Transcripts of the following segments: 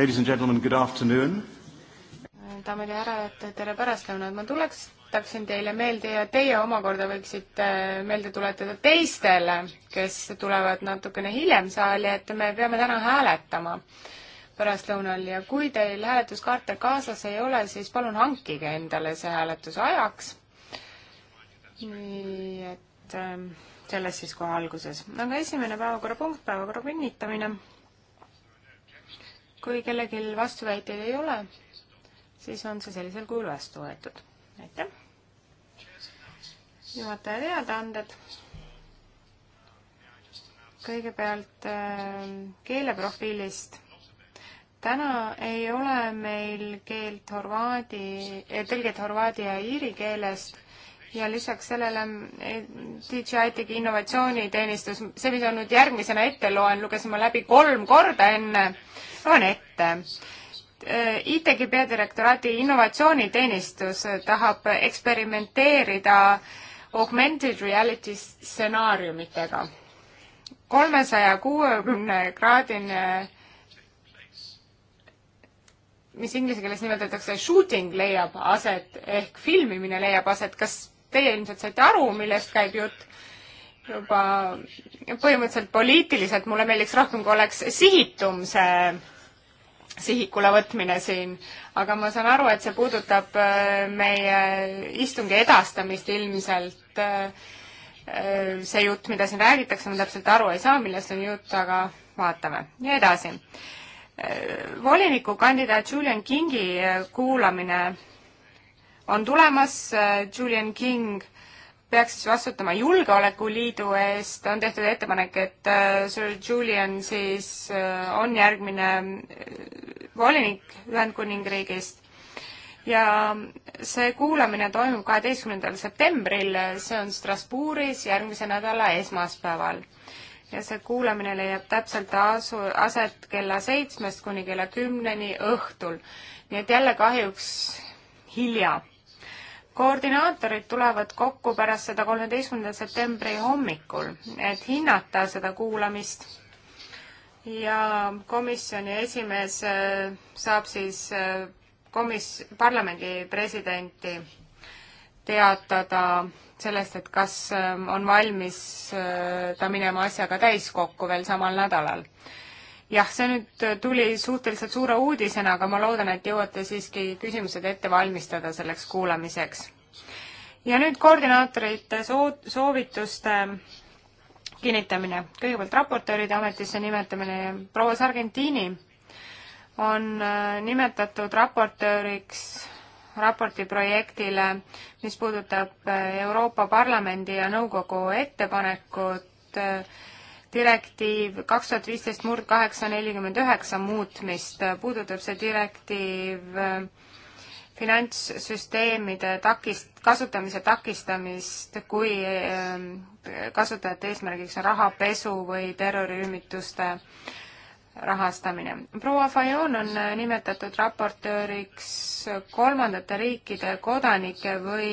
Ladies and gentlemen, good afternoon. daamid ja härrad, tere pärastlõunat, ma tuleks, tahaksin teile meelde ja teie omakorda võiksite meelde tuletada teistele, kes tulevad natukene hiljem saali, et me peame täna hääletama pärastlõunal ja kui teil hääletuskaarte kaasas ei ole, siis palun hankige endale see hääletuse ajaks. nii et ähm, selles siis kohe alguses. aga esimene päevakorrapunkt, päevakorra kinnitamine päevakorra kui kellelgi vastuväiteid ei ole, siis on see sellisel kujul vastu võetud. aitäh! juhataja teadaanded. kõigepealt ähm, keeleprofiilist. täna ei ole meil keelt horvaadi, äh, tõlget horvaadi ja iiri keelest ja lisaks sellele DJI eh, tegi innovatsiooniteenistus, see, mis on nüüd järgmisena ette loen, lugesin ma läbi kolm korda enne, loen ette. Eh, ITG peadirektoraadi innovatsiooniteenistus tahab eksperimenteerida augmented reality stsenaariumitega. kolmesaja kuuekümne kraadine mis inglise keeles nimetatakse shooting leiab aset ehk filmimine leiab aset, kas teie ilmselt saite aru, millest käib jutt, juba põhimõtteliselt poliitiliselt mulle meeldiks rohkem, kui oleks sihitum see sihikule võtmine siin, aga ma saan aru, et see puudutab äh, meie istungi edastamist ilmselt. Äh, äh, see jutt, mida siin räägitakse, ma täpselt aru ei saa, millest on jutt, aga vaatame ja edasi. volinikukandidaat Julian Kingi kuulamine on tulemas, äh, Julian King peaks siis vastutama Julgeolekuliidu eest, on tehtud ettepanek, et äh, Sir Julian siis äh, on järgmine volinik Ühendkuningriigist ja see kuulamine toimub kaheteistkümnendal septembril, see on Strasbourgis järgmise nädala esmaspäeval. ja see kuulamine leiab täpselt asu, aset kella seitsmest kuni kella kümneni õhtul. nii et jälle kahjuks hilja koordinaatorid tulevad kokku pärast seda kolmeteistkümnenda septembri hommikul, et hinnata seda kuulamist ja komisjoni esimees äh, saab siis äh, komis-, parlamendi presidenti teatada sellest, et kas äh, on valmis ta minema asjaga täiskokku veel samal nädalal jah, see nüüd tuli suhteliselt suure uudisena, aga ma loodan, et jõuate siiski küsimused ette valmistada selleks kuulamiseks. ja nüüd koordinaatorite soo-, soovituste kinnitamine. kõigepealt raportööride ametisse nimetamine. proua Sargentini on äh, nimetatud raportööriks raporti projektile, mis puudutab äh, Euroopa Parlamendi ja Nõukogu ettepanekut äh, direktiiv kaks tuhat viisteist murd kaheksa nelikümmend üheksa muutmist, puudutab see direktiiv äh, finantssüsteemide takist-, kasutamise takistamist, kui äh, kasutajate eesmärgiks on rahapesu või terrorirühmituste rahastamine. proua Fajon on äh, nimetatud raportööriks kolmandate riikide kodanike või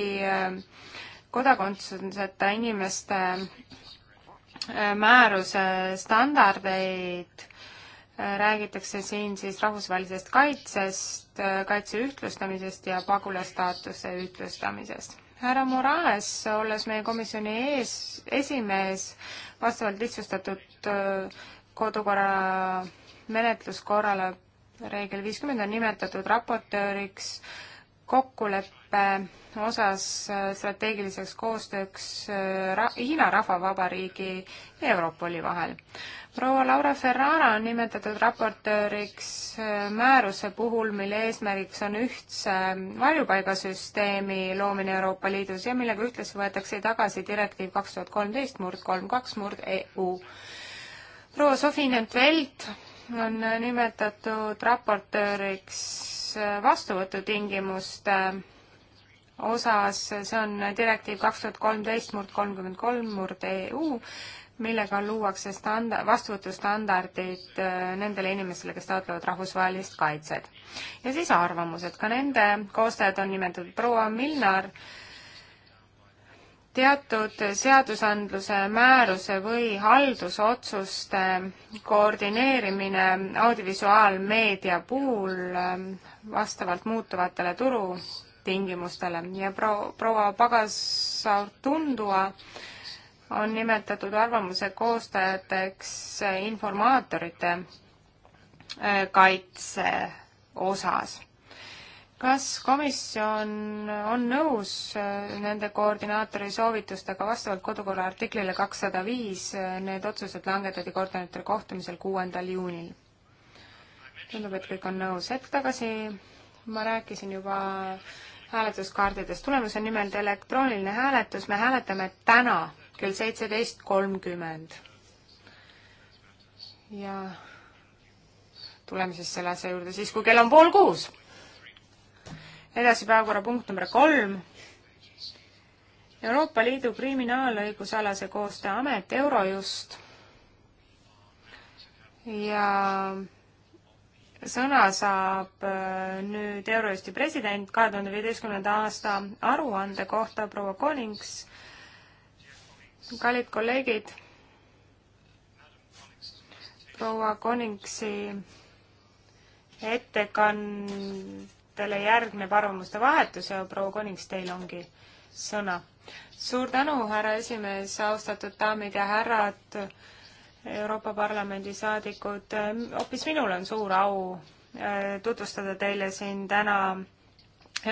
kodakondsuseta inimeste Äh, määruse standardeid, äh, räägitakse siin siis rahvusvahelisest kaitsest, äh, kaitse ühtlustamisest ja pagulasstaatuse ühtlustamisest. härra Morales, olles meie komisjoni ees, esimees, vastavalt lihtsustatud kodukorra menetluskorrale reegel viiskümmend on nimetatud raportööriks kokkuleppe kokkuleppe osas äh, strateegiliseks koostööks äh, ra Hiina Rahvavabariigi ja Europoli vahel. proua Laura Ferrara on nimetatud raportööriks äh, määruse puhul, mille eesmärgiks on ühtse varjupaigasüsteemi loomine Euroopa Liidus ja millega ühtlasi võetakse tagasi direktiiv kaks tuhat kolmteist murd kolm kaks murd EU. proua Sofi Nentvelt on nimetatud raportööriks vastuvõtutingimuste äh, osas, see on direktiiv kaks tuhat kolmteist murd kolmkümmend kolm murd EU, millega luuakse standa-, vastuvõtustandardid äh, nendele inimestele, kes taotlevad rahvusvahelist kaitset. ja siis arvamused, ka nende koostajad on nimetatud proua Milnar, teatud seadusandluse määruse või haldusotsuste koordineerimine audiovisuaalmeedia puhul äh, vastavalt muutuvatele turu tingimustele ja proua pro Pagasaur Tundua on nimetatud arvamuse koostajateks informaatorite äh, kaitse osas. kas komisjon on nõus äh, nende koordinaatori soovitustega vastavalt kodukorra artiklile kakssada viis, äh, need otsused langetati koordinaatori kohtumisel kuuendal juunil? tundub, et kõik on nõus. hetk tagasi ma rääkisin juba äh, hääletuskaardidest. tulemus on nimelt elektrooniline hääletus, me hääletame täna kell seitseteist kolmkümmend. ja tuleme siis selle asja juurde siis, kui kell on pool kuus. edasi päevakorrapunkt number kolm. Euroopa Liidu kriminaalõigusalase koostööamet Eurojust ja sõna saab äh, nüüd Eurojusti president kahe tuhande viieteistkümnenda aasta aruande kohta, proua Konings. kallid kolleegid, proua Koningsi ettekandele järgneb arvamuste vahetus ja proua Konings, teil ongi sõna. suur tänu, härra esimees, austatud daamid ja härrad Euroopa Parlamendi saadikud, hoopis minul on suur au äh, tutvustada teile siin täna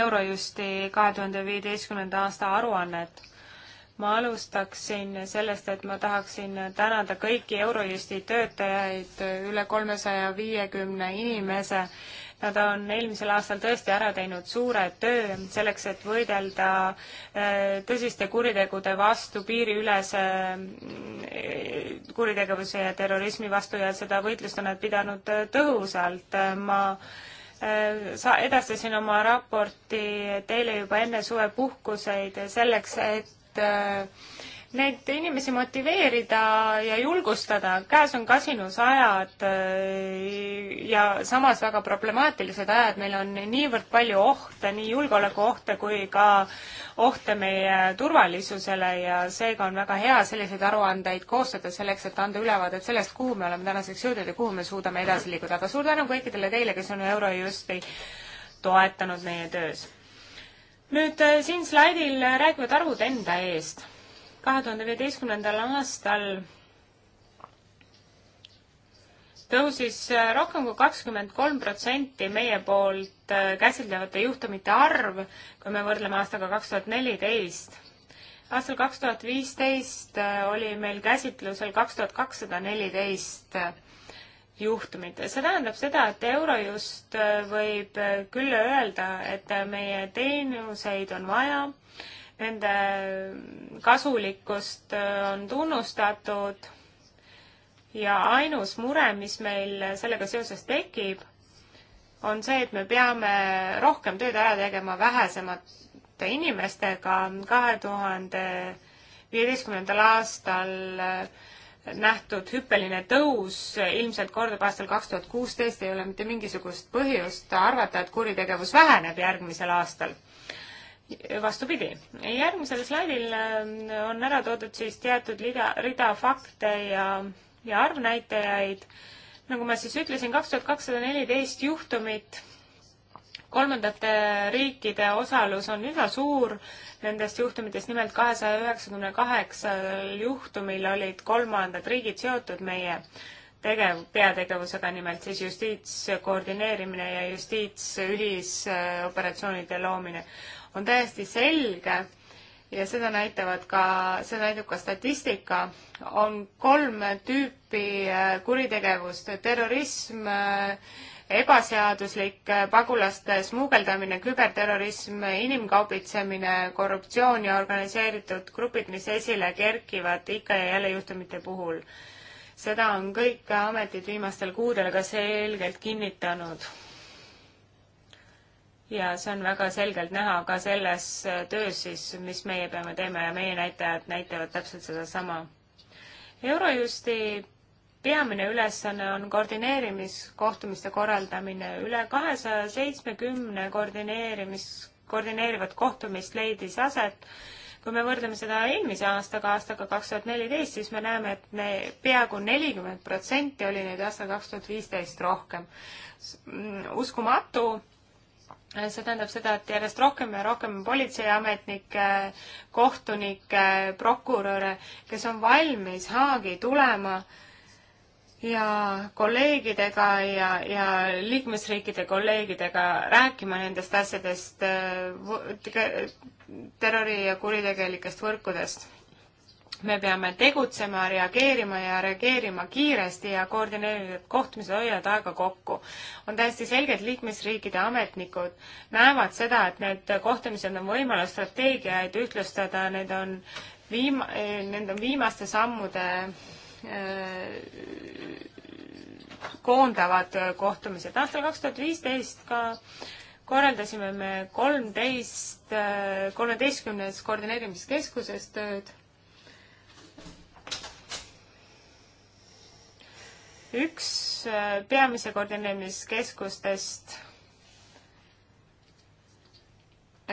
Eurojusti kahe tuhande viieteistkümnenda aasta aruannet. ma alustaksin sellest, et ma tahaksin tänada kõiki Eurojusti töötajaid, üle kolmesaja viiekümne inimese, Nad on eelmisel aastal tõesti ära teinud suure töö selleks, et võidelda äh, tõsiste kuritegude vastu, piiriülese äh, kuritegevuse ja terrorismi vastu ja seda võitlust on nad pidanud äh, tõhusalt. ma sa edastasin oma raporti teile juba enne suvepuhkuseid selleks, et neid inimesi motiveerida ja julgustada, käes on kasinusajad äh, ja samas väga problemaatilised ajad, meil on niivõrd palju ohte, nii julgeolekuohte kui ka ohte meie turvalisusele ja seega on väga hea selliseid aruandeid koostada selleks, et anda ülevaadet sellest, kuhu me oleme tänaseks jõudnud ja kuhu me suudame edasi liikuda, aga suur tänu kõikidele teile, kes on Eurojusti toetanud meie töös. nüüd äh, siin slaidil räägivad arvud enda eest kahe tuhande viieteistkümnendal aastal tõusis äh, rohkem kui kakskümmend kolm protsenti meie poolt äh, käsitletavate juhtumite arv, kui me võrdleme aastaga kaks tuhat neliteist. aastal kaks tuhat viisteist äh, oli meil käsitlusel kaks tuhat kakssada neliteist juhtumit. see tähendab seda, et Eurojust võib küll öelda, et meie teenuseid on vaja nende kasulikkust äh, on tunnustatud ja ainus mure, mis meil sellega seoses tekib, on see, et me peame rohkem tööd ära tegema vähesemate inimestega. kahe tuhande viieteistkümnendal aastal äh, nähtud hüppeline tõus ilmselt kordub aastal kaks tuhat kuusteist, ei ole mitte mingisugust põhjust arvata, et kuritegevus väheneb järgmisel aastal vastupidi, järgmisel slaidil äh, on ära toodud siis teatud rida, rida fakte ja, ja arvnäitajaid. nagu ma siis ütlesin, kaks tuhat kakssada neliteist juhtumit, kolmandate riikide osalus on üsna suur nendest juhtumitest, nimelt kahesaja üheksakümne kaheksal juhtumil olid kolmandad riigid seotud meie tegev, peategevusega, nimelt siis justiitskoordineerimine ja justiitsühisoperatsioonide loomine on täiesti selge ja seda näitavad ka, seda näitab ka statistika, on kolm tüüpi äh, kuritegevust, terrorism, äh, ebaseaduslik äh, pagulaste smuugeldamine, küberterrorism, inimkaubitsemine, korruptsioon ja organiseeritud grupid, mis esile kerkivad ikka ja jälle juhtumite puhul. seda on kõik ametid viimastel kuudel ka selgelt kinnitanud ja see on väga selgelt näha ka selles äh, töös siis, mis meie peame teeme ja meie näitajad näitavad täpselt sedasama. Eurojusti peamine ülesanne on koordineerimiskohtumiste korraldamine. üle kahesaja seitsmekümne koordineerimis, koordineerivat kohtumist leidis aset kui me võrdleme seda eelmise aastaga, aastaga kaks tuhat neliteist, siis me näeme, et ne, peaaegu nelikümmend protsenti oli neid aastal kaks tuhat viisteist rohkem. Mm, uskumatu, see tähendab seda, et järjest rohkem ja rohkem politseiametnikke, kohtunikke, prokuröre, kes on valmis Haagi tulema ja kolleegidega ja, ja liikmesriikide kolleegidega rääkima nendest asjadest, äh, terrori ja kuritegelikest võrkudest me peame tegutsema, reageerima ja reageerima kiiresti ja koordineeritud kohtumised hoiavad aega kokku. on täiesti selge, et liikmesriikide ametnikud näevad seda, et need kohtumised on võimalus strateegiaid ühtlustada, need on viim-, need on viimaste sammude äh, koondavad kohtumised. aastal kaks tuhat viisteist ka korraldasime me kolmteist, kolmeteistkümnes koordineerimiskeskuses tööd üks äh, peamise koordineerimiskeskustest,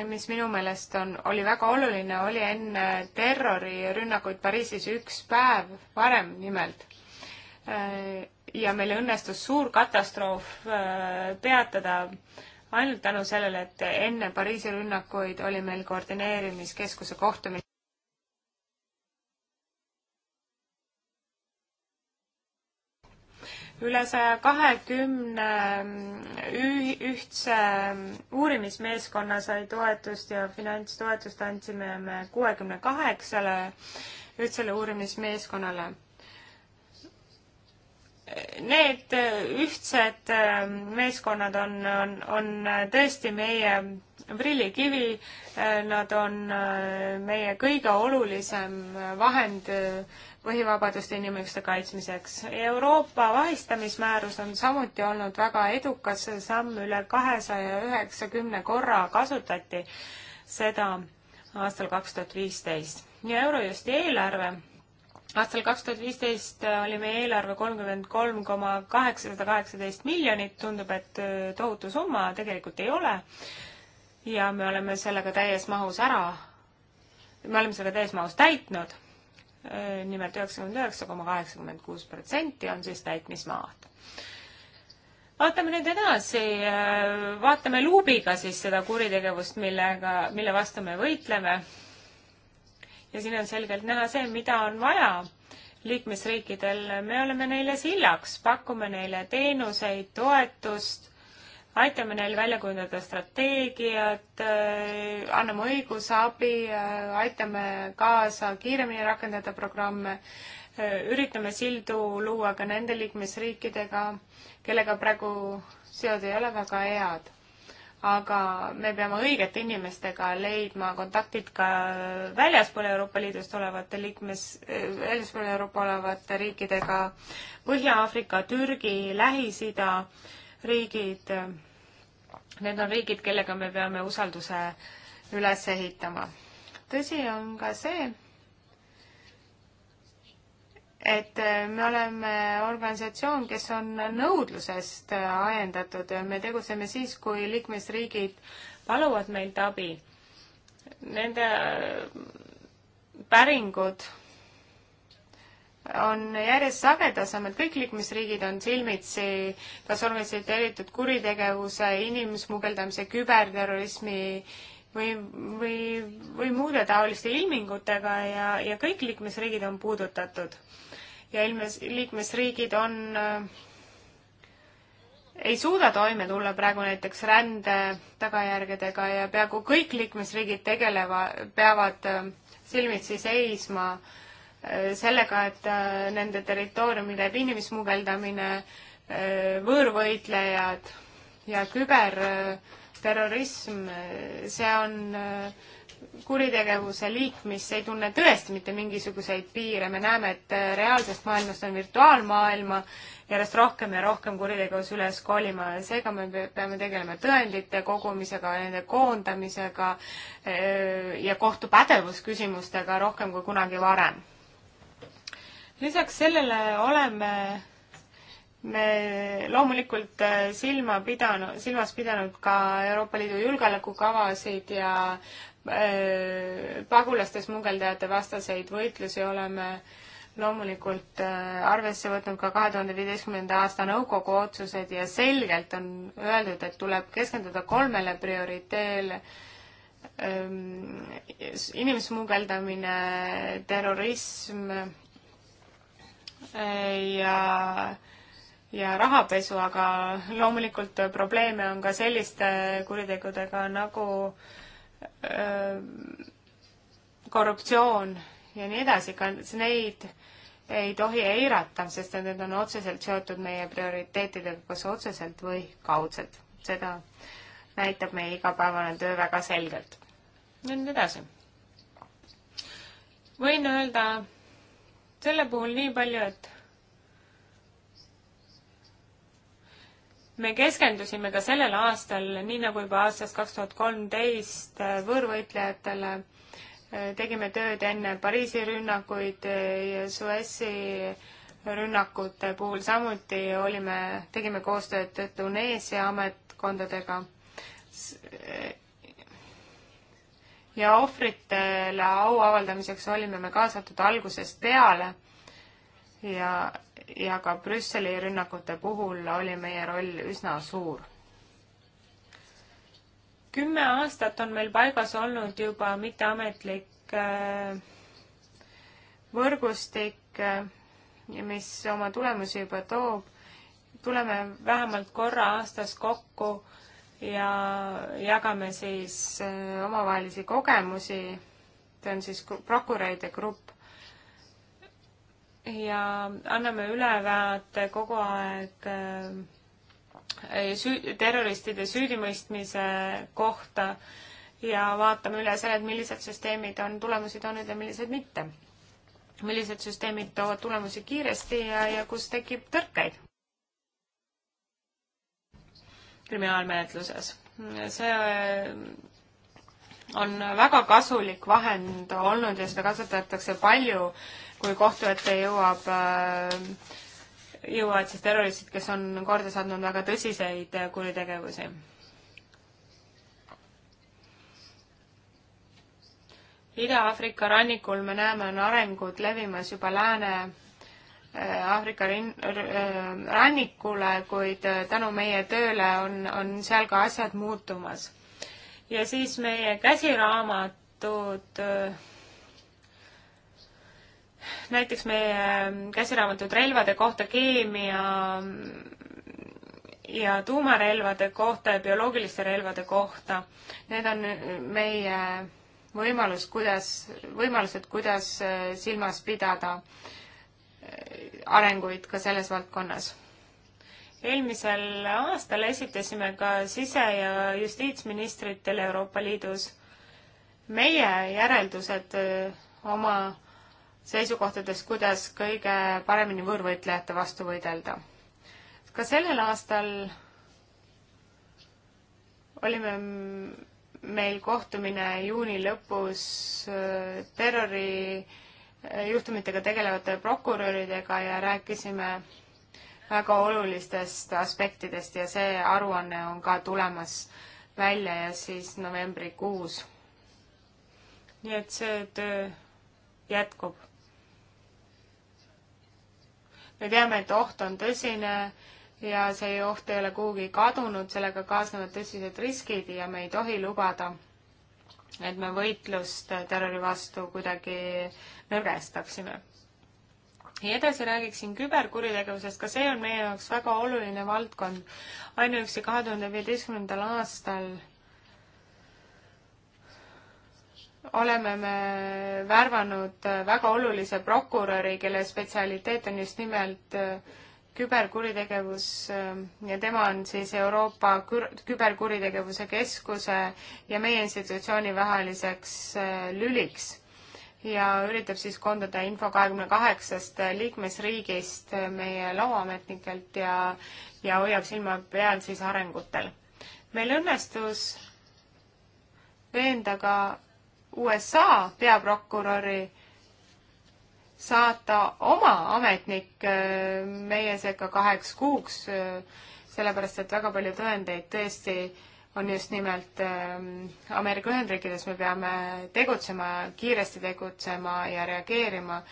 mis minu meelest on, oli väga oluline, oli enne terrorirünnakuid Pariisis üks päev varem nimelt. Äh, ja meil õnnestus suur katastroof äh, peatada ainult tänu sellele, et enne Pariisi rünnakuid oli meil koordineerimiskeskuse kohtumine. üle saja kahekümne ühtse uurimismeeskonna sai toetust ja finantstoetust andsime me kuuekümne kaheksale ühtsele uurimismeeskonnale. Need ühtsed meeskonnad on, on, on tõesti meie prillikivi, nad on meie kõige olulisem vahend äh, põhivabaduste inimõiguste kaitsmiseks. Euroopa vahistamismäärus on samuti olnud väga edukas samm, üle kahesaja üheksakümne korra kasutati seda aastal kaks tuhat viisteist. ja Eurojusti eelarve aastal kaks tuhat viisteist oli meie eelarve kolmkümmend kolm koma kaheksasada kaheksateist miljonit, tundub, et äh, tohutu summa, tegelikult ei ole. ja me oleme sellega täies mahus ära, me oleme selle täies mahus täitnud Äh, nimelt üheksakümmend üheksa koma kaheksakümmend kuus protsenti on siis täitmismaad. vaatame nüüd edasi, äh, vaatame luubiga siis seda kuritegevust, millega, mille vastu me võitleme. ja siin on selgelt näha see, mida on vaja liikmesriikidel, me oleme neile sillaks, pakume neile teenuseid, toetust aitame neil välja kujundada strateegiat, äh, anname õigusabi, äh, aitame kaasa kiiremini rakendada programme, äh, üritame sildu luua ka nende liikmesriikidega, kellega praegu seod ei ole väga head. aga me peame õigete inimestega leidma kontaktid ka väljaspool Euroopa Liidust olevate liikmes, väljaspool Euroopa olevate riikidega, Põhja-Aafrika, Türgi, Lähis-Ida riigid, need on riigid, kellega me peame usalduse üles ehitama. tõsi on ka see, et me oleme organisatsioon, kes on nõudlusest ajendatud, me tegutseme siis, kui liikmesriigid paluvad meilt abi. Nende päringud on järjest sagedasemad, kõik liikmesriigid on silmitsi kas organiseeritud kuritegevuse, inimsmugeldamise, küberterrorismi või, või, või muude taoliste ilmingutega ja, ja kõik liikmesriigid on puudutatud. ja ilmes, liikmesriigid on äh, ei suuda toime tulla praegu näiteks rände tagajärgedega ja peaaegu kõik liikmesriigid tegeleva, peavad äh, silmitsi seisma äh, sellega, et äh, nende territooriumil jääb inimsmugeldamine, äh, võõrvõitlejad ja küberterrorism, äh, see on kuritegevuse liik, mis ei tunne tõesti mitte mingisuguseid piire, me näeme, et reaalsest maailmast on virtuaalmaailma järjest rohkem ja rohkem kuritegevus üles kolima ja seega me peame tegelema tõendite kogumisega, nende koondamisega ja kohtupädevusküsimustega rohkem kui kunagi varem lisaks sellele oleme me loomulikult äh, silma pidanud, silmas pidanud ka Euroopa Liidu julgeolekukavasid ja äh, pagulaste smugeldajate vastaseid võitlusi oleme loomulikult äh, arvesse võtnud ka kahe tuhande viieteistkümnenda aasta nõukogu otsused ja selgelt on öeldud, et tuleb keskenduda kolmele prioriteele ähm,. inimsmugeldamine, terrorism ja ja rahapesu, aga loomulikult probleeme on ka selliste kuritegudega nagu öö, korruptsioon ja nii edasi, ka neid ei tohi eirata, sest need on otseselt seotud meie prioriteetidega, kas otseselt või kaudselt. seda näitab meie igapäevane töö väga selgelt. nüüd edasi. võin öelda selle puhul nii palju, et me keskendusime ka sellel aastal, nii nagu juba aastast kaks tuhat kolmteist, äh, võõrvõitlejatele äh, tegime tööd enne Pariisi rünnakuid äh, ja Suessi rünnakute puhul samuti olime, tegime koostööd Tuneesia ametkondadega ja ohvritele au avaldamiseks olime me kaasatud algusest peale ja, ja ka Brüsseli rünnakute puhul oli meie roll üsna suur. kümme aastat on meil paigas olnud juba mitteametlik äh, võrgustik, äh, mis oma tulemusi juba toob. tuleme vähemalt korra aastas kokku ja jagame siis äh, omavahelisi kogemusi, see on siis prokuröride grupp, ja anname ülevaate kogu aeg äh, äh, süü-, terroristide süüdimõistmise kohta ja vaatame üle selle, et millised süsteemid on tulemusi toonud ja millised mitte. millised süsteemid toovad tulemusi kiiresti ja, ja kus tekib tõrkeid kriminaalmenetluses. see äh, on väga kasulik vahend olnud ja seda kasutatakse palju, kui kohtu ette jõuab, äh, jõuavad siis terroristid, kes on korda saatnud väga tõsiseid kuritegevusi. Ida-Aafrika rannikul me näeme, on arengud levimas juba lääne Aafrika äh, rannikule, kuid äh, tänu meie tööle on, on seal ka asjad muutumas. ja siis meie käsiraamatud, äh, näiteks meie ähm, käsiraamatud relvade kohta, keemia mm, ja tuumarelvade kohta ja bioloogiliste relvade kohta. Need on meie võimalus, kuidas, võimalused, kuidas silmas pidada äh, arenguid ka selles valdkonnas. eelmisel aastal esitasime ka sise- ja justiitsministritele Euroopa Liidus meie järeldused äh, oma seisukohtadest, kuidas kõige paremini võõrvõitlejate vastu võidelda. ka sellel aastal olime meil kohtumine juuni lõpus äh, terrori juhtumitega tegelevate prokuröridega ja rääkisime väga olulistest aspektidest ja see aruanne on ka tulemas välja ja siis novembrikuus. nii et see töö jätkub. me teame, et oht on tõsine ja see oht ei ole kuhugi kadunud, sellega kaasnevad tõsised riskid ja me ei tohi lubada, et me võitlust terrori vastu kuidagi nõrgestaksime. ja edasi räägiksin küberkuritegevusest, ka see on meie jaoks väga oluline valdkond. ainuüksi kahe tuhande viieteistkümnendal aastal oleme me värvanud väga olulise prokuröri, kelle spetsialiteet on just nimelt äh, küberkuritegevus äh, ja tema on siis Euroopa Küberkuritegevuse Keskuse ja meie institutsiooni vaheliseks äh, lüliks ja üritab siis koondada info kahekümne kaheksast liikmesriigist meie lauaametnikelt ja, ja hoiab silma peal siis arengutel. meil õnnestus veenda ka USA peaprokuröri saata oma ametnik äh, meie sekka kaheks kuuks, äh, sellepärast et väga palju tõendeid tõesti on just nimelt ähm, Ameerika Ühendriikides, me peame tegutsema, kiiresti tegutsema ja reageerima.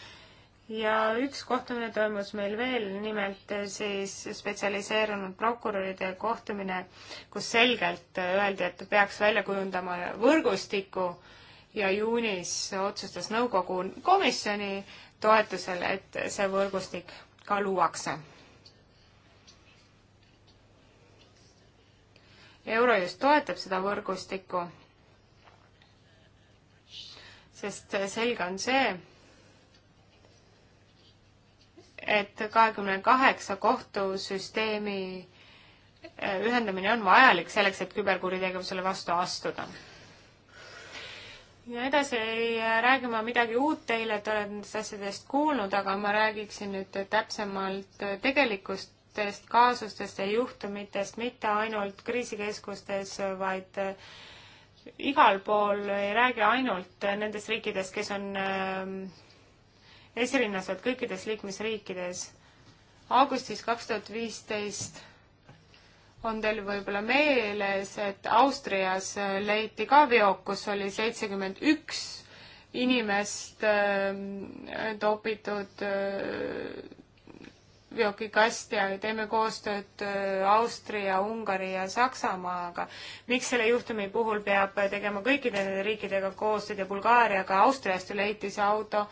ja üks kohtumine toimus meil veel, nimelt äh, siis spetsialiseerunud prokuröride kohtumine, kus selgelt äh, öeldi, et peaks välja kujundama võrgustiku ja juunis otsustas nõukogu komisjoni toetusel, et see võrgustik ka luuakse Eurojust toetab seda võrgustikku, sest selge on see, et kahekümne kaheksa kohtusüsteemi eh, ühendamine on vajalik selleks, et küberkuritegevusele vastu astuda. ja edasi ei eh, räägi ma midagi uut teile, et olete nendest asjadest kuulnud, aga ma räägiksin nüüd täpsemalt eh, tegelikust uutest kaasustest ja juhtumitest mitte ainult kriisikeskustes, vaid äh, igal pool, ei räägi ainult nendest riikidest, kes on ähm, esirinnas, vaid kõikides liikmesriikides. augustis kaks tuhat viisteist on teil võib-olla meeles, et Austrias leiti ka veok, kus oli seitsekümmend üks inimest äh, topitud äh, veokikast ja teeme koostööd äh, Austria, Ungari ja Saksamaaga. miks selle juhtumi puhul peab tegema kõikide nende riikidega koostööd ja Bulgaariaga, Austriast ju leiti see auto,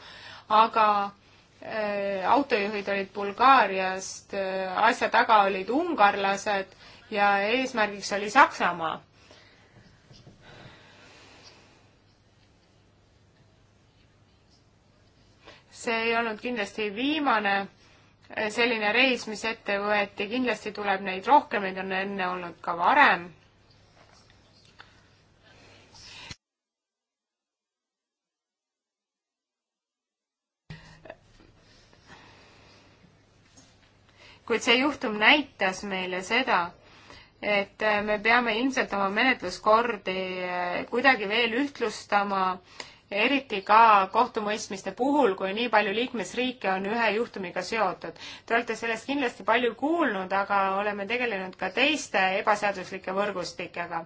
aga äh, autojuhid olid Bulgaariast äh,, asja taga olid ungarlased ja eesmärgiks oli Saksamaa see ei olnud kindlasti viimane selline reis, mis ette võeti, kindlasti tuleb neid rohkem, neid on enne olnud ka varem. kuid see juhtum näitas meile seda, et me peame ilmselt oma menetluskordi kuidagi veel ühtlustama eriti ka kohtumõistmiste puhul, kui nii palju liikmesriike on ühe juhtumiga seotud. Te olete sellest kindlasti palju kuulnud, aga oleme tegelenud ka teiste ebaseaduslike võrgustikega.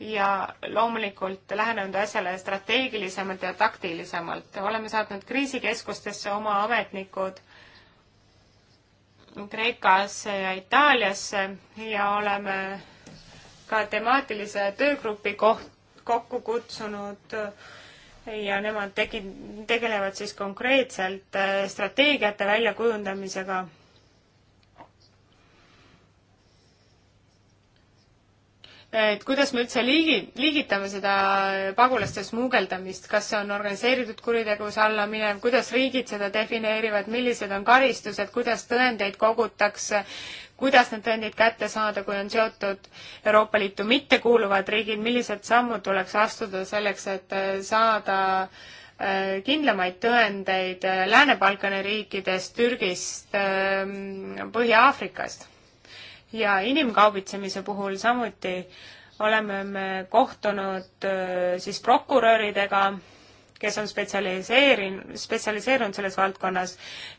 ja loomulikult lähenenud asjale strateegilisemalt ja taktilisemalt. oleme saatnud kriisikeskustesse oma ametnikud Kreekasse ja Itaaliasse ja oleme ka temaatilise töögrupi koht kokku kutsunud äh, ja nemad tegi-, tegelevad siis konkreetselt äh, strateegiate väljakujundamisega. et kuidas me üldse liigi-, liigitame seda pagulaste smugeldamist, kas see on organiseeritud kuritegevuse alla minev, kuidas riigid seda defineerivad, millised on karistused, kuidas tõendeid kogutakse, kuidas need tõendid kätte saada, kui on seotud Euroopa Liitu mittekuuluvad riigid, millised sammud tuleks astuda selleks, et äh, saada äh, kindlamaid tõendeid äh, Lääne-Balkani riikidest, Türgist, ähm, Põhja-Aafrikast. ja inimkaubitsemise puhul samuti oleme me kohtunud siis prokuröridega, kes on spetsialiseerinud, spetsialiseerunud selles valdkonnas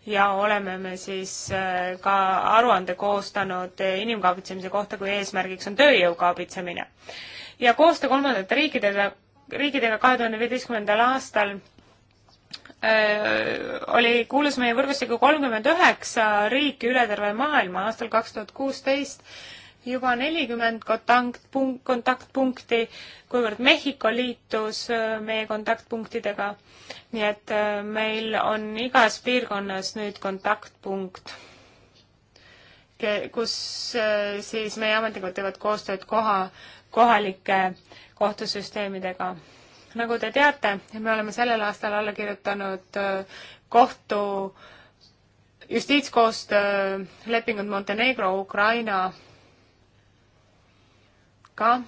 ja oleme me siis äh, ka aruande koostanud inimkaubitsemise kohta, kui eesmärgiks on tööjõu kaubitsemine. ja koostöö kolmandate riikidega, riikidega kahe tuhande viieteistkümnendal aastal öö, äh, oli, kuulus meie võrgustikku kolmkümmend üheksa riiki üle terve maailma aastal kaks tuhat kuusteist juba nelikümmend kontaktpunkt, kontaktpunkti, kuivõrd Mehhiko liitus äh, meie kontaktpunktidega. nii et äh, meil on igas piirkonnas nüüd kontaktpunkt, kus äh, siis meie ametnikud teevad koostööd koha, kohalike kohtusüsteemidega. nagu te teate, me oleme sellel aastal alla kirjutanud kohtu justiitskoostöö lepingud Montenegro, Ukraina ka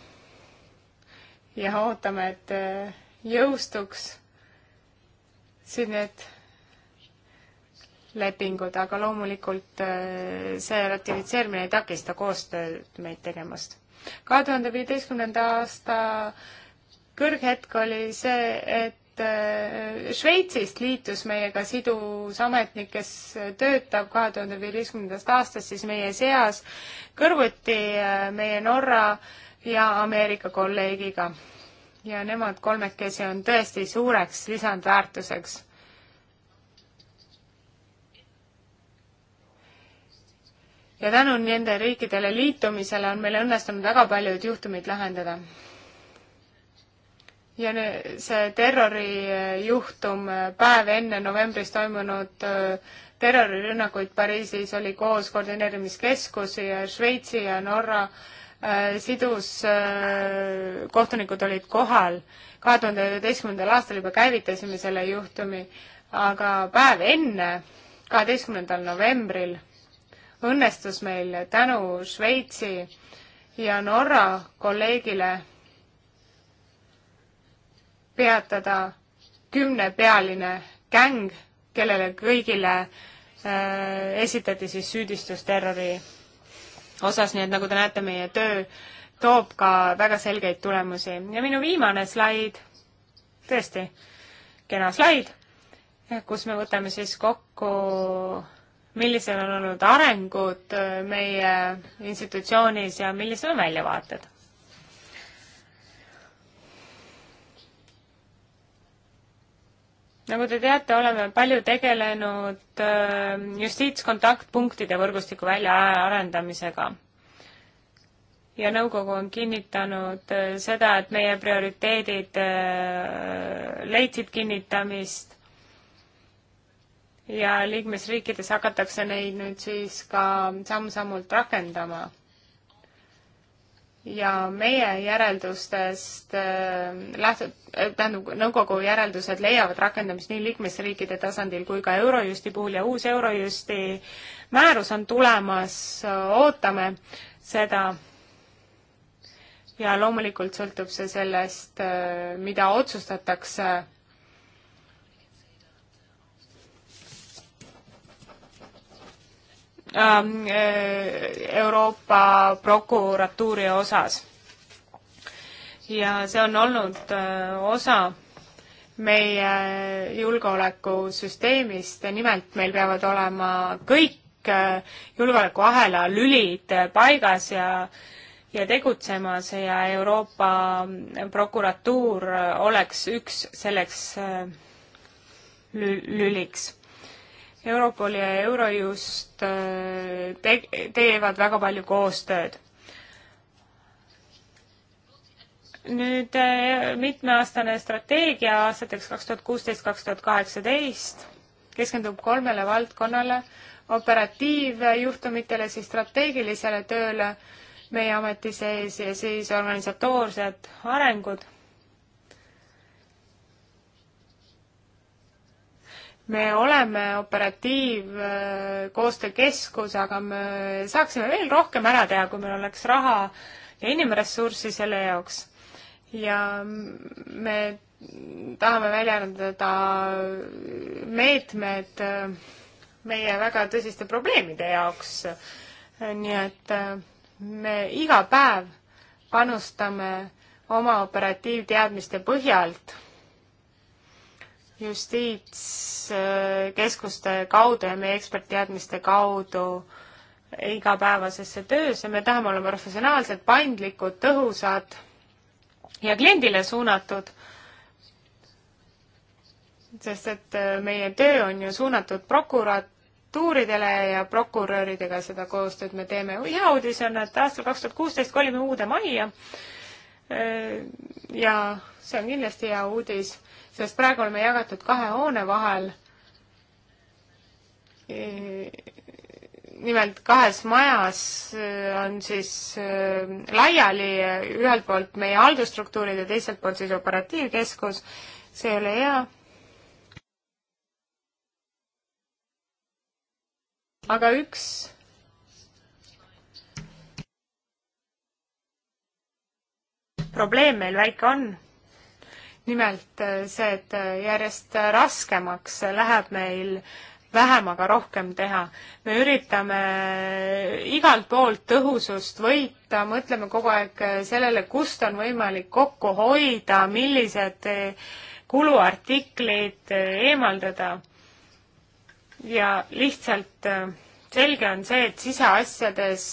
ja ootame, et äh, jõustuks siin need lepingud, aga loomulikult äh, see ratifitseerimine ei takista koostööd meid tegemast. kahe tuhande viieteistkümnenda aasta kõrghetk oli see, et äh, Šveitsist liitus meiega sidus ametnik, kes töötab kahe tuhande viieteistkümnendast aastast siis meie seas, kõrvuti meie Norra ja Ameerika kolleegiga. ja nemad kolmekesi on tõesti suureks lisandväärtuseks. ja tänu nende riikidele liitumisele on meil õnnestunud väga paljud juhtumid lahendada. ja see terrorijuhtum päev enne novembris toimunud äh, terrorirünnakuid Pariisis oli koos koordineerimiskeskus ja Šveitsi ja Norra äh, Äh, sidus äh, kohtunikud olid kohal. kahe tuhande üheteistkümnendal aastal juba käivitasime selle juhtumi, aga päev enne, kaheteistkümnendal novembril, õnnestus meil tänu Šveitsi ja Norra kolleegile peatada kümnepealine gäng, kellele kõigile äh, esitati siis süüdistus terrori osas, nii et nagu te näete, meie töö toob ka väga selgeid tulemusi. ja minu viimane slaid, tõesti kena slaid, kus me võtame siis kokku, millised on olnud arengud meie institutsioonis ja millised on väljavaated. nagu te teate, oleme palju tegelenud äh, justiitskontaktpunktide võrgustiku väljaarendamisega. ja nõukogu on kinnitanud äh, seda, et meie prioriteedid äh, leidsid kinnitamist ja liikmesriikides hakatakse neid nüüd siis ka samm-sammult rakendama ja meie järeldustest äh, lähtud, äh, tähendab, nõukogu järeldused leiavad rakendamist nii liikmesriikide tasandil kui ka Eurojusti puhul ja uus Eurojusti määrus on tulemas, äh, ootame seda. ja loomulikult sõltub see sellest, mida otsustatakse Ähm, äh, Euroopa prokuratuuri osas. ja see on olnud äh, osa meie julgeolekusüsteemist, nimelt meil peavad olema kõik äh, julgeolekuahela lülid paigas ja ja tegutsemas ja Euroopa prokuratuur oleks üks selleks lüliks Europol ja Eurojust äh, te-, teevad väga palju koostööd. nüüd äh, mitmeaastane strateegia aastateks kaks tuhat kuusteist, kaks tuhat kaheksateist keskendub kolmele valdkonnale, operatiivjuhtumitele, siis strateegilisele tööle meie ameti sees ja siis organisatoorsed arengud me oleme operatiivkoostöökeskus, aga me saaksime veel rohkem ära teha, kui meil oleks raha ja inimressurssi selle jaoks. ja me tahame välja arendada meetmed meie väga tõsiste probleemide jaoks. nii et me iga päev panustame oma operatiivteadmiste põhjalt justiitskeskuste kaudu ja meie ekspertteadmiste kaudu igapäevasesse töösse, me tahame olema professionaalsed, paindlikud, tõhusad ja kliendile suunatud, sest et äh, meie töö on ju suunatud prokuratuuridele ja prokuröridega seda koostööd me teeme. hea uudis on, et aastal kaks tuhat kuusteist kolime uude majja äh, ja see on kindlasti hea uudis sest praegu oleme jagatud kahe hoone vahel. E, nimelt kahes majas e, on siis e, laiali ühelt poolt meie haldusstruktuurid ja teiselt poolt siis operatiivkeskus. see ei ole hea aga üks probleem meil väike on nimelt äh, see, et äh, järjest raskemaks läheb meil vähem, aga rohkem teha. me üritame äh, igalt poolt tõhusust võita, mõtleme kogu aeg sellele, kust on võimalik kokku hoida, millised kuluartiklid eemaldada. ja lihtsalt selge on see, et siseasjades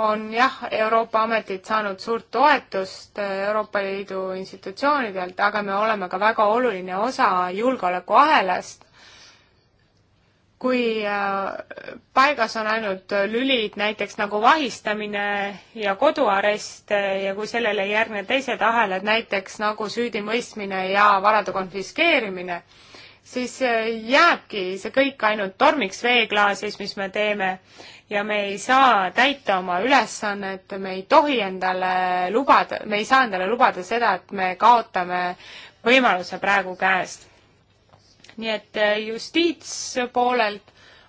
on jah, Euroopa ametid saanud suurt toetust Euroopa Liidu institutsioonidelt, aga me oleme ka väga oluline osa julgeolekuahelast. kui äh, paigas on ainult lülid, näiteks nagu vahistamine ja koduarest äh, ja kui sellele ei järgne teised ahelad, näiteks nagu süüdimõistmine ja varade konfiskeerimine, siis äh, jääbki see kõik ainult tormiks veeklaasis, mis me teeme ja me ei saa täita oma ülesannet, me ei tohi endale lubada, me ei saa endale lubada seda, et me kaotame võimaluse praegu käest. nii et äh, justiitspoolelt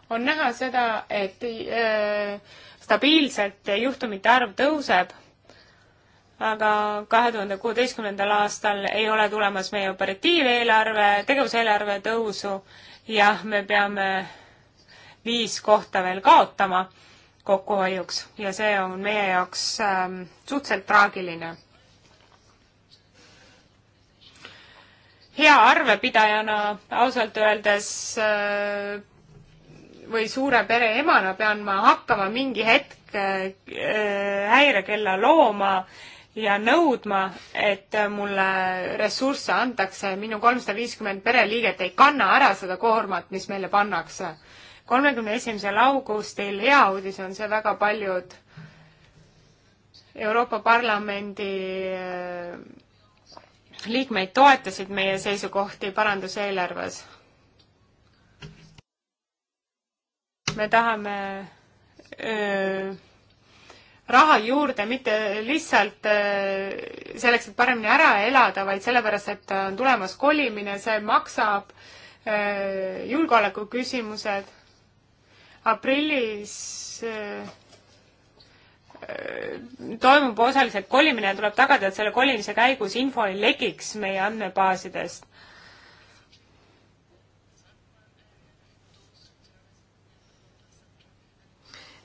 on näha seda, et äh, stabiilselt juhtumite arv tõuseb, aga kahe tuhande kuueteistkümnendal aastal ei ole tulemas meie operatiiveelarve, tegevuseelarve tõusu ja me peame viis kohta veel kaotama kokkuhoiuks ja see on meie jaoks ähm, suhteliselt traagiline. hea arvepidajana ausalt öeldes äh, või suure pere emana pean ma hakkama mingi hetk äh, häirekella looma ja nõudma, et mulle ressursse antakse, minu kolmsada viiskümmend pereliiget ei kanna ära seda koormat, mis meile pannakse kolmekümne esimesel augustil, hea uudis on see, väga paljud Euroopa Parlamendi äh, liikmeid toetasid meie seisukohti paranduseelarves. me tahame öö, raha juurde, mitte lihtsalt selleks, et paremini ära elada, vaid sellepärast, et on tulemas kolimine, see maksab, julgeoleku küsimused aprillis äh, toimub osaliselt kolimine ja tuleb tagada, et selle kolimise käigus info ei lekiks meie andmebaasidest.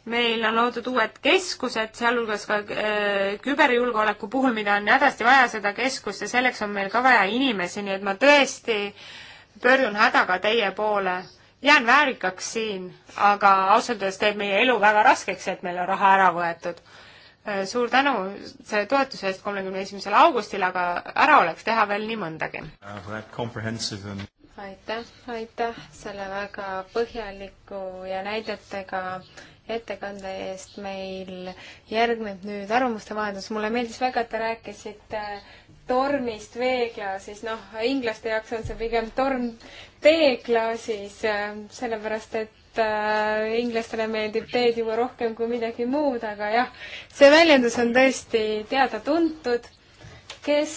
meil on loodud uued keskused, sealhulgas ka äh, küberjulgeoleku puhul, mida on hädasti vaja, seda keskust ja selleks on meil ka vaja inimesi, nii et ma tõesti pöördun hädaga teie poole äh, jään väärikaks siin, aga ausalt öeldes teeb meie elu väga raskeks, et meil on raha ära võetud. Äh, suur tänu selle toetuse eest kolmekümne esimesel augustil, aga ära oleks teha veel nii mõndagi. Uh, aitäh, aitäh selle väga põhjaliku ja näidetega ettekande eest meil järgneb nüüd arvamuste vahendus. mulle meeldis väga, et te rääkisite äh, tornist veeklaasis, noh, inglaste jaoks on see pigem torn teeklaasis, äh, sellepärast et äh, inglastele meeldib teed juua rohkem kui midagi muud, aga jah, see väljendus on tõesti teada-tuntud. kes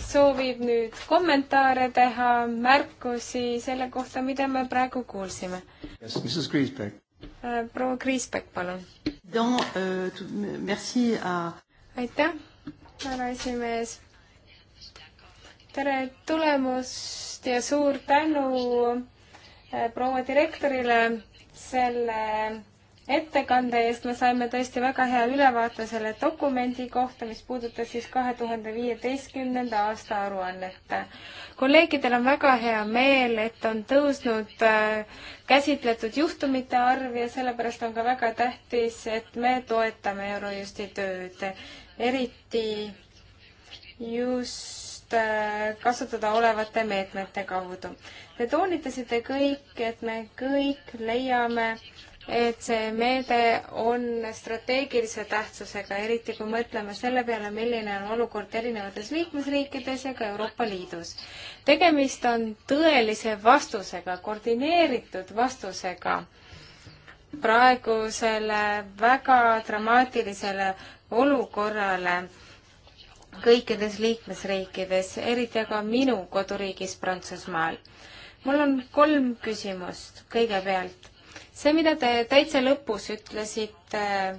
soovib nüüd kommentaare teha, märkusi selle kohta, mida me praegu kuulsime? Äh, proua Kriisbeck, palun. Euh, aitäh, härra esimees tere tulemast ja suur tänu eh, proua direktorile selle ettekande eest. me saime tõesti väga hea ülevaate selle dokumendi kohta, mis puudutas siis kahe tuhande viieteistkümnenda aasta aruannet. kolleegidel on väga hea meel, et on tõusnud eh, käsitletud juhtumite arv ja sellepärast on ka väga tähtis, et me toetame Eurojusti tööd, eriti just Äh, kasutada olevate meetmete kaudu. Te toonitasite kõik, et me kõik leiame, et see meede on strateegilise tähtsusega, eriti kui mõtleme selle peale, milline on olukord erinevates liikmesriikides ja ka Euroopa Liidus. tegemist on tõelise vastusega, koordineeritud vastusega praegusele väga dramaatilisele olukorrale kõikides liikmesriikides, eriti aga minu koduriigis Prantsusmaal. mul on kolm küsimust kõigepealt. see, mida te täitsa lõpus ütlesite äh,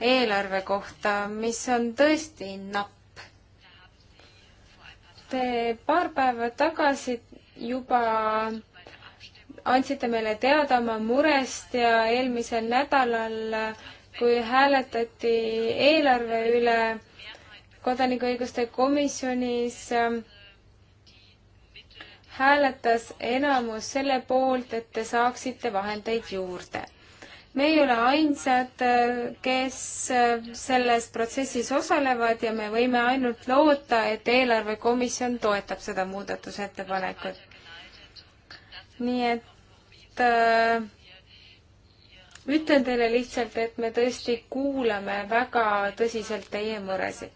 eelarve kohta, mis on tõesti napp. Te paar päeva tagasi juba andsite meile teada oma murest ja eelmisel nädalal, äh, kui hääletati eelarve üle, kodanikuõiguste komisjonis ähm, hääletas enamus selle poolt, et te saaksite vahendeid juurde. me ei ole ainsad, äh, kes äh, selles protsessis osalevad ja me võime ainult loota, et eelarvekomisjon toetab seda muudatusettepanekut. nii et äh, ütlen teile lihtsalt, et me tõesti kuulame väga tõsiselt teie muresid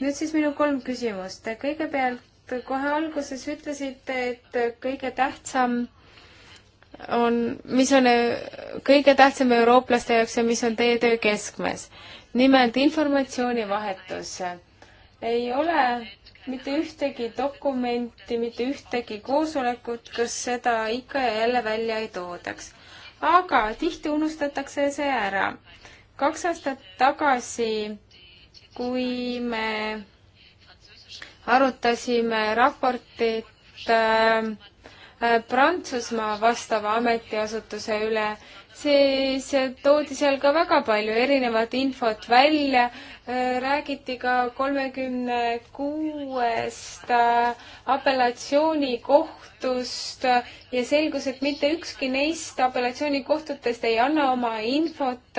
nüüd siis minu kolm küsimust. kõigepealt kohe alguses ütlesite, et kõige tähtsam on, mis on kõige tähtsam eurooplaste jaoks ja mis on teie töö keskmes. nimelt informatsioonivahetus. ei ole mitte ühtegi dokumenti, mitte ühtegi koosolekut, kus seda ikka ja jälle välja ei toodaks. aga tihti unustatakse see ära. kaks aastat tagasi kui me arutasime raportit äh, äh, Prantsusmaa vastava ametiasutuse üle, siis äh, toodi seal ka väga palju erinevat infot välja, räägiti ka kolmekümne kuuest apellatsioonikohtust ja selgus, et mitte ükski neist apellatsioonikohtutest ei anna oma infot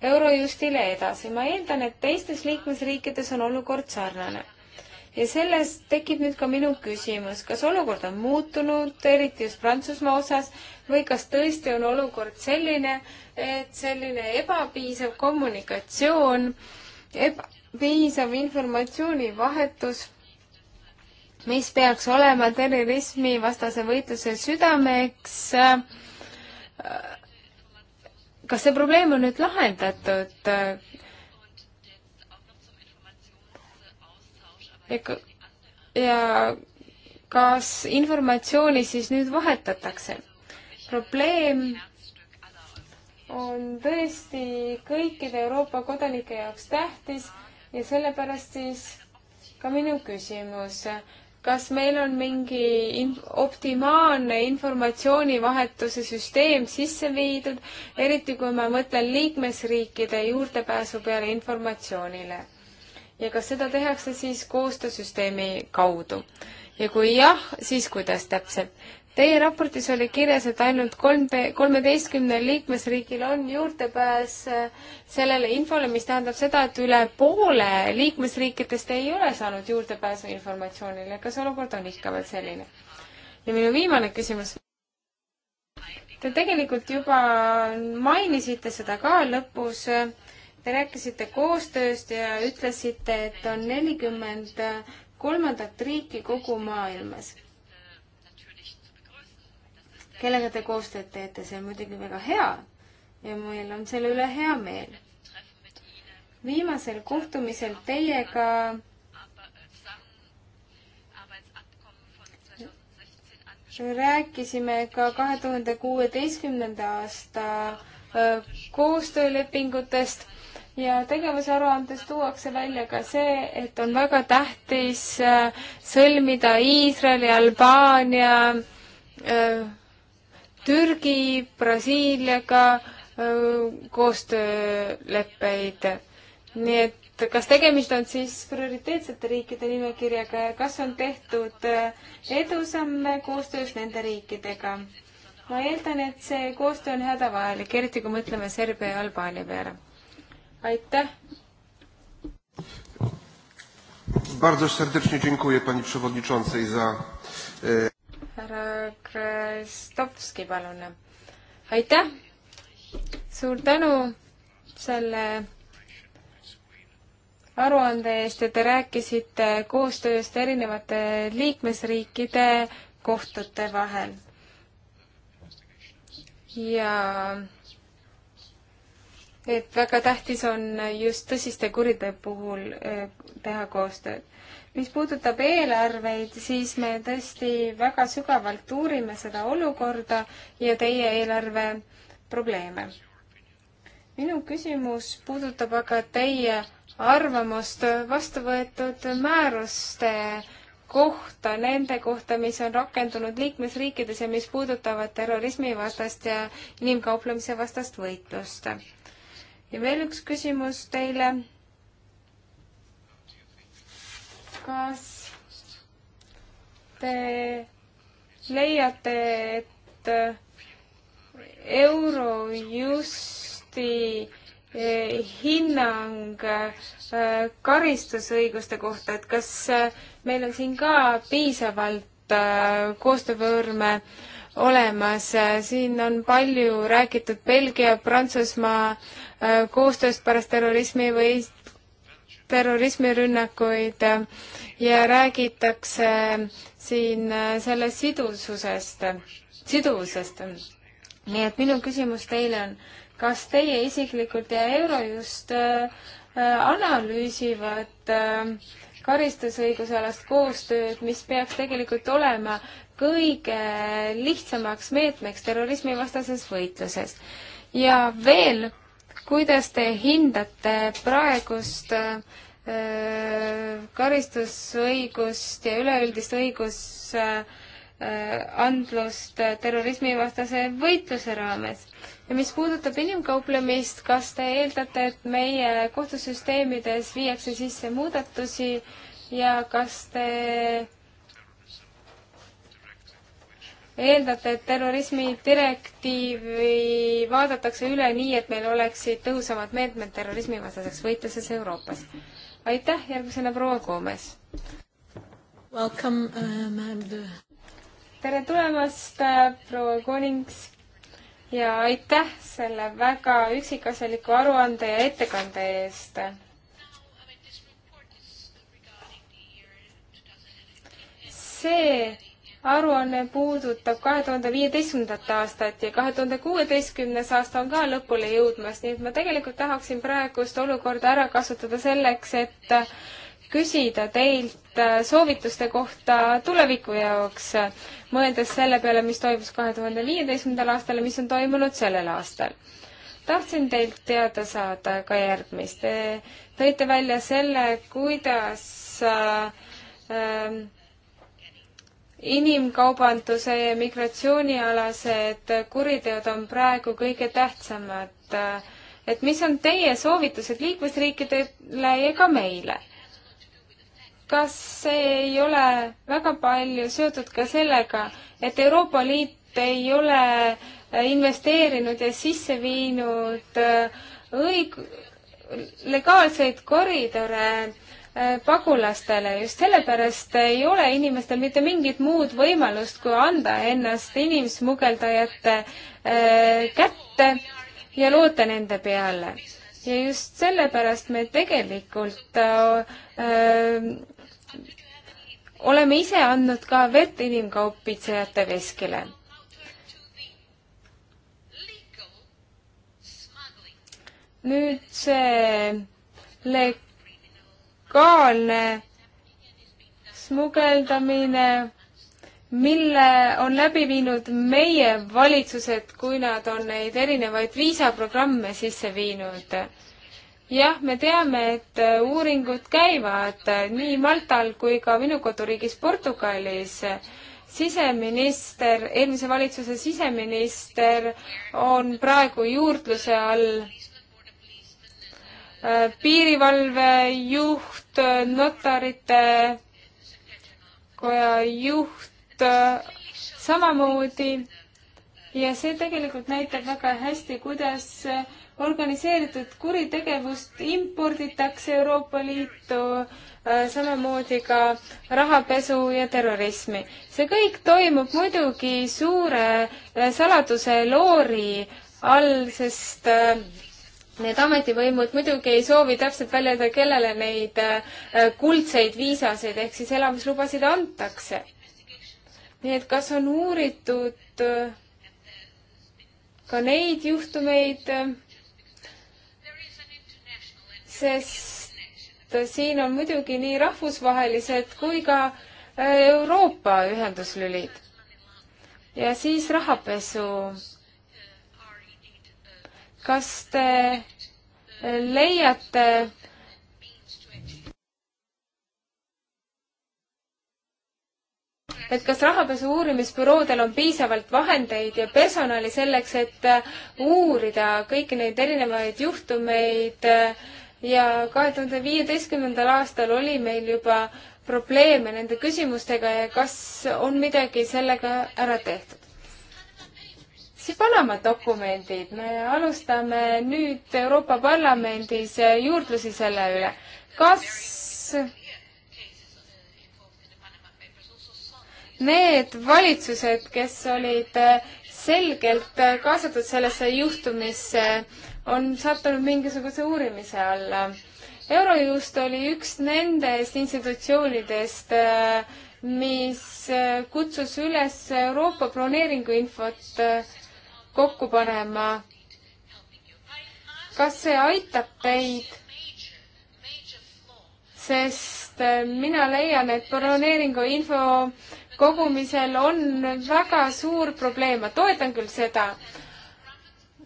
Eurojustile edasi. ma eeldan, et teistes liikmesriikides on olukord sarnane. ja sellest tekib nüüd ka minu küsimus, kas olukord on muutunud, eriti just Prantsusmaa osas, või kas tõesti on olukord selline, et selline ebapiisav kommunikatsioon, ebapiisav informatsioonivahetus mis peaks olema terrorismivastase võitluse südameks, kas see probleem on nüüd lahendatud? ja kas informatsiooni siis nüüd vahetatakse? probleem on tõesti kõikide Euroopa kodanike jaoks tähtis ja sellepärast siis ka minu küsimus kas meil on mingi in-, optimaalne informatsioonivahetuse süsteem sisse viidud, eriti kui ma mõtlen liikmesriikide juurdepääsu peale informatsioonile? ja kas seda tehakse siis koostöösüsteemi kaudu? ja kui jah, siis kuidas täpselt? Teie raportis oli kirjas, et ainult kolm, kolmeteistkümnel liikmesriigil on juurdepääs äh, sellele infole, mis tähendab seda, et üle poole liikmesriikidest ei ole saanud juurdepääsu informatsioonile. kas olukord on ikka veel selline? ja minu viimane küsimus. Te tegelikult juba mainisite seda ka lõpus Te rääkisite koostööst ja ütlesite, et on nelikümmend kolmandat riiki kogu maailmas kellega te koostööd teete, see on muidugi väga hea ja meil on selle üle hea meel. viimasel kohtumisel teiega rääkisime ka kahe tuhande kuueteistkümnenda aasta koostöölepingutest ja tegevusaruandes tuuakse välja ka see, et on väga tähtis sõlmida Iisraeli, Albaania, Türgi, Brasiiliaga koostööleppeid. nii et kas tegemist on siis prioriteetsete riikide nimekirjaga ja kas on tehtud edusamme koostöös nende riikidega? ma eeldan, et see koostöö on hädavajalik, eriti kui mõtleme Serbia ja Albaania peale. aitäh! Bardzo serdecznie dziękuję Pani Przewodniczącej za e, härra Krastovski, palun. aitäh, suur tänu selle aruande eest ja te rääkisite koostööst erinevate liikmesriikide kohtute vahel. ja et väga tähtis on just tõsiste kuride puhul eh, teha koostööd. mis puudutab eelarveid, siis me tõesti väga sügavalt uurime seda olukorda ja teie eelarve probleeme. minu küsimus puudutab aga teie arvamust vastu võetud määruste kohta, nende kohta, mis on rakendunud liikmesriikides ja mis puudutavad terrorismivastast ja inimkauplemise vastast võitlust ja veel üks küsimus teile. kas te leiate, et Eurojusti eh, hinnang eh, karistusõiguste kohta, et kas eh, meil on siin ka piisavalt koostöövõrme äh, olemas. siin on palju räägitud Belgia-Prantsusmaa äh, koostööst pärast terrorismi või terrorismirünnakuid ja räägitakse siin äh, sellest sidususest, siduvusest. nii et minu küsimus teile on, kas teie isiklikult ja Eurojust äh, analüüsivad karistusõigusalast koostööd, mis peaks tegelikult olema kõige lihtsamaks meetmeks terrorismivastases võitluses. ja veel, kuidas te hindate praegust äh, karistusõigust ja üleüldist õigusandlust äh, terrorismivastase võitluse raames? ja mis puudutab inimkauplemist, kas te eeldate, et meie kohtusüsteemides viiakse sisse muudatusi ja kas te eeldate, et terrorismi direktiivi vaadatakse üle nii, et meil oleksid tõhusamad meetmed terrorismivastaseks võitluses Euroopas? aitäh, järgmisena proua Koomes! Welcome um, uh, and... tere tulemast, äh, proua Konings ja aitäh selle väga üksikasjaliku aruande ja ettekande eest. see aruanne puudutab kahe tuhande viieteistkümnendat aastat ja kahe tuhande kuueteistkümnes aasta on ka lõpule jõudmas, nii et ma tegelikult tahaksin praegust olukorda ära kasutada selleks, et küsida teilt soovituste kohta tuleviku jaoks, mõeldes selle peale, mis toimus kahe tuhande viieteistkümnendal aastal ja mis on toimunud sellel aastal tahtsin teilt teada saada ka järgmist. Te tõite välja selle, kuidas äh, äh, inimkaubanduse ja migratsioonialased kuriteod on praegu kõige tähtsamad. et mis on teie soovitused liikmesriikidele ja ka meile? kas see ei ole väga palju seotud ka sellega, et Euroopa Liit ei ole investeerinud ja sisse viinud õig-, legaalseid koridore Äh, pagulastele, just sellepärast ei ole inimestel mitte mingit muud võimalust, kui anda ennast inimsmugeldajate äh, kätte ja loota nende peale. ja just sellepärast me tegelikult öö, äh, oleme ise andnud ka vett inimkaubitsejate veskile. nüüd see le-, illegaalne smugeldamine, mille on läbi viinud meie valitsused, kui nad on neid erinevaid viisaprogramme sisse viinud. jah, me teame, et uuringud käivad nii Maltal kui ka minu koduriigis Portugalis siseminister, eelmise valitsuse siseminister on praegu juurdluse all Äh, piirivalvejuht, äh, notarite koja juht äh, samamoodi ja see tegelikult näitab väga hästi, kuidas organiseeritud kuritegevust imporditakse Euroopa Liitu, samamoodi ka rahapesu ja terrorismi. see kõik toimub muidugi suure saladuse loori all, sest äh, Need ametivõimud muidugi ei soovi täpselt välja öelda, kellele neid äh, kuldseid viisaseid ehk siis elamislubasid antakse. nii et kas on uuritud äh, ka neid juhtumeid, äh, sest siin on muidugi nii rahvusvahelised kui ka Euroopa ühenduslülid. ja siis rahapesu kas te leiate, et kas rahapesu uurimisbüroodel on piisavalt vahendeid ja personali selleks, et uurida kõiki neid erinevaid juhtumeid ja kahe tuhande viieteistkümnendal aastal oli meil juba probleeme nende küsimustega ja kas on midagi sellega ära tehtud? siis Panama dokumendid, me alustame nüüd Euroopa Parlamendis juurdlusi selle üle. kas need valitsused, kes olid selgelt kaasatud sellesse juhtumisse, on sattunud mingisuguse uurimise alla? Eurojust oli üks nendest institutsioonidest, mis kutsus üles Euroopa broneeringuinfot kokku panema. kas see aitab teid? sest äh, mina leian, et broneeringu info kogumisel on väga suur probleem, ma toetan küll seda.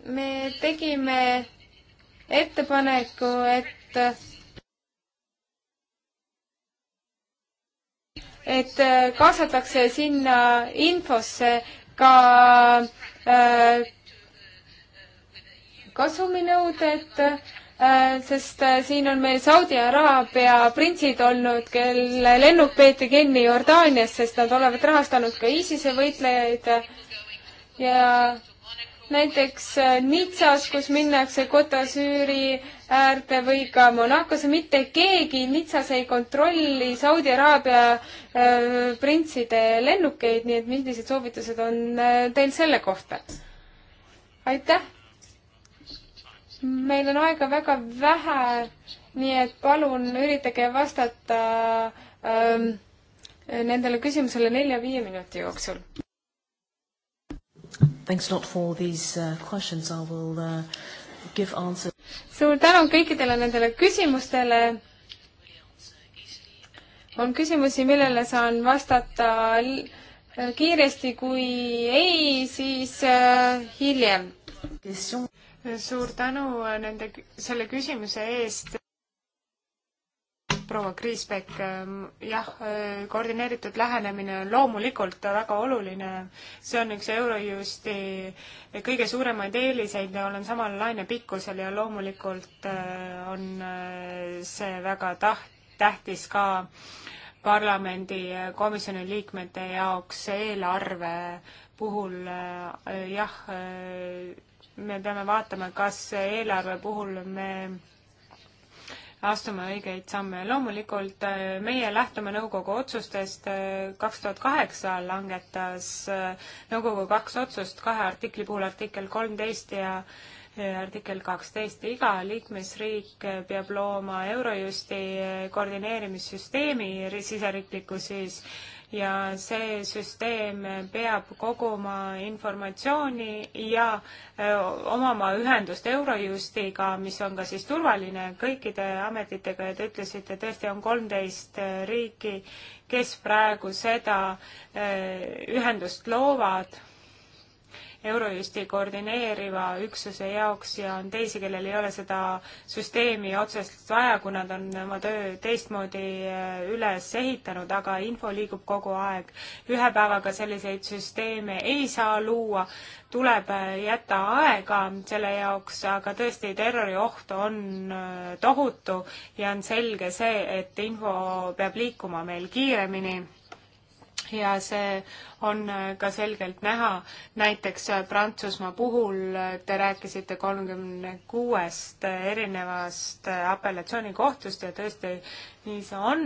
me tegime ettepaneku, et et äh, kaasatakse sinna infosse ka äh, kasuminõuded äh,, sest äh, siin on meil Saudi Araabia printsid olnud, kelle lennud peeti kinni Jordaanias, sest nad olevat rahastanud ka ISISe võitlejaid ja näiteks äh, Nitsas, kus minnakse Kotasüüri äärde või ka Monacos, mitte keegi Nitsas ei kontrolli Saudi Araabia äh, printside lennukeid, nii et millised soovitused on äh, teil selle kohta? aitäh! meil on aega väga vähe, nii et palun üritage vastata ähm, nendele küsimusele nelja-viie minuti jooksul. Thanks a lot for all these uh, questions. I will uh, give answer. suur tänu kõikidele nendele küsimustele. on küsimusi, millele saan vastata äh, kiiresti, kui ei, siis äh, hiljem. suur tänu äh, nende, selle küsimuse eest proua Kriisbeck, ähm, jah, äh, koordineeritud lähenemine on loomulikult väga oluline, see on üks Eurojusti kõige suuremaid eeliseid ja olen samal lainepikkusel ja loomulikult äh, on äh, see väga taht-, tähtis ka parlamendi komisjoni liikmete jaoks eelarve puhul jah, me peame vaatama, kas eelarve puhul me astuma õigeid samme. loomulikult äh, meie lähtume nõukogu otsustest, äh, kaks tuhat kaheksa langetas äh, nõukogu kaks otsust kahe artikli puhul, artikkel kolmteist ja artikkel kaksteist, iga liikmesriik peab looma Eurojusti koordineerimissüsteemi siseriikliku siis ja see süsteem peab koguma informatsiooni ja omama ühendust Eurojustiga, mis on ka siis turvaline kõikide ametitega ja te ütlesite, tõesti on kolmteist riiki, kes praegu seda ühendust loovad Eurojusti koordineeriva üksuse jaoks ja on teisi, kellel ei ole seda süsteemi otseselt vaja, kui nad on oma töö teistmoodi äh, üles ehitanud, aga info liigub kogu aeg. ühe päevaga selliseid süsteeme ei saa luua, tuleb äh, jätta aega selle jaoks, aga tõesti, terrorioht on äh, tohutu ja on selge see, et info peab liikuma meil kiiremini ja see on äh, ka selgelt näha. näiteks äh, Prantsusmaa puhul äh, te rääkisite kolmekümne kuuest erinevast apellatsioonikohtust ja tõesti nii see on,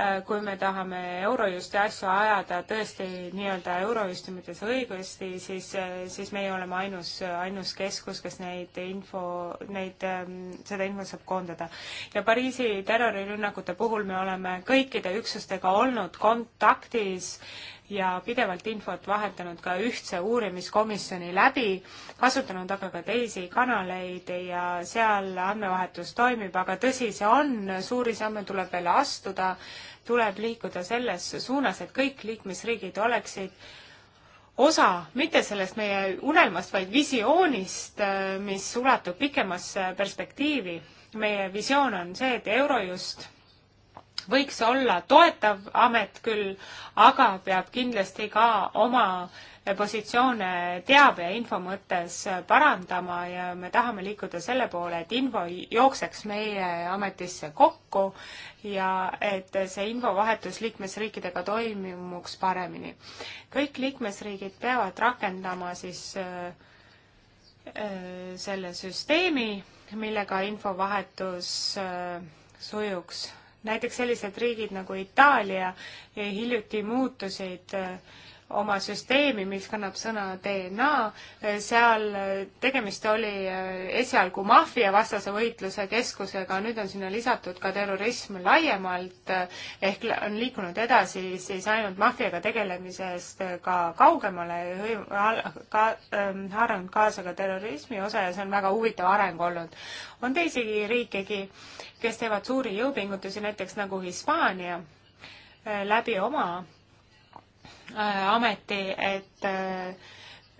äh, kui me tahame Eurojusti asju ajada tõesti nii-öelda Eurojusti mõttes õigesti, siis, äh, siis meie oleme ainus, ainus keskus, kes neid info, neid, ähm, seda infot saab koondada. ja Pariisi terrorirünnakute puhul me oleme kõikide üksustega olnud kontaktis ja pidevalt infot vahetanud ka ühtse uurimiskomisjoni läbi, kasutanud aga ka teisi kanaleid ja seal andmevahetus toimib, aga tõsi see on, suuri samme tuleb veel astuda, tuleb liikuda selles suunas, et kõik liikmesriigid oleksid osa mitte sellest meie unelmast, vaid visioonist, mis ulatub pikemasse perspektiivi. meie visioon on see, et Eurojust võiks olla toetav amet küll, aga peab kindlasti ka oma positsioone teabe ja info mõttes parandama ja me tahame liikuda selle poole, et info jookseks meie ametisse kokku ja et see infovahetus liikmesriikidega toimuks paremini. kõik liikmesriigid peavad rakendama siis äh, äh, selle süsteemi, millega infovahetus äh, sujuks näiteks sellised riigid nagu Itaalia hiljuti muutusid äh, oma süsteemi, mis kannab sõna DNA, seal tegemist oli eh, esialgu maffiavastase võitluse keskusega, nüüd on sinna lisatud ka terrorism laiemalt, eh, ehk on liikunud edasi siis ainult maffiaga tegelemisest eh, ka kaugemale, ka, ehm, haaranud kaasa ka terrorismi osa ja see on väga huvitav areng olnud. on teisigi riikegi, kes teevad suuri jõupingutusi, näiteks nagu Hispaania, läbi oma Äh, ameti, et äh,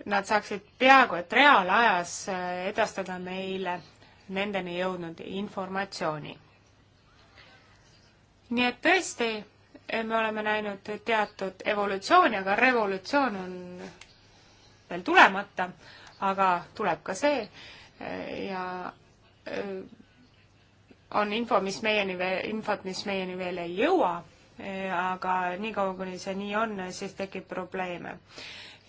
nad saaksid peaaegu et reaalajas äh, edastada meile nendeni jõudnud informatsiooni. nii et tõesti, eh, me oleme näinud teatud evolutsiooni, aga revolutsioon on veel tulemata, aga tuleb ka see eh, ja eh, on info, mis meieni veel, infot, mis meieni veel ei jõua aga niikaua, kuni see nii on, siis tekib probleeme.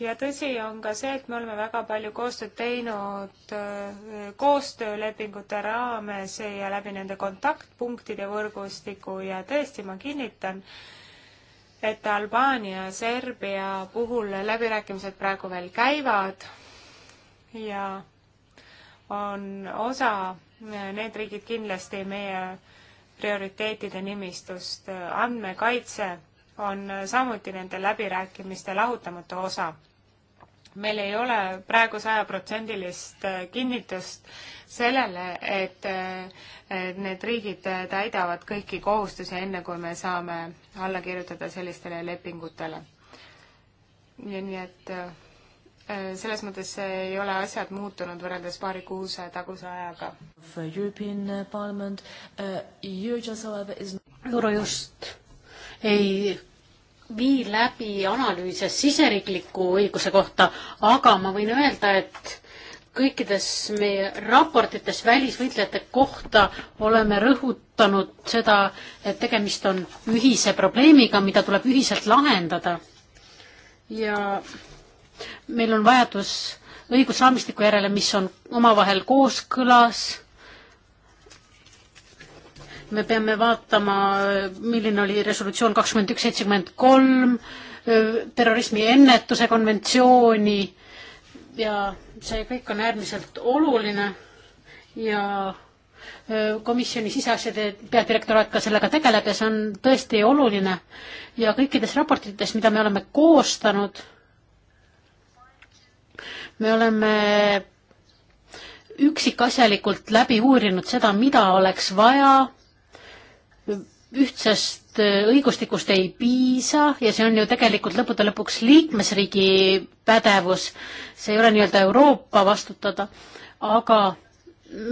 ja tõsi on ka see, et me oleme väga palju koostööd teinud äh, koostöölepingute raames ja läbi nende kontaktpunktide võrgustiku ja tõesti, ma kinnitan, et Albaania, Serbia puhul läbirääkimised praegu veel käivad ja on osa, need riigid kindlasti meie prioriteetide nimistust. andmekaitse on samuti nende läbirääkimiste lahutamatu osa. meil ei ole praegu sajaprotsendilist kinnitust sellele, et need riigid täidavad kõiki kohustusi, enne kui me saame alla kirjutada sellistele lepingutele. nii et Äh, selles mõttes ei ole asjad muutunud võrreldes paari kuuse taguse ajaga. Uh, uh, uh, Eurojust ei vii läbi analüüse siseriikliku õiguse kohta, aga ma võin öelda, et kõikides meie raportites välisvõitlejate kohta oleme rõhutanud seda, et tegemist on ühise probleemiga, mida tuleb ühiselt lahendada. ja meil on vajadus õigusraamistiku järele, mis on omavahel kooskõlas. me peame vaatama, milline oli resolutsioon kakskümmend üks seitsekümmend kolm, terrorismi ennetuse konventsiooni ja see kõik on äärmiselt oluline ja komisjoni siseasjade peadirektoraat ka sellega tegeleb ja see on tõesti oluline. ja kõikides raportites, mida me oleme koostanud me oleme üksikasjalikult läbi uurinud seda, mida oleks vaja. ühtsest õigustikust ei piisa ja see on ju tegelikult lõppude lõpuks liikmesriigi pädevus. see ei ole nii-öelda Euroopa vastutada, aga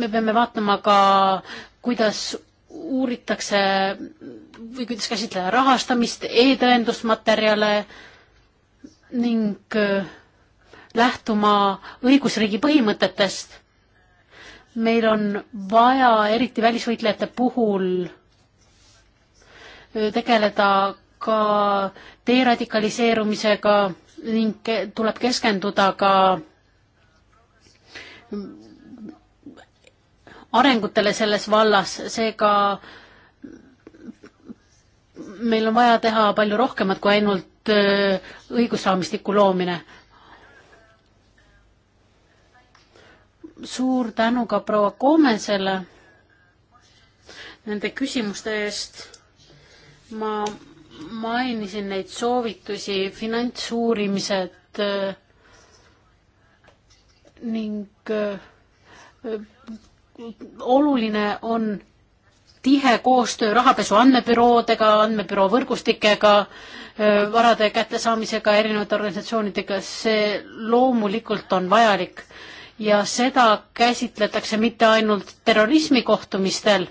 me peame vaatama ka, kuidas uuritakse või kuidas käsitleda rahastamist e, e-tõendusmaterjale ning äh, lähtuma õigusriigi põhimõtetest. meil on vaja eriti välisvõitlejate puhul tegeleda ka deradikaliseerumisega ning tuleb keskenduda ka arengutele selles vallas, seega meil on vaja teha palju rohkemat kui ainult õigusraamistiku loomine. suur tänu ka proua Koomesele nende küsimuste eest. ma mainisin neid soovitusi, finantsuurimised äh, ning äh, oluline on tihe koostöö rahapesu andmebüroodega, andmebüroo võrgustikega, äh, varade kättesaamisega, erinevate organisatsioonidega, see loomulikult on vajalik ja seda käsitletakse mitte ainult terrorismikohtumistel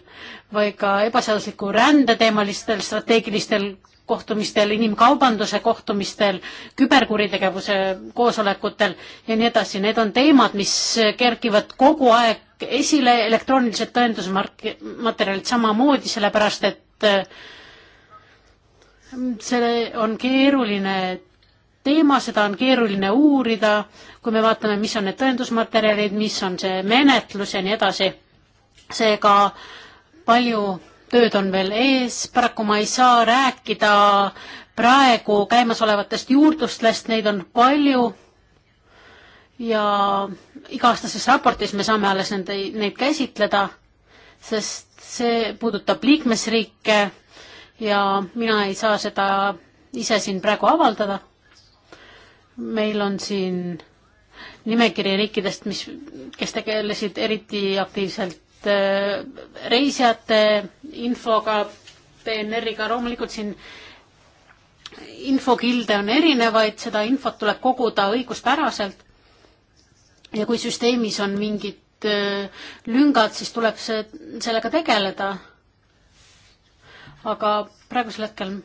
või ka ebaseadusliku rände teemalistel strateegilistel kohtumistel, inimkaubanduse kohtumistel, küberkuritegevuse koosolekutel ja nii edasi. Need on teemad, mis kerkivad kogu aeg esile, elektroonilised tõendusmaterjalid samamoodi, sellepärast et äh, see on keeruline teema, seda on keeruline uurida, kui me vaatame, mis on need tõendusmaterjalid, mis on see menetlus ja nii edasi. seega palju tööd on veel ees, paraku ma ei saa rääkida praegu käimasolevatest juurdlustest, neid on palju ja iga-aastases raportis me saame alles nende, neid käsitleda, sest see puudutab liikmesriike ja mina ei saa seda ise siin praegu avaldada meil on siin nimekiri riikidest, mis, kes tegelesid eriti aktiivselt äh, reisijate infoga, PNR-iga, loomulikult siin infokilde on erinevaid, seda infot tuleb koguda õiguspäraselt. ja kui süsteemis on mingid äh, lüngad, siis tuleb see, sellega tegeleda. aga praegusel hetkel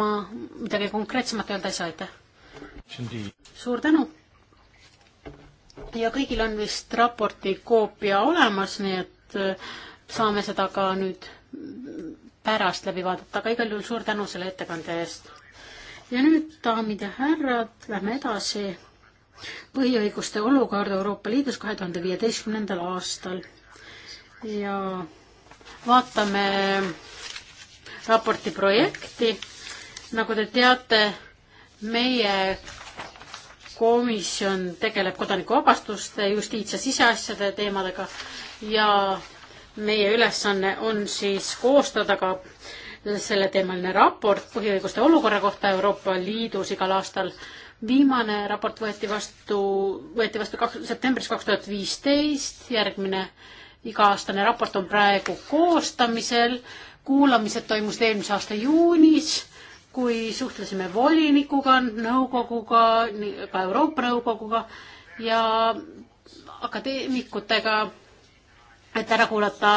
ma midagi konkreetsemat öelda ei saa, aitäh suur tänu! ja kõigil on vist raporti koopia olemas, nii et äh, saame seda ka nüüd pärast läbi vaadata, aga igal juhul suur tänu selle ettekande eest. ja nüüd, daamid ja härrad, lähme edasi põhiõiguste olukorda Euroopa Liidus kahe tuhande viieteistkümnendal aastal. ja vaatame raporti projekti. nagu te teate, meie komisjon tegeleb kodanikuvabastuste, justiits- ja siseasjade teemadega ja meie ülesanne on siis koostada ka selleteemaline raport põhiõiguste olukorra kohta Euroopa Liidus igal aastal. viimane raport võeti vastu, võeti vastu kaks, septembris kaks tuhat viisteist, järgmine iga-aastane raport on praegu koostamisel, kuulamised toimusid eelmise aasta juunis kui suhtlesime volinikuga, nõukoguga, ka Euroopa Nõukoguga ja akadeemikutega, et ära kuulata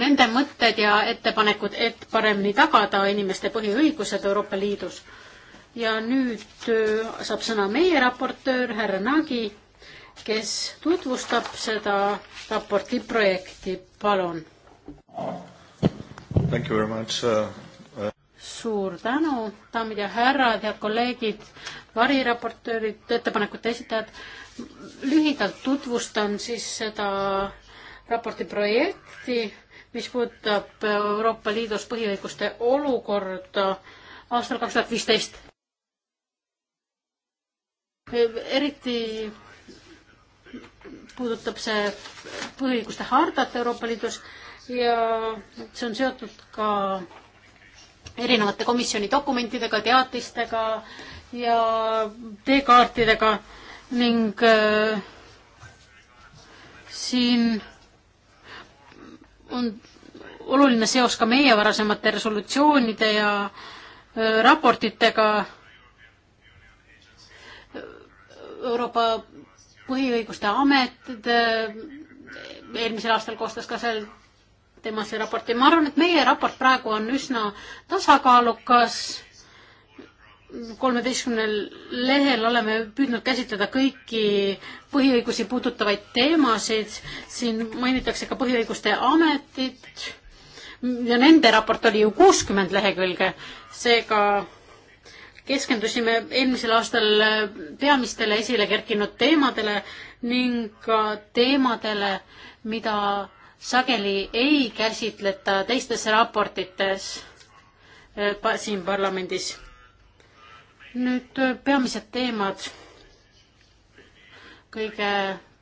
nende mõtted ja ettepanekud, et paremini tagada inimeste põhiõigused Euroopa Liidus. ja nüüd äh, saab sõna meie raportöör härra Nagi, kes tutvustab seda raporti projekti, palun. Thank you very much uh suur tänu, daamid ja härrad, head kolleegid, variraportöörid, ettepanekute esitajad. lühidalt tutvustan siis seda raporti projekti, mis puudutab Euroopa Liidus põhiõiguste olukorda aastal kaks tuhat viisteist. eriti puudutab see põhiõiguste hardat Euroopa Liidus ja see on seotud ka erinevate komisjoni dokumentidega, teatistega ja teekaartidega ning äh, siin on oluline seos ka meie varasemate resolutsioonide ja äh, raportitega Euroopa põhiõiguste amet äh, eelmisel aastal koostas ka sel tema see raport ja ma arvan, et meie raport praegu on üsna tasakaalukas. kolmeteistkümnel lehel oleme püüdnud käsitleda kõiki põhiõigusi puudutavaid teemasid, siin mainitakse ka põhiõiguste ametit ja nende raport oli ju kuuskümmend lehekülge, seega keskendusime eelmisel aastal peamistele esile kerkinud teemadele ning ka teemadele, mida sageli ei käsitleta teistes raportites eh, siin parlamendis. nüüd eh, peamised teemad. kõige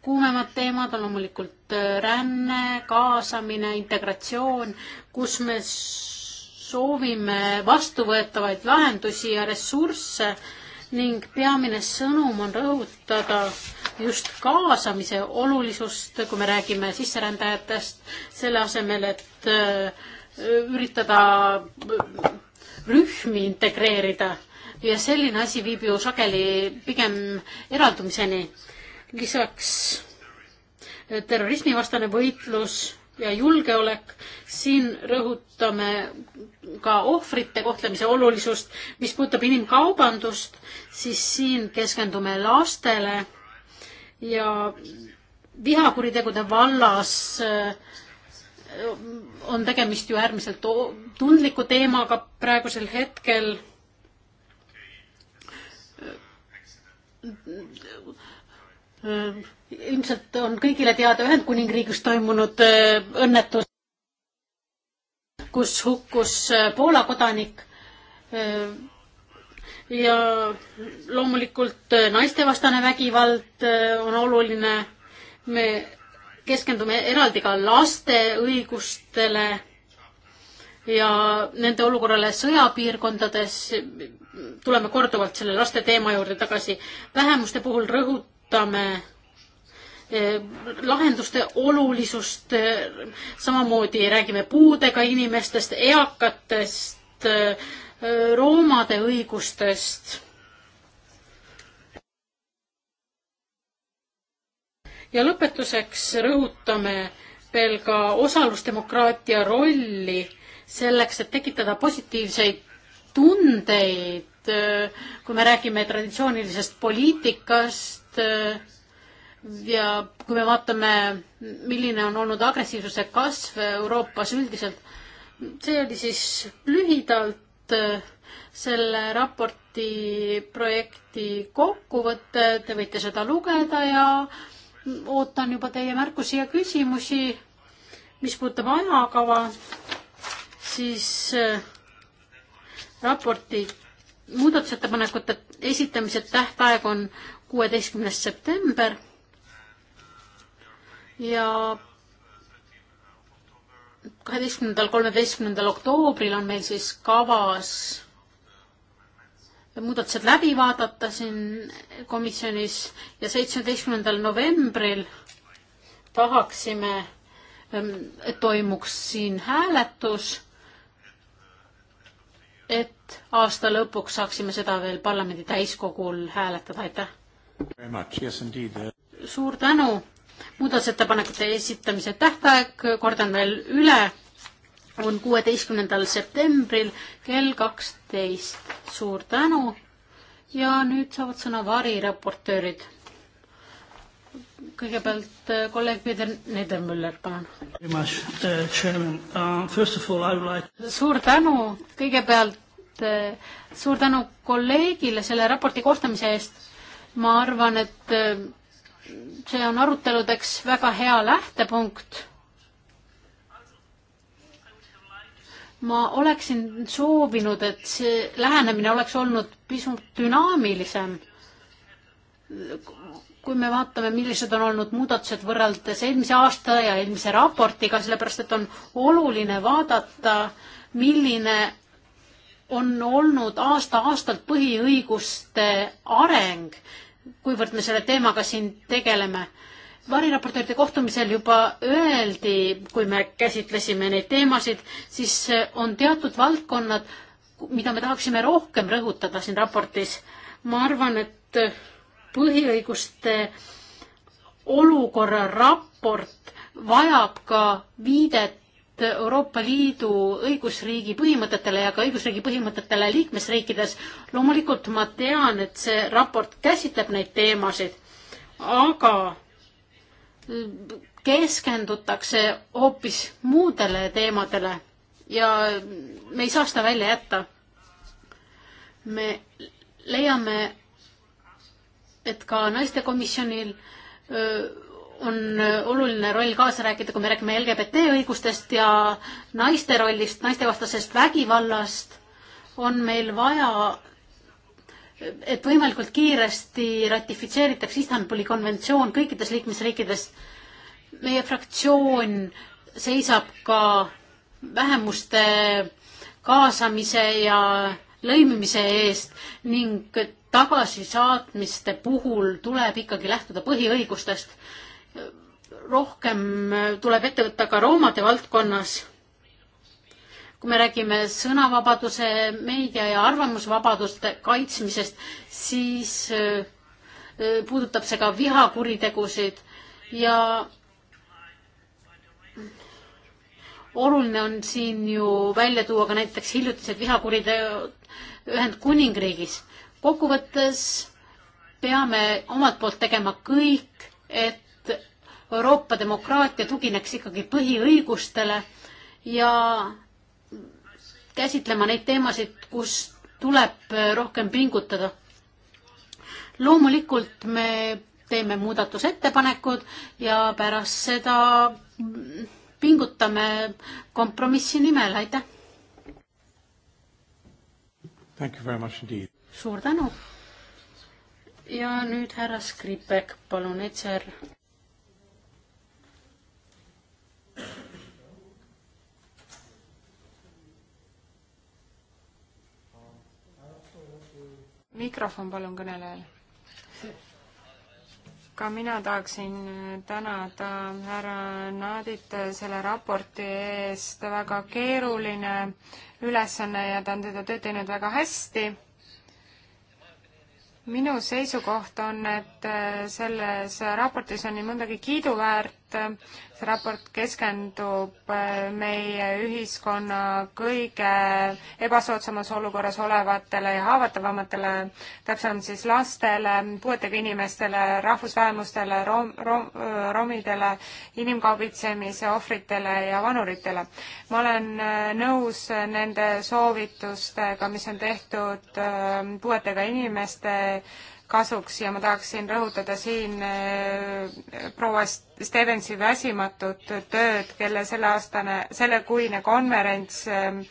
kuumemad teemad on loomulikult eh, ränne, kaasamine, integratsioon, kus me soovime vastuvõetavaid lahendusi ja ressursse ning peamine sõnum on rõhutada just kaasamise olulisust, kui me räägime sisserändajatest, selle asemel, et äh, üritada äh, rühmi integreerida ja selline asi viib ju sageli pigem eraldumiseni. lisaks äh, terrorismivastane võitlus ja julgeolek, siin rõhutame ka ohvrite kohtlemise olulisust. mis puudutab inimkaubandust, siis siin keskendume lastele ja vihakuritegude vallas äh, on tegemist ju äärmiselt tundliku teemaga praegusel hetkel. Äh, ilmselt on kõigile teada Ühendkuningriigis toimunud äh, õnnetus, kus hukkus Poola kodanik ja loomulikult äh, naistevastane vägivald äh, on oluline. me keskendume eraldi ka laste õigustele ja nende olukorrale sõjapiirkondades. tuleme korduvalt selle laste teema juurde tagasi. vähemuste puhul rõhutame äh, lahenduste olulisust, samamoodi räägime puudega inimestest, eakatest, roomade õigustest. ja lõpetuseks rõhutame veel ka osalusdemokraatia rolli selleks, et tekitada positiivseid tundeid, kui me räägime traditsioonilisest poliitikast ja kui me vaatame, milline on olnud agressiivsuse kasv Euroopas üldiselt, see oli siis lühidalt Äh, selle raporti projekti kokkuvõte, te võite seda lugeda ja ootan juba teie märkusi ja küsimusi. mis puudutab ajakava, siis äh, raporti muudatusettepanekute esitamise tähtaeg on kuueteistkümnes september ja kaheteistkümnendal, kolmeteistkümnendal oktoobril on meil siis kavas muudatused läbi vaadata siin komisjonis ja seitsmeteistkümnendal novembril tahaksime, ähm, et toimuks siin hääletus, et aasta lõpuks saaksime seda veel parlamendi täiskogul hääletada, aitäh! Yes, suur tänu! muudatusettepanekute esitamise tähtaeg, kordan veel üle, on kuueteistkümnendal septembril kell kaksteist. suur tänu ja nüüd saavad sõna variraportöörid. kõigepealt äh, kolleeg Peeter Nedemüller, palun. Äh, uh, suur tänu, kõigepealt äh, suur tänu kolleegile selle raporti koostamise eest. ma arvan, et see on aruteludeks väga hea lähtepunkt. ma oleksin soovinud, et see lähenemine oleks olnud pisut dünaamilisem. kui me vaatame, millised on olnud muudatused võrreldes eelmise aasta ja eelmise raportiga, sellepärast et on oluline vaadata, milline on olnud aasta-aastalt põhiõiguste areng kuivõrd me selle teemaga siin tegeleme. variraportööride kohtumisel juba öeldi, kui me käsitlesime neid teemasid, siis on teatud valdkonnad, mida me tahaksime rohkem rõhutada siin raportis. ma arvan, et põhiõiguste olukorra raport vajab ka viidet et Euroopa Liidu õigusriigi põhimõtetele ja ka õigusriigi põhimõtetele liikmesriikides. loomulikult ma tean, et see raport käsitleb neid teemasid, aga keskendutakse hoopis muudele teemadele ja me ei saa seda välja jätta. me leiame, et ka naistekomisjonil on oluline roll kaasa rääkida, kui me räägime LGBT õigustest ja naiste rollist, naistevastasest vägivallast, on meil vaja, et võimalikult kiiresti ratifitseeritakse Istanbuli konventsioon kõikides liikmesriikides. meie fraktsioon seisab ka vähemuste kaasamise ja lõimimise eest ning tagasisaatmiste puhul tuleb ikkagi lähtuda põhiõigustest rohkem äh, tuleb ette võtta ka roomade valdkonnas. kui me räägime sõnavabaduse, meedia ja arvamusvabaduste kaitsmisest, siis äh, äh, puudutab see ka vihakuritegusid ja oluline on siin ju välja tuua ka näiteks hiljutised vihakuriteod Ühendkuningriigis. kokkuvõttes peame omalt poolt tegema kõik, et et Euroopa demokraatia tugineks ikkagi põhiõigustele ja käsitlema neid teemasid, kus tuleb rohkem pingutada. loomulikult me teeme muudatusettepanekud ja pärast seda pingutame kompromissi nimel, aitäh! suur tänu! ja nüüd härra Skripek, palun, Etser mikrofon palun kõnelejal. ka mina tahaksin tänada härra Naadit selle raporti eest, väga keeruline ülesanne ja ta on seda tööd teinud väga hästi. minu seisukoht on, et selles raportis on nii mõndagi kiiduväärt, raport. see raport keskendub äh, meie ühiskonna kõige ebasoodsamas olukorras olevatele ja haavatavamatele, täpsemalt siis lastele, puuetega inimestele, rahvusvähemustele, rom-, rom-, äh, romidele, inimkaubitsemise ohvritele ja vanuritele. ma olen äh, nõus nende soovitustega, mis on tehtud puuetega inimeste kasuks ja ma tahaksin rõhutada siin äh, proua Stevensi väsimatut tööd, kelle selleaastane, sellekuine konverents ähm,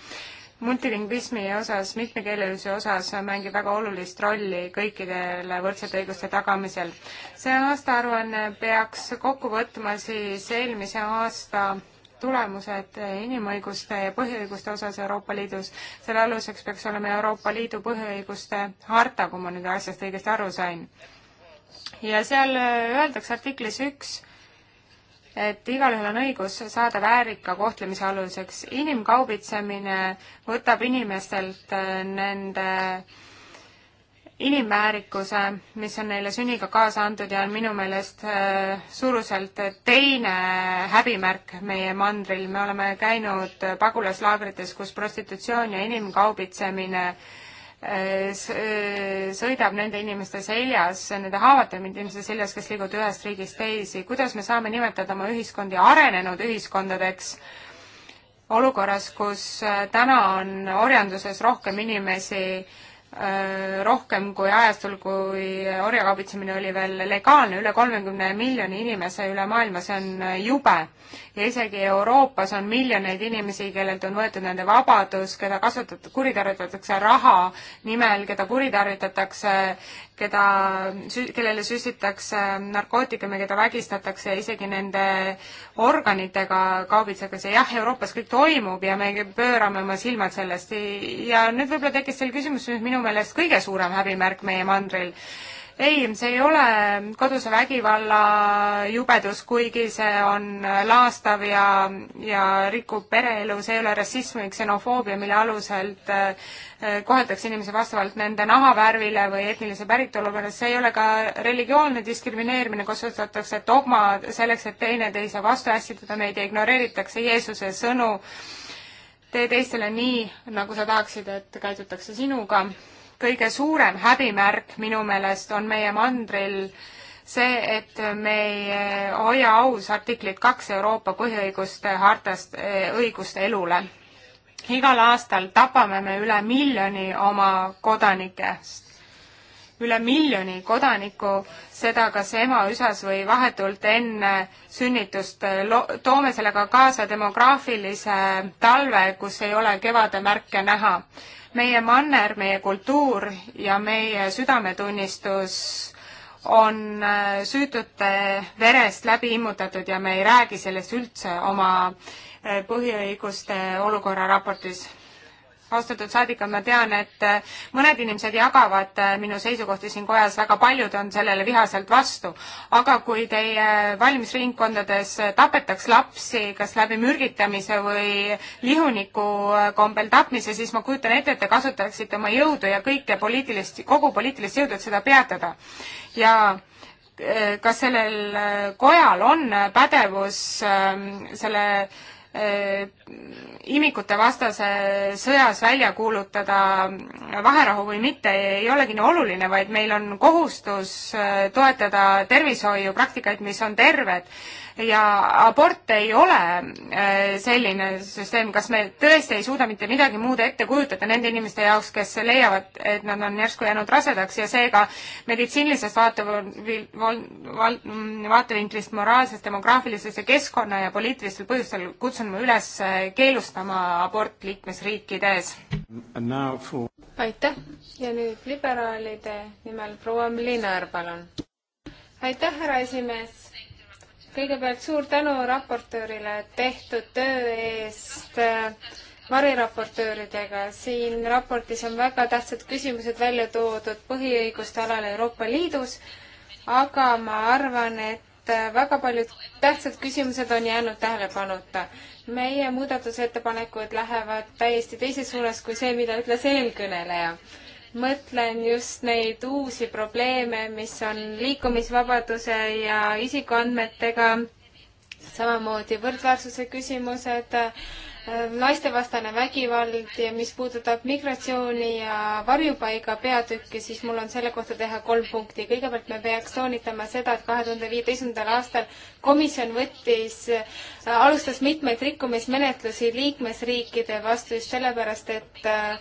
multilingvismi osas, mitmekeelelisuse osas mängib väga olulist rolli kõikidele võrdsete õiguste tagamisel. see aastaaruanne peaks kokku võtma siis eelmise aasta tulemused inimõiguste ja põhiõiguste osas Euroopa Liidus. selle aluseks peaks olema Euroopa Liidu põhiõiguste harta, kui ma nüüd asjast õigesti aru sain. ja seal öeldakse artiklis üks, et igalühel on õigus saada väärika kohtlemise aluseks. inimkaubitsemine võtab inimestelt äh, nende inimväärikuse, mis on neile sünniga kaasa antud ja on minu meelest äh, suuruselt teine häbimärk meie mandril. me oleme käinud pagulaslaagrites, kus prostitutsioon ja inimkaubitsemine äh, äh, sõidab nende inimeste seljas, nende haavatud inimeste seljas, kes liiguvad ühest riigist teisi. kuidas me saame nimetada oma ühiskondi arenenud ühiskondadeks? olukorras, kus täna on orjanduses rohkem inimesi Äh, rohkem kui ajastul, kui orjakaubitsemine oli veel legaalne, üle kolmekümne miljoni inimese üle maailma, see on äh, jube. ja isegi Euroopas on miljoneid inimesi, kellelt on võetud nende vabadus, keda kasutatud, kuritarvitatakse raha nimel, keda kuritarvitatakse, keda, kellele süstitakse narkootikume, keda vägistatakse ja isegi nende organitega kaubitsetakse. jah, Euroopas kõik toimub ja me pöörame oma silmad sellest ja nüüd võib-olla tekkis teil küsimus, mis minu meelest kõige suurem häbimärk meie mandril ei, see ei ole koduse vägivalla jubedus, kuigi see on laastav ja, ja rikub pereelu, see ei ole rassism või ksenofoobia, mille aluselt äh, koheldakse inimesi vastavalt nende nahavärvile või etnilise päritolu pärast, see ei ole ka religioonne diskrimineerimine, kus otsustatakse dogma selleks, et teineteise vastu ässitada, meid ignoreeritakse Jeesuse sõnu, tee teistele nii, nagu sa tahaksid, et käidutakse sinuga kõige suurem häbimärk minu meelest on meie mandril see, et me ei eh, hoia aus artiklit kaks Euroopa põhiõiguste hartast eh, õiguste elule. igal aastal tapame me üle miljoni oma kodanikest üle miljoni kodaniku, seda kas emaüsas või vahetult enne sünnitust. Eh, toome sellega kaasa demograafilise talve, kus ei ole kevade märke näha meie manner, meie kultuur ja meie südametunnistus on äh, süütute verest läbi immutatud ja me ei räägi sellest üldse oma äh, põhiõiguste olukorra raportis austatud saadikud, ma tean, et äh, mõned inimesed jagavad äh, minu seisukohti siin kojas, väga paljud on sellele vihaselt vastu. aga kui teie valimisringkondades äh, tapetaks lapsi kas läbi mürgitamise või lihuniku kombel tapmise, siis ma kujutan ette, et te kasutaksite oma jõudu ja kõike poliitilist, kogu poliitilist jõudu, et seda peatada. ja kas sellel kojal on pädevus ähm, selle äh, Äh, imikute vastase sõjas välja kuulutada vaherahu või mitte, ei olegi nii oluline, vaid meil on kohustus äh, toetada tervishoiupraktikaid, mis on terved ja abort ei ole äh, selline süsteem, kas me tõesti ei suuda mitte midagi muud ette kujutada nende inimeste jaoks, kes leiavad, et nad on järsku jäänud rasedaks ja seega meditsiinilisest vaatevinklist, moraalsest, demograafilisest ja keskkonna ja poliitilistel põhjustel kutsun ma üles äh, keelustama abort liikmesriikides. For... aitäh ja nüüd liberaalide nimel proua Mlinar, palun. aitäh, härra esimees kõigepealt suur tänu raportöörile tehtud töö eest äh, variraportööridega. siin raportis on väga tähtsad küsimused välja toodud põhiõiguste alal Euroopa Liidus, aga ma arvan, et äh, väga paljud tähtsad küsimused on jäänud tähelepanuta. meie muudatusettepanekud lähevad täiesti teises suunas kui see, mida ütles eelkõneleja mõtlen just neid uusi probleeme, mis on liikumisvabaduse ja isikuandmetega, samamoodi võrdväärsuse küsimused, naistevastane vägivald ja mis puudutab migratsiooni ja varjupaiga peatükki, siis mul on selle kohta teha kolm punkti. kõigepealt me peaks toonitama seda, et kahe tuhande viieteistkümnendal aastal komisjon võttis, äh, alustas mitmeid rikkumismenetlusi liikmesriikide vastu just sellepärast, et äh,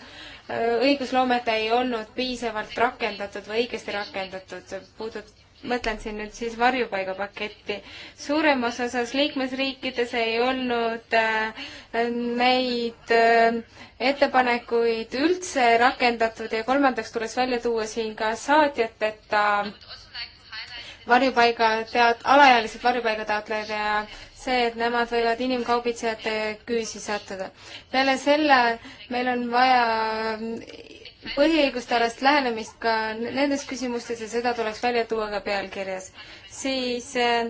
õigusloomet ei olnud piisavalt rakendatud või õigesti rakendatud. puudut-, mõtlen siin nüüd siis varjupaigapaketti. suuremas osas liikmesriikides ei olnud äh, neid äh, ettepanekuid üldse rakendatud ja kolmandaks tuleks välja tuua siin ka saatjateta varjupaiga tead-, alaealised varjupaigataotlejad ja see, et nemad võivad inimkaubitsejate küüsi sattuda. peale selle meil on vaja põhiõigustealast lähenemist ka nendes küsimustes ja seda tuleks välja tuua ka pealkirjas. siis, eh,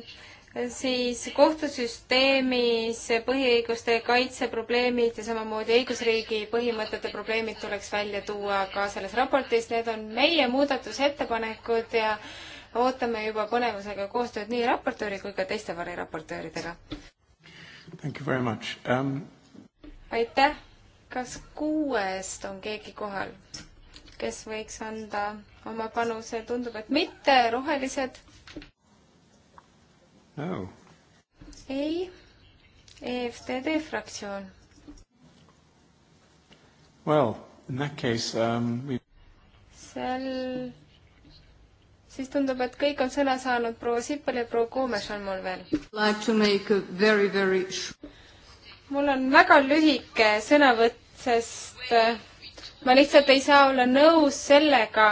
siis kohtusüsteemis põhiõiguste kaitse probleemid ja samamoodi õigusriigi põhimõtete probleemid tuleks välja tuua ka selles raportis, need on meie muudatusettepanekud ja ootame juba põnevusega koostööd nii raportööri kui ka teiste variraportööridega. Um... aitäh kas kuuest on keegi kohal, kes võiks anda oma panuse, tundub, et mitte, rohelised no.? ei, EFTD fraktsioon. Well, in that case um, we seal siis tundub, et kõik on sõna saanud, proua Sippel ja proua Koomes on mul veel like. Very, very... mul on väga lühike sõnavõtt sest äh, ma lihtsalt ei saa olla nõus sellega,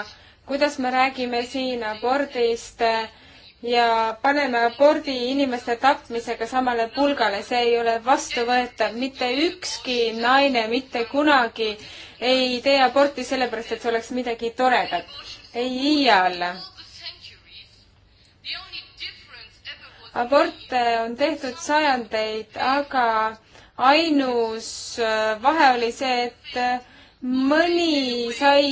kuidas me räägime siin abordist äh, ja paneme abordi inimeste tapmisega samale pulgale, see ei ole vastuvõetav, mitte ükski naine mitte kunagi ei tee aborti sellepärast, et see oleks midagi toredat. ei iial. aborte äh, on tehtud sajandeid, aga ainus äh, vahe oli see, et äh, mõni sai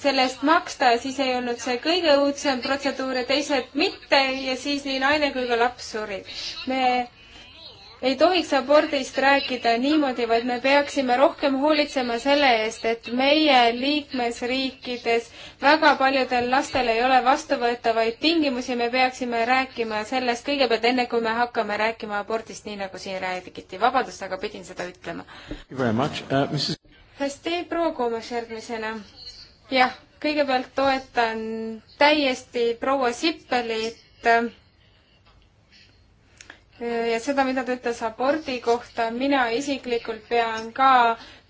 sellest maksta ja siis ei olnud see kõige õudsem protseduur ja teised mitte ja siis nii naine kui ka laps surid. me ei tohiks abordist rääkida niimoodi, vaid me peaksime rohkem hoolitsema selle eest, et meie liikmesriikides väga paljudel lastel ei ole vastuvõetavaid tingimusi, me peaksime rääkima sellest kõigepealt, enne kui me hakkame rääkima abordist, nii nagu siin räägiti. vabandust, aga pidin seda ütlema. Uh, hästi, proua Koomas järgmisena. jah, kõigepealt toetan täiesti proua Sippelit ja seda, mida ta ütles abordi kohta, mina isiklikult pean ka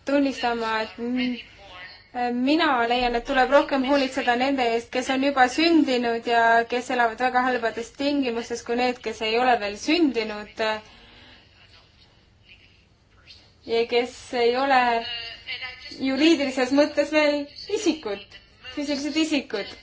tunnistama, et mina leian, et tuleb rohkem hoolitseda nende eest, kes on juba sündinud ja kes elavad väga halbades tingimustes, kui need, kes ei ole veel sündinud. ja kes ei ole juriidilises mõttes veel isikud, füüsilised isikud.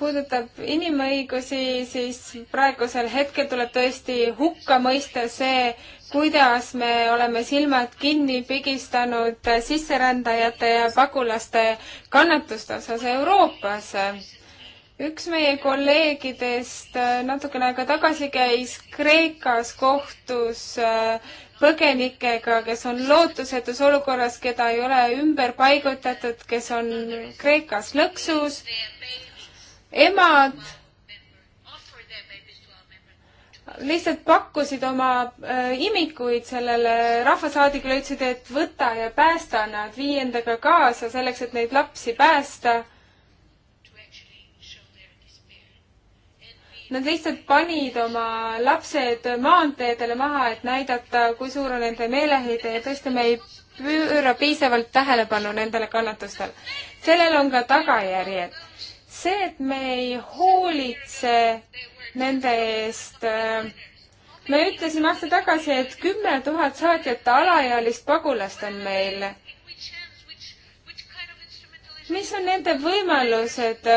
puudutab inimõigusi, siis praegusel hetkel tuleb tõesti hukka mõista see, kuidas me oleme silmad kinni pigistanud sisserändajate ja pagulaste kannatuste osas Euroopas üks meie kolleegidest äh, natukene aega tagasi käis Kreekas, kohtus äh, põgenikega, kes on lootusetus olukorras, keda ei ole ümber paigutatud, kes on Kreekas lõksus emad lihtsalt pakkusid oma äh, imikuid sellele rahvasaadikule, ütlesid, et võta ja päästa nad, vii endaga kaasa selleks, et neid lapsi päästa. Nad lihtsalt panid oma lapsed maanteedele maha, et näidata, kui suur on nende meeleheide ja tõesti, me ei pööra piisavalt tähelepanu nendele kannatustele. sellel on ka tagajärjed see, et me ei hoolitse nende eest äh, me ütlesime aasta tagasi, et kümme tuhat saatjat alaealist pagulast on meil. mis on nende võimalused?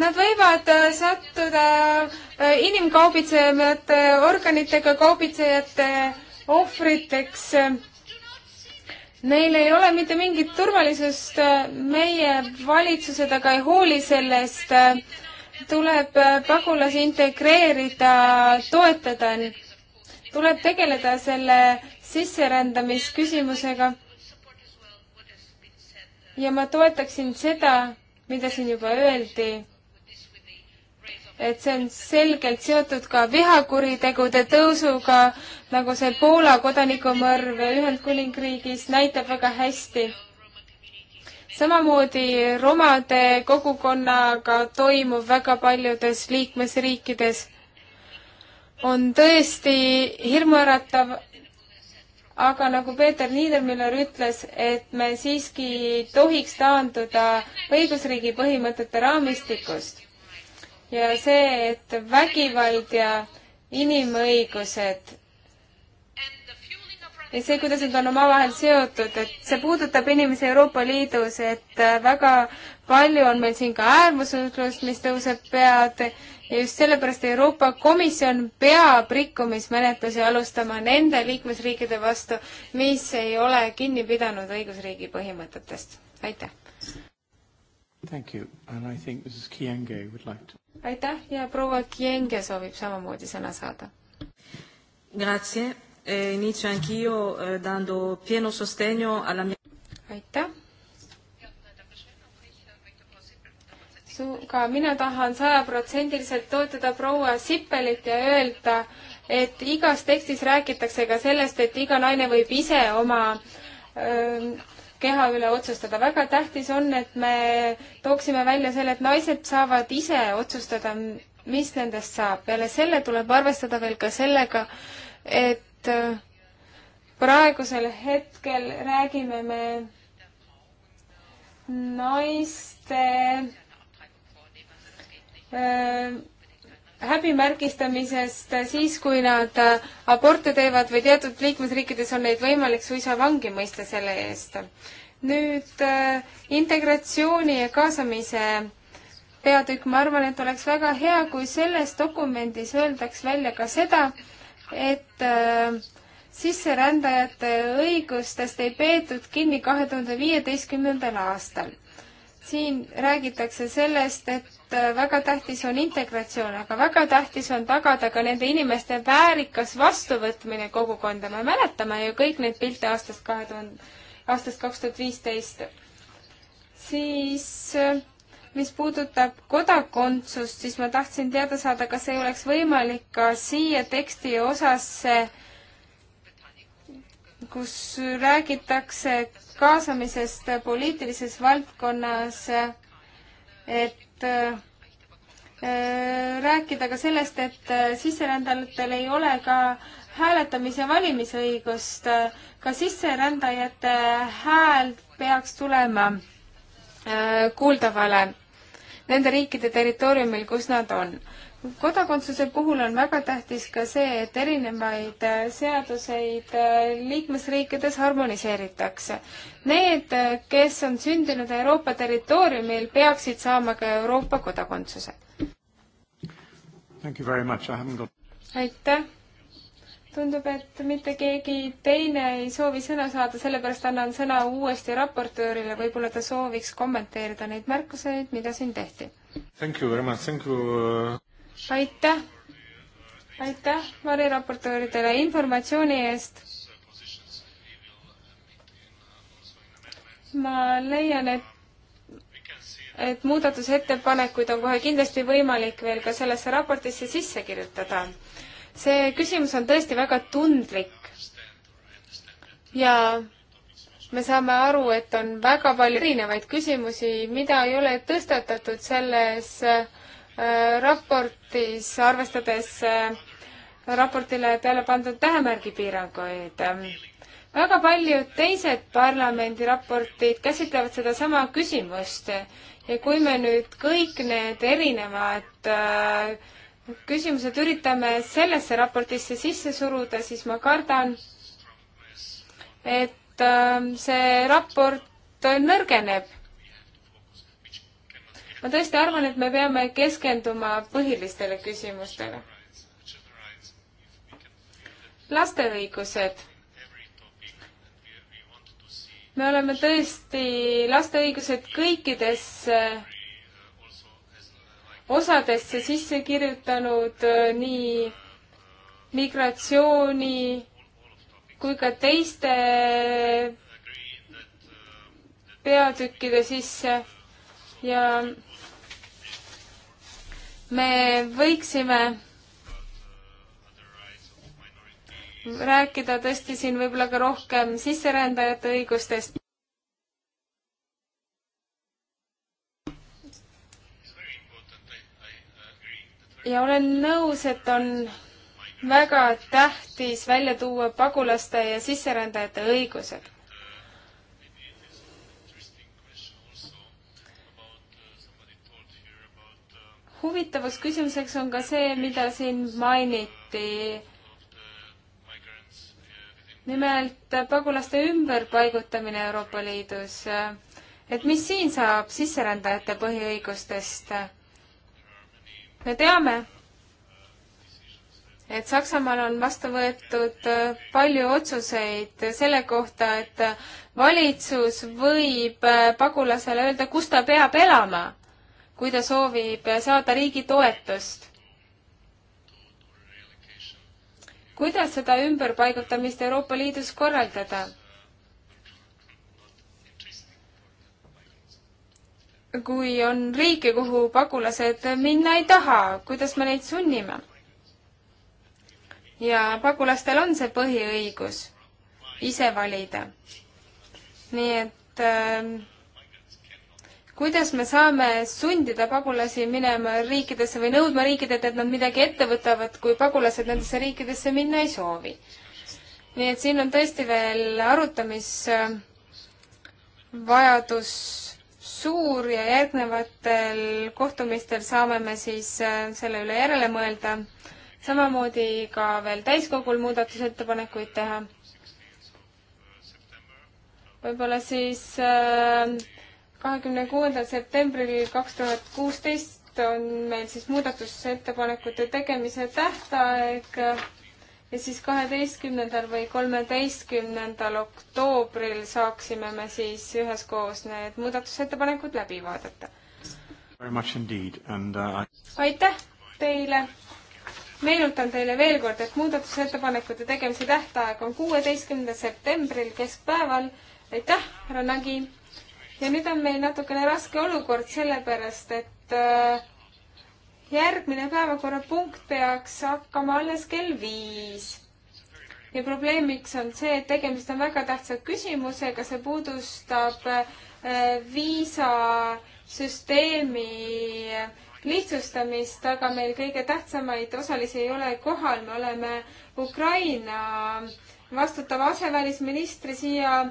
Nad võivad sattuda äh, inimkaubitsejate, organitega kaubitsejate ohvriteks Neil ei ole mitte mingit turvalisust, äh, meie valitsused aga ei hooli sellest, tuleb äh, pagulasi integreerida, toetada, tuleb tegeleda selle sisserändamisküsimusega. ja ma toetaksin seda, mida siin juba öeldi et see on selgelt seotud ka vihakuritegude tõusuga, nagu see Poola kodanikumõrv Ühendkuningriigis näitab väga hästi. samamoodi romade kogukonnaga toimub väga paljudes liikmesriikides. on tõesti hirmuäratav, aga nagu Peeter Niedermüller ütles, et me siiski tohiks taanduda õigusriigi põhimõtete raamistikust ja see, et vägivald ja inimõigused ja see, kuidas nad on omavahel seotud, et see puudutab inimesi Euroopa Liidus, et äh, väga palju on meil siin ka äärmususlust, mis tõuseb pead ja just sellepärast Euroopa Komisjon peab rikkumismenetlusi alustama nende liikmesriikide vastu, mis ei ole kinni pidanud õigusriigi põhimõtetest. aitäh! Thank you and I think Mrs Kienge would like to aitäh ja proua Kienge soovib samamoodi sõna saada. Grazie e inizio anch'io e, dando pieno sostegno alla mia aitäh. ka mina tahan sajaprotsendiliselt toetada proua Sippelit ja öelda, et igas tekstis räägitakse ka sellest, et iga naine võib ise oma öö, keha üle otsustada. väga tähtis on, et me tooksime välja selle, et naised saavad ise otsustada, mis nendest saab. peale selle tuleb arvestada veel ka sellega, et äh, praegusel hetkel räägime me naiste öö, äh, häbimärgistamisest siis, kui nad aborte teevad või teatud liikmesriikides on neid võimalik suisa vangi mõista selle eest. nüüd äh, integratsiooni ja kaasamise peatükk, ma arvan, et oleks väga hea, kui selles dokumendis öeldaks välja ka seda, et äh, sisserändajate õigustest ei peetud kinni kahe tuhande viieteistkümnendal aastal siin räägitakse sellest, et äh, väga tähtis on integratsioon, aga väga tähtis on tagada ka nende inimeste väärikas vastuvõtmine kogukonda. me mäletame ju kõik neid pilte aastast kahe tuhande, aastast kaks tuhat viisteist. siis äh, mis puudutab kodakondsust, siis ma tahtsin teada saada, kas ei oleks võimalik ka siia teksti osasse äh, kus räägitakse kaasamisest poliitilises valdkonnas, et äh, rääkida ka sellest, et äh, sisserändajatel ei ole ka hääletamise valimisõigust, ka sisserändajate hääl peaks tulema äh, kuuldavale nende riikide territooriumil, kus nad on kodakondsuse puhul on väga tähtis ka see, et erinevaid äh, seaduseid äh, liikmesriikides harmoniseeritakse. Need, äh, kes on sündinud Euroopa territooriumil, peaksid saama ka Euroopa kodakondsuse. Got... aitäh! tundub, et mitte keegi teine ei soovi sõna saada, sellepärast annan sõna uuesti raportöörile, võib-olla ta sooviks kommenteerida neid märkuseid, mida siin tehti. Thank you very much, thank you. Uh, aitäh, aitäh variraportööridele informatsiooni eest. ma leian, et, et muudatusettepanekuid on kohe kindlasti võimalik veel ka sellesse raportisse sisse kirjutada. see küsimus on tõesti väga tundlik ja me saame aru, et on väga palju erinevaid küsimusi, mida ei ole tõstatatud selles äh, Äh, raportis, arvestades äh, raportile peale pandud tähemärgipiiranguid. Ähm, väga paljud teised parlamendi raportid käsitlevad sedasama küsimust ja kui me nüüd kõik need erinevad äh, küsimused üritame sellesse raportisse sisse suruda, siis ma kardan, et ähm, see raport nõrgeneb ma tõesti arvan, et me peame keskenduma põhilistele küsimustele. laste õigused. me oleme tõesti laste õigused kõikidesse eh, osadesse sisse kirjutanud eh, nii migratsiooni kui ka teiste eh, peatükkide sisse ja me võiksime rääkida tõesti siin võib-olla ka rohkem sisserändajate õigustest. ja olen nõus, et on väga tähtis välja tuua pagulaste ja sisserändajate õigused huvitavaks küsimuseks on ka see, mida siin mainiti. nimelt pagulaste ümberpaigutamine Euroopa Liidus. et mis siin saab sisserändajate põhiõigustest? me teame, et Saksamaal on vastu võetud palju otsuseid selle kohta, et valitsus võib pagulasele öelda, kus ta peab elama kui ta soovib saada riigi toetust. kuidas seda ümberpaigutamist Euroopa Liidus korraldada? kui on riike, kuhu pagulased minna ei taha, kuidas me neid sunnime? ja pagulastel on see põhiõigus ise valida. nii et äh, kuidas me saame sundida pagulasi minema riikidesse või nõudma riikidelt, et nad midagi ette võtavad, kui pagulased nendesse riikidesse minna ei soovi. nii et siin on tõesti veel arutamisvajadus suur ja järgnevatel kohtumistel saame me siis äh, selle üle järele mõelda, samamoodi ka veel täiskogul muudatusettepanekuid teha võib-olla siis äh, kahekümne kuuendal septembril kaks tuhat kuusteist on meil siis muudatusettepanekute tegemise tähtaeg ja siis kaheteistkümnendal või kolmeteistkümnendal oktoobril saaksime me siis üheskoos need muudatusettepanekud läbi vaadata. Uh... aitäh teile! meenutan teile veel kord, et muudatusettepanekute tegemise tähtaeg on kuueteistkümnendal septembril keskpäeval. aitäh, härra Nagi! ja nüüd on meil natukene raske olukord, sellepärast et äh, järgmine päevakorrapunkt peaks hakkama alles kell viis ja probleemiks on see, et tegemist on väga tähtsa küsimusega, see puudustab äh, viisasüsteemi lihtsustamist, aga meil kõige tähtsamaid osalisi ei ole kohal, me oleme Ukraina vastutava asevälisministri siia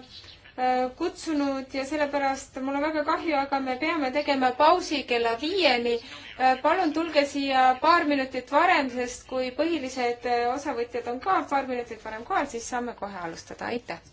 Äh, kutsunud ja sellepärast mul on väga kahju, aga me peame tegema pausi kella viieni. Äh, palun tulge siia paar minutit varem, sest kui põhilised äh, osavõtjad on ka paar minutit varem kohal, siis saame kohe alustada, aitäh!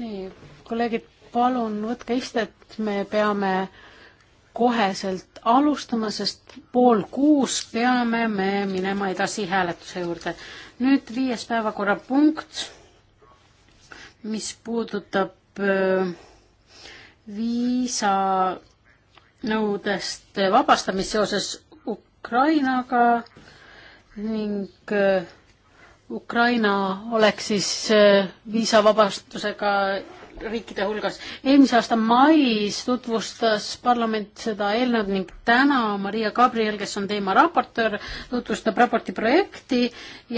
nii, kolleegid, palun võtke istet, me peame koheselt alustama, sest pool kuus peame me minema edasi hääletuse juurde. nüüd viies päevakorrapunkt, mis puudutab äh, viisanõudest vabastamist seoses Ukrainaga ning äh, Ukraina oleks siis äh, viisavabastusega riikide hulgas. eelmise aasta mais tutvustas parlament seda eelnõud ning täna Maria Gabriel, kes on teema raportöör, tutvustab raporti projekti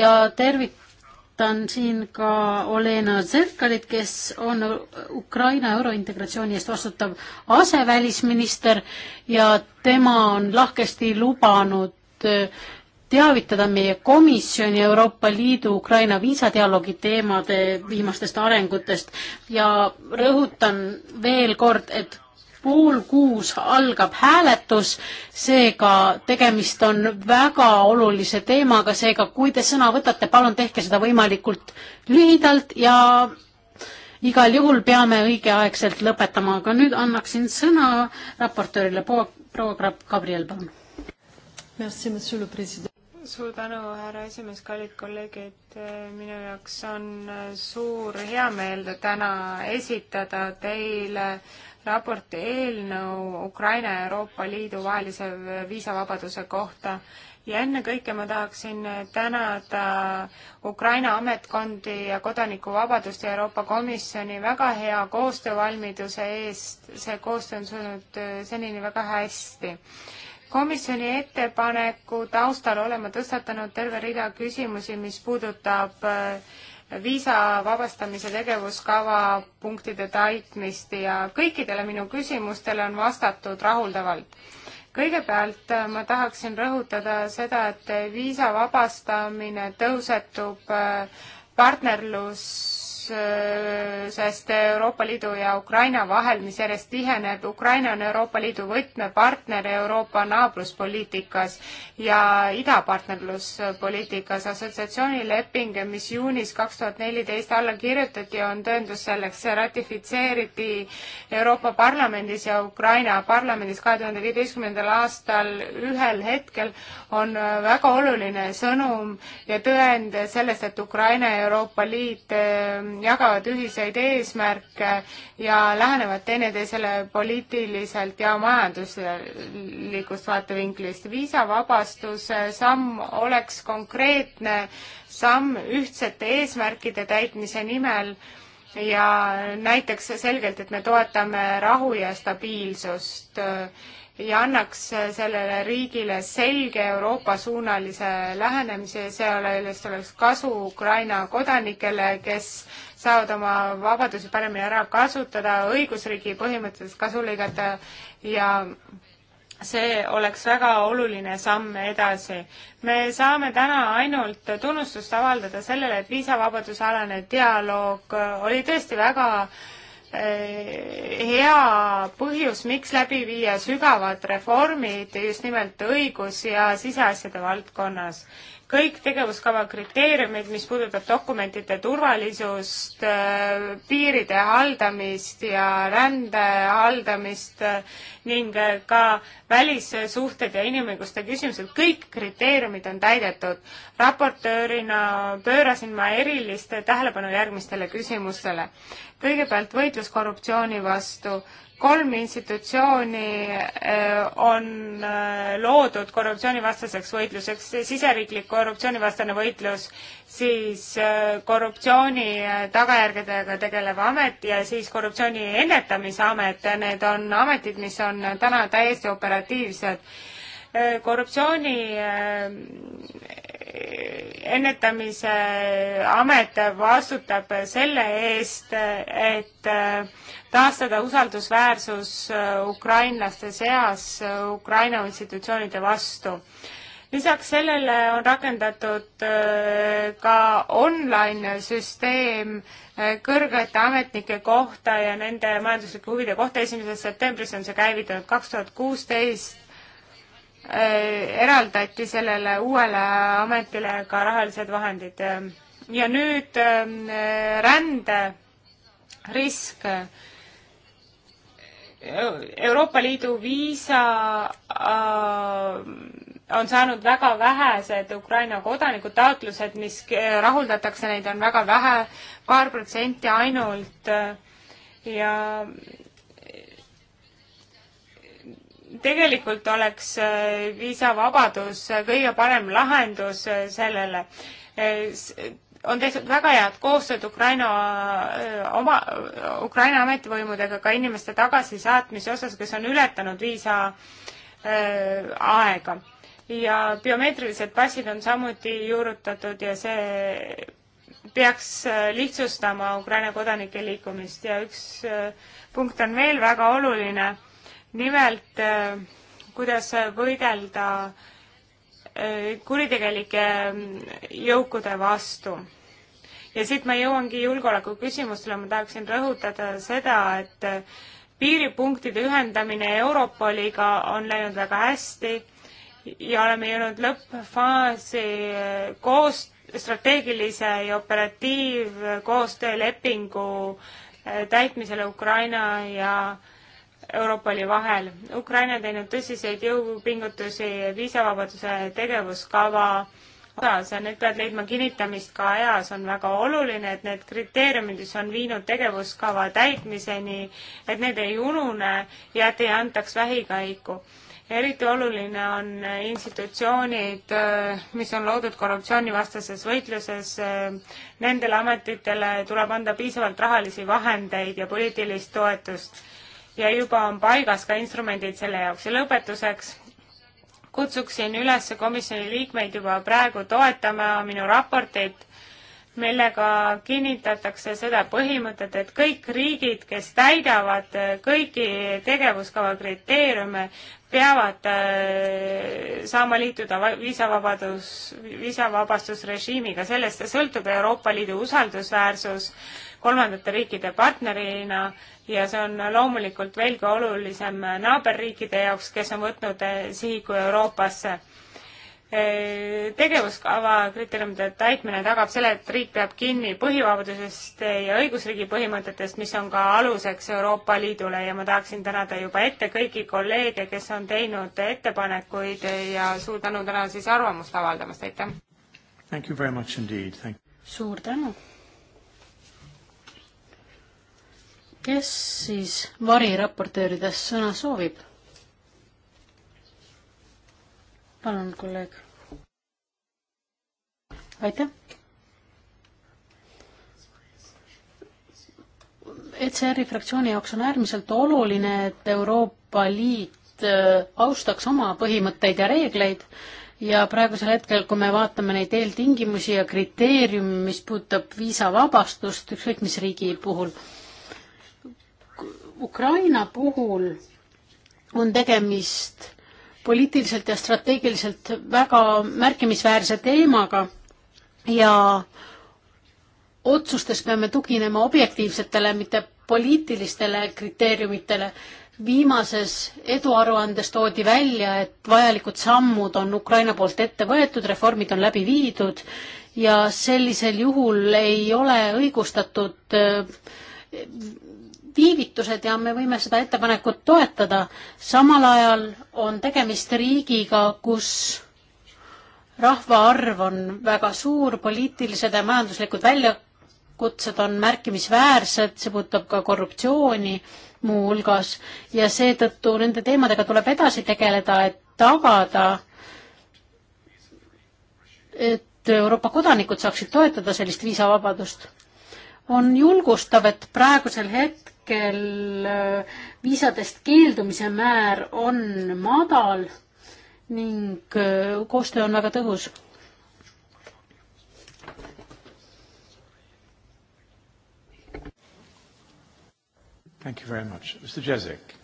ja tervitan siin ka Olena Zerkalit, kes on Ukraina eurointegratsiooni eest vastutav asevälisminister ja tema on lahkesti lubanud äh, teavitada meie komisjoni Euroopa Liidu Ukraina viisadialoogi teemade viimastest arengutest ja rõhutan veel kord, et pool kuus algab hääletus, seega tegemist on väga olulise teemaga, seega kui te sõna võtate, palun tehke seda võimalikult lühidalt ja igal juhul peame õigeaegselt lõpetama, aga nüüd annaksin sõna raportöörile proua Gabriel, palun suur tänu, härra esimees, kallid kolleegid, minu jaoks on suur heameel täna esitada teile raporti eelnõu Ukraina ja Euroopa Liidu vahelise viisavabaduse kohta ja ennekõike ma tahaksin tänada Ukraina ametkondi ja kodanikuvabadust ja Euroopa Komisjoni väga hea koostöövalmiduse eest, see koostöö on suunud senini väga hästi komisjoni ettepaneku taustal oleme tõstatanud terve rida küsimusi, mis puudutab äh, viisa vabastamise tegevuskava punktide täitmist ja kõikidele minu küsimustele on vastatud rahuldavalt. kõigepealt äh, ma tahaksin rõhutada seda, et viisa vabastamine tõusetub äh, partnerlus partnerlusest äh, Euroopa Liidu ja Ukraina vahel, mis järjest tiheneb. Ukraina on Euroopa Liidu võtmepartner Euroopa naabruspoliitikas ja idapartnerluspoliitikas. assotsiatsioonileping, mis juunis kaks tuhat neliteist alla kirjutati, on tõendus selleks. see ratifitseeriti Euroopa Parlamendis ja Ukraina parlamendis kahe tuhande viieteistkümnendal aastal ühel hetkel. on väga oluline sõnum ja tõend sellest, et Ukraina ja Euroopa Liit ähm, jagavad ühiseid eesmärke ja lähenevad teineteisele poliitiliselt ja majanduslikust vaatevinklist. viisavabastuse samm oleks konkreetne samm ühtsete eesmärkide täitmise nimel ja näiteks selgelt, et me toetame rahu ja stabiilsust ja annaks sellele riigile selge Euroopa-suunalise lähenemise ja sellest oleks kasu Ukraina kodanikele, kes saavad oma vabadusi paremini ära kasutada, õigusriigi põhimõtteliselt kasu lõigata ja see oleks väga oluline samm edasi. me saame täna ainult tunnustust avaldada sellele, et viisavabadusalane dialoog oli tõesti väga eh, hea põhjus, miks läbi viia sügavad reformid just nimelt õigus- ja siseasjade valdkonnas kõik tegevuskava kriteeriumid, mis puudutab dokumentide turvalisust, äh, piiride haldamist ja rände haldamist äh, ning äh, ka välissuhted ja inimõiguste küsimused, kõik kriteeriumid on täidetud. raportöörina pöörasin ma erilist tähelepanu järgmistele küsimustele. kõigepealt võitlus korruptsiooni vastu kolm institutsiooni äh, on äh, loodud korruptsioonivastaseks võitluseks, siseriiklik korruptsioonivastane võitlus, siis äh, korruptsiooni tagajärgedega tegelev amet ja siis korruptsiooni ennetamise amet, need on ametid, mis on täna täiesti operatiivsed korruptsiooni ennetamise amet vastutab selle eest, et äh, taastada usaldusväärsus äh, ukrainlaste seas äh, Ukraina institutsioonide vastu. lisaks sellele on rakendatud ka online süsteem kõrgete ametnike kohta ja nende majanduslike huvide kohta. esimesest septembrist on see käivitunud kaks tuhat kuusteist Äh, eraldati sellele uuele ametile ka rahalised vahendid. ja nüüd äh, ränderisk. Euroopa Liidu viisa äh, on saanud väga vähesed Ukraina kodanikud, taotlused, mis rahuldatakse, neid on väga vähe, paar protsenti ainult ja tegelikult oleks äh, viisavabadus äh, kõige parem lahendus äh, sellele. on tehtud väga head koostööd Ukraina oma, Ukraina ametivõimudega ka inimeste tagasisaatmise osas, kes on ületanud viisa aega. ja biomeetrilised passid on samuti juurutatud ja see peaks lihtsustama Ukraina kodanike liikumist ja üks punkt on veel väga oluline nimelt äh, kuidas võidelda äh, kuritegelike mm, jõukude vastu. ja siit ma jõuangi julgeoleku küsimustele, ma tahaksin rõhutada seda, et äh, piiripunktide ühendamine Europoliga on läinud väga hästi ja oleme jõudnud lõppfaasi koos strateegilise ja operatiivkoostöölepingu täitmisele Ukraina ja äh, Europoli vahel. Ukraina teinud tõsiseid jõupingutusi viisavabaduse tegevuskava osas ja need peavad leidma kinnitamist ka ajas, on väga oluline, et need kriteeriumid, mis on viinud tegevuskava täitmiseni, et need ei unune ja et ei antaks vähikaiku. eriti oluline on institutsioonid, mis on loodud korruptsioonivastases võitluses, nendele ametitele tuleb anda piisavalt rahalisi vahendeid ja poliitilist toetust ja juba on paigas ka instrumendid selle jaoks ja lõpetuseks kutsuksin üles komisjoni liikmeid juba praegu toetama minu raportit, millega kinnitatakse seda põhimõtet, et kõik riigid, kes täidavad kõiki tegevuskava kriteeriume, peavad äh, saama liituda viisavabadus, viisavabastusrežiimiga, sellest sõltub Euroopa Liidu usaldusväärsus kolmandate riikide partnerina ja see on loomulikult veelgi olulisem naaberriikide jaoks, kes on võtnud eh, sihiku Euroopasse eh, tegevuskava kriteeriumide täitmine tagab selle, et riik peab kinni põhivabadusest ja õigusriigi põhimõtetest, mis on ka aluseks Euroopa Liidule ja ma tahaksin tänada juba ette kõiki kolleege, kes on teinud ettepanekuid ja suur tänu täna siis arvamust avaldamast, aitäh! suur tänu! kes siis variraportööridest sõna soovib? palun, kolleeg. aitäh. ECR-i fraktsiooni jaoks on äärmiselt oluline, et Euroopa Liit äh, austaks oma põhimõtteid ja reegleid ja praegusel hetkel, kui me vaatame neid eeltingimusi ja kriteeriumi, mis puudutab viisavabastust ükskõik mis riigi puhul, Ukraina puhul on tegemist poliitiliselt ja strateegiliselt väga märkimisväärse teemaga ja otsustes peame tuginema objektiivsetele, mitte poliitilistele kriteeriumitele. viimases eduaruandes toodi välja, et vajalikud sammud on Ukraina poolt ette võetud, reformid on läbi viidud ja sellisel juhul ei ole õigustatud äh, viivitused ja me võime seda ettepanekut toetada. samal ajal on tegemist riigiga, kus rahvaarv on väga suur, poliitilised ja majanduslikud väljakutsed on märkimisväärsed, see puudutab ka korruptsiooni muuhulgas ja seetõttu nende teemadega tuleb edasi tegeleda, et tagada, et Euroopa kodanikud saaksid toetada sellist viisavabadust. on julgustav, et praegusel hetkel hetkel äh, viisadest keeldumise määr on madal ning äh, koostöö on väga tõhus. Thank you very much. Mr Jezek.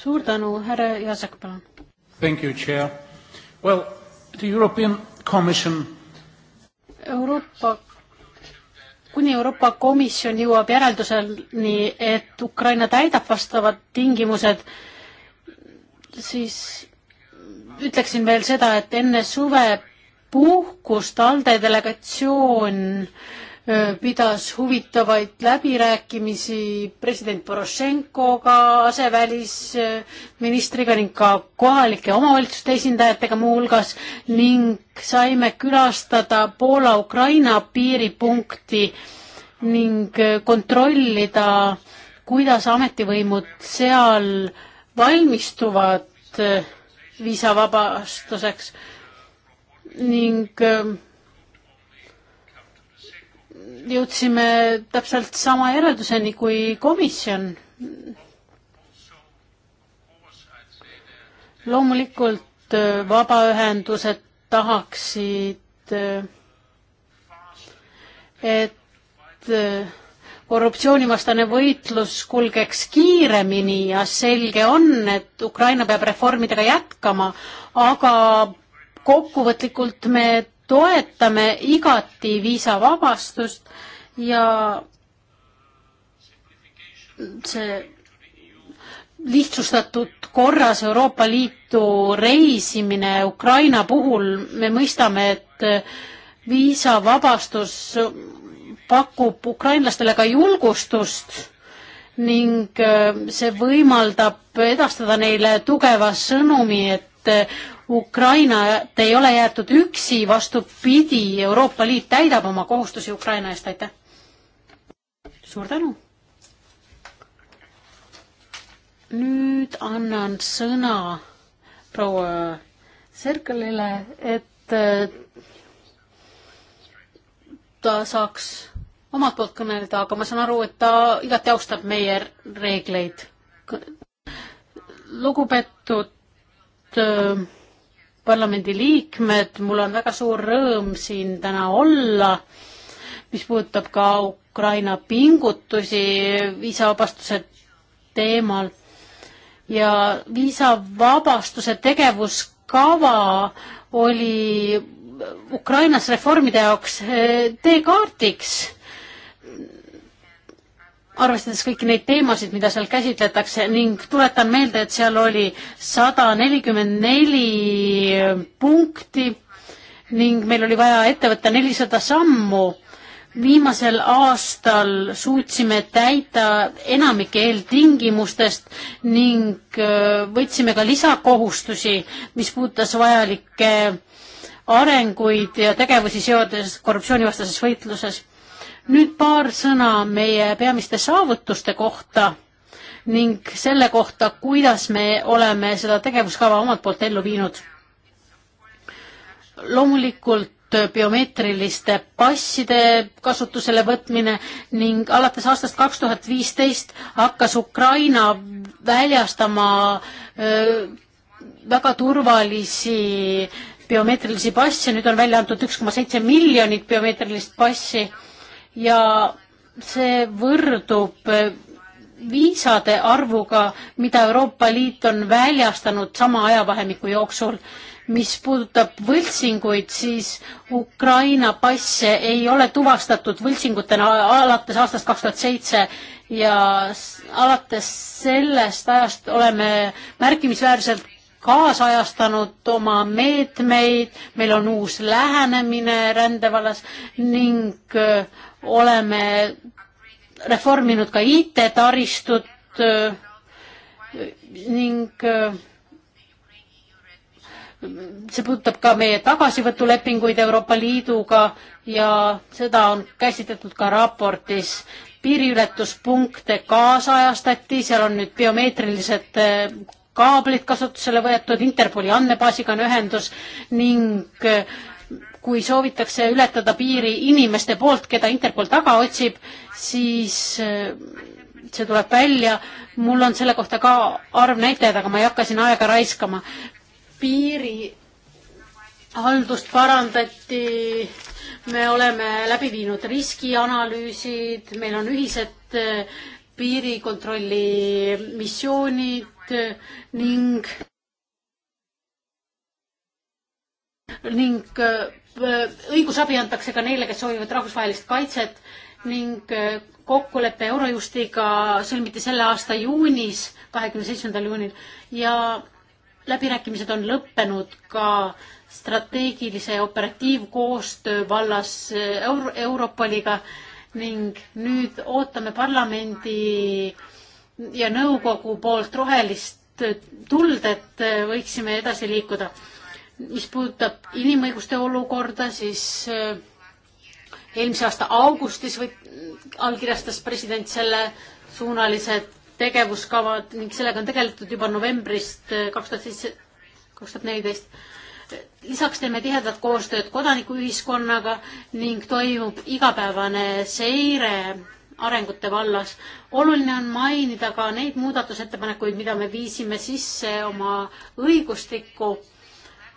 suur tänu, härra Jezek, palun. Thank you, chair. Well, the European Commission Euroopa kuni Euroopa Komisjon jõuab järelduseni, et Ukraina täidab vastavad tingimused, siis ütleksin veel seda, et enne suvepuhkust ALDE delegatsioon äh, pidas huvitavaid läbirääkimisi president Porošenkoga, asevälisministriga ning ka kohalike omavalitsuste esindajatega muuhulgas ning saime külastada Poola-Ukraina piiripunkti ning kontrollida, kuidas ametivõimud seal valmistuvad äh, viisavabastuseks ning ähm, jõudsime täpselt sama järelduseni kui komisjon. loomulikult äh, vabaühendused tahaksid, äh, et äh, korruptsioonivastane võitlus kulgeks kiiremini ja selge on, et Ukraina peab reformidega jätkama, aga kokkuvõtlikult me toetame igati viisavabastust ja see lihtsustatud korras Euroopa Liitu reisimine Ukraina puhul, me mõistame, et viisavabastus pakub ukrainlastele ka julgustust ning äh, see võimaldab edastada neile tugeva sõnumi, et Ukrainat ei ole jäetud üksi, vastupidi, Euroopa Liit täidab oma kohustusi Ukraina eest, aitäh! suur tänu! nüüd annan sõna proua Serkelile, et ta saaks omalt poolt kõnelda, aga ma saan aru, et ta igati austab meie reegleid. lugupeetud Äh, parlamendiliikmed, mul on väga suur rõõm siin täna olla, mis puudutab ka Ukraina pingutusi viisavabastuse teemal ja viisavabastuse tegevuskava oli Ukrainas reformide jaoks äh, teekaardiks arvestades kõiki neid teemasid, mida seal käsitletakse ning tuletan meelde, et seal oli sada nelikümmend neli punkti ning meil oli vaja ette võtta nelisada sammu. viimasel aastal suutsime täita enamike eeltingimustest ning võtsime ka lisakohustusi, mis puudutas vajalikke arenguid ja tegevusi seoses korruptsioonivastases võitluses nüüd paar sõna meie peamiste saavutuste kohta ning selle kohta, kuidas me oleme seda tegevuskava omalt poolt ellu viinud. loomulikult biomeetriliste passide kasutusele võtmine ning alates aastast kaks tuhat viisteist hakkas Ukraina väljastama öö, väga turvalisi biomeetrilisi passe, nüüd on välja antud üks koma seitse miljonit biomeetrilist passi ja see võrdub eh, viisade arvuga, mida Euroopa Liit on väljastanud sama ajavahemiku jooksul. mis puudutab võltsinguid, siis Ukraina passe ei ole tuvastatud võltsingutena alates aastast kaks tuhat seitse ja alates sellest ajast oleme märkimisväärselt kaasajastanud oma meetmeid, meil on uus lähenemine rändevallas ning äh, oleme reforminud ka IT-taristut äh, ning äh, see puudutab ka meie tagasivõtulepinguid Euroopa Liiduga ja seda on käsitletud ka raportis. piiriületuspunkte kaasajastati, seal on nüüd biomeetrilised äh, kaablid kasutusele võetud, Interpoli andmebaasiga on ühendus ning kui soovitakse ületada piiri inimeste poolt, keda Interpol taga otsib, siis äh, see tuleb välja. mul on selle kohta ka arv näitajaid, aga ma ei hakka siin aega raiskama. piirihaldust parandati, me oleme läbi viinud riskianalüüsid, meil on ühised äh, piirikontrolli missioonid äh, ning ning Äh, õigusabi antakse ka neile, kes soovivad rahvusvahelist kaitset ning äh, kokkulepe Eurojustiga sõlmiti selle aasta juunis, kahekümne seitsmendal juunil ja läbirääkimised on lõppenud ka strateegilise operatiivkoostöö vallas äh, Euro Europoliga ning nüüd ootame parlamendi ja nõukogu poolt rohelist tuld, et võiksime edasi liikuda mis puudutab inimõiguste olukorda, siis äh, eelmise aasta augustis või äh, allkirjastas president selle suunalised tegevuskavad ning sellega on tegeletud juba novembrist äh, kaks tuhat seitse, kaks tuhat neliteist. lisaks teeme tihedat koostööd kodanikuühiskonnaga ning toimub igapäevane seire arengute vallas. oluline on mainida ka neid muudatusettepanekuid, mida me viisime sisse oma õigustikku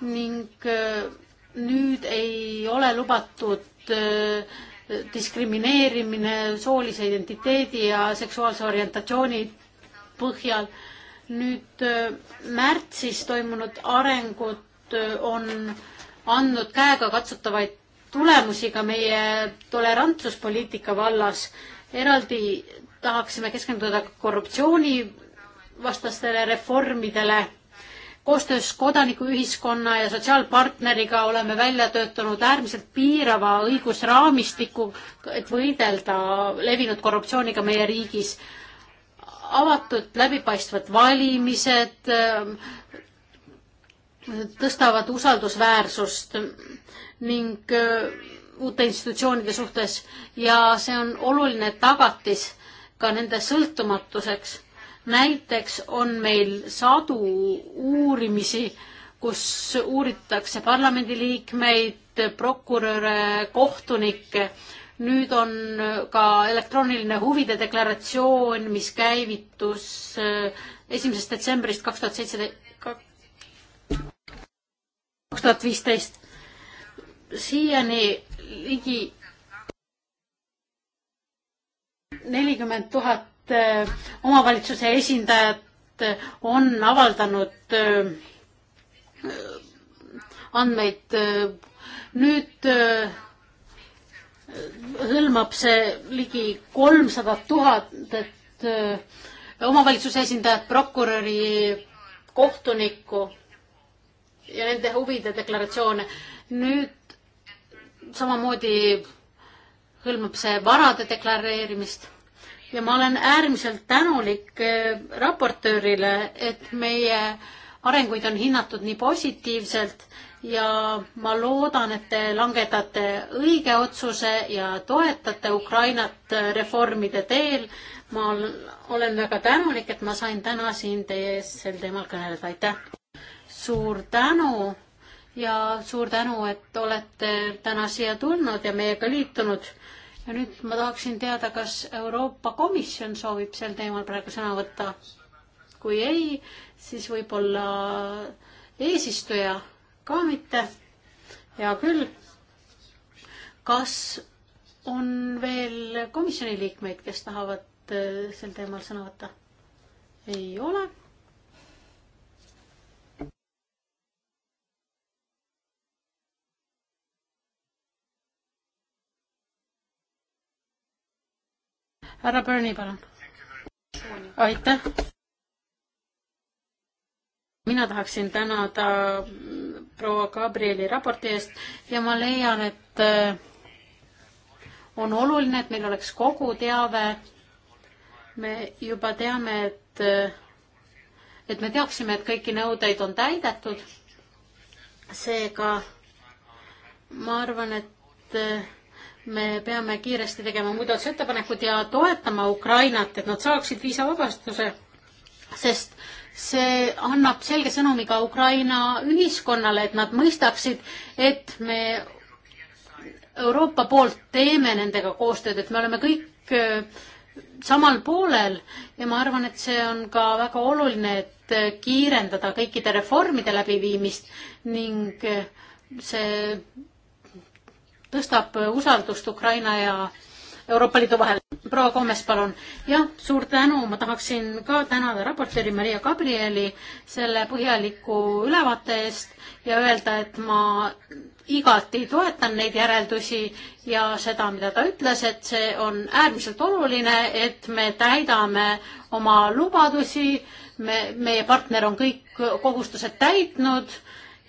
ning äh, nüüd ei ole lubatud äh, diskrimineerimine soolise identiteedi ja seksuaalse orientatsiooni põhjal. nüüd äh, märtsis toimunud arengud on andnud käegakatsutavaid tulemusi ka meie tolerantsuspoliitika vallas. eraldi tahaksime keskenduda korruptsioonivastastele reformidele koostöös kodanikuühiskonna ja sotsiaalpartneriga oleme välja töötanud äärmiselt piirava õigusraamistiku, et võidelda levinud korruptsiooniga meie riigis. avatud läbipaistvad valimised ähm, tõstavad usaldusväärsust ning äh, uute institutsioonide suhtes ja see on oluline tagatis ka nende sõltumatuseks näiteks on meil sadu uurimisi, kus uuritakse parlamendiliikmeid, prokuröre, kohtunikke. nüüd on ka elektrooniline huvide deklaratsioon, mis käivitus eh, esimesest detsembrist kaks tuhat seitse, kaks tuhat viisteist. siiani ligi nelikümmend tuhat Äh, omavalitsuse esindajad äh, on avaldanud äh, andmeid. nüüd hõlmab see ligi kolmsada tuhat, et omavalitsuse esindajad, prokuröri, kohtunikku ja nende huvide deklaratsioone. nüüd samamoodi hõlmab see varade deklareerimist ja ma olen äärmiselt tänulik äh, raportöörile, et meie arenguid on hinnatud nii positiivselt ja ma loodan, et te langetate õige otsuse ja toetate Ukrainat äh, reformide teel. ma olen väga tänulik, et ma sain täna siin teie ees sel teemal kõneleda, aitäh! suur tänu ja suur tänu, et olete täna siia tulnud ja meiega liitunud ja nüüd ma tahaksin teada, kas Euroopa Komisjon soovib sel teemal praegu sõna võtta. kui ei, siis võib-olla eesistuja ka mitte. hea küll. kas on veel komisjoni liikmeid, kes tahavad äh, sel teemal sõna võtta? ei ole härra Bernie, palun. aitäh. mina tahaksin tänada mm, proua Gabrieli raporti eest ja ma leian, et äh, on oluline, et meil oleks kogu teave. me juba teame, et, äh, et me teaksime, et kõiki nõudeid on täidetud. seega ma arvan, et äh, me peame kiiresti tegema muudatusettepanekud ja toetama Ukrainat, et nad saaksid viisavabastuse, sest see annab selge sõnumi ka Ukraina ühiskonnale, et nad mõistaksid, et me Euroopa poolt teeme nendega koostööd, et me oleme kõik äh, samal poolel ja ma arvan, et see on ka väga oluline, et äh, kiirendada kõikide reformide läbiviimist ning äh, see tõstab usaldust Ukraina ja Euroopa Liidu vahel. proua Komes, palun. jah, suur tänu, ma tahaksin ka tänada raportööri Maria Gabrieli selle põhjaliku ülevaate eest ja öelda, et ma igati toetan neid järeldusi ja seda, mida ta ütles, et see on äärmiselt oluline, et me täidame oma lubadusi, me, meie partner on kõik kohustused täitnud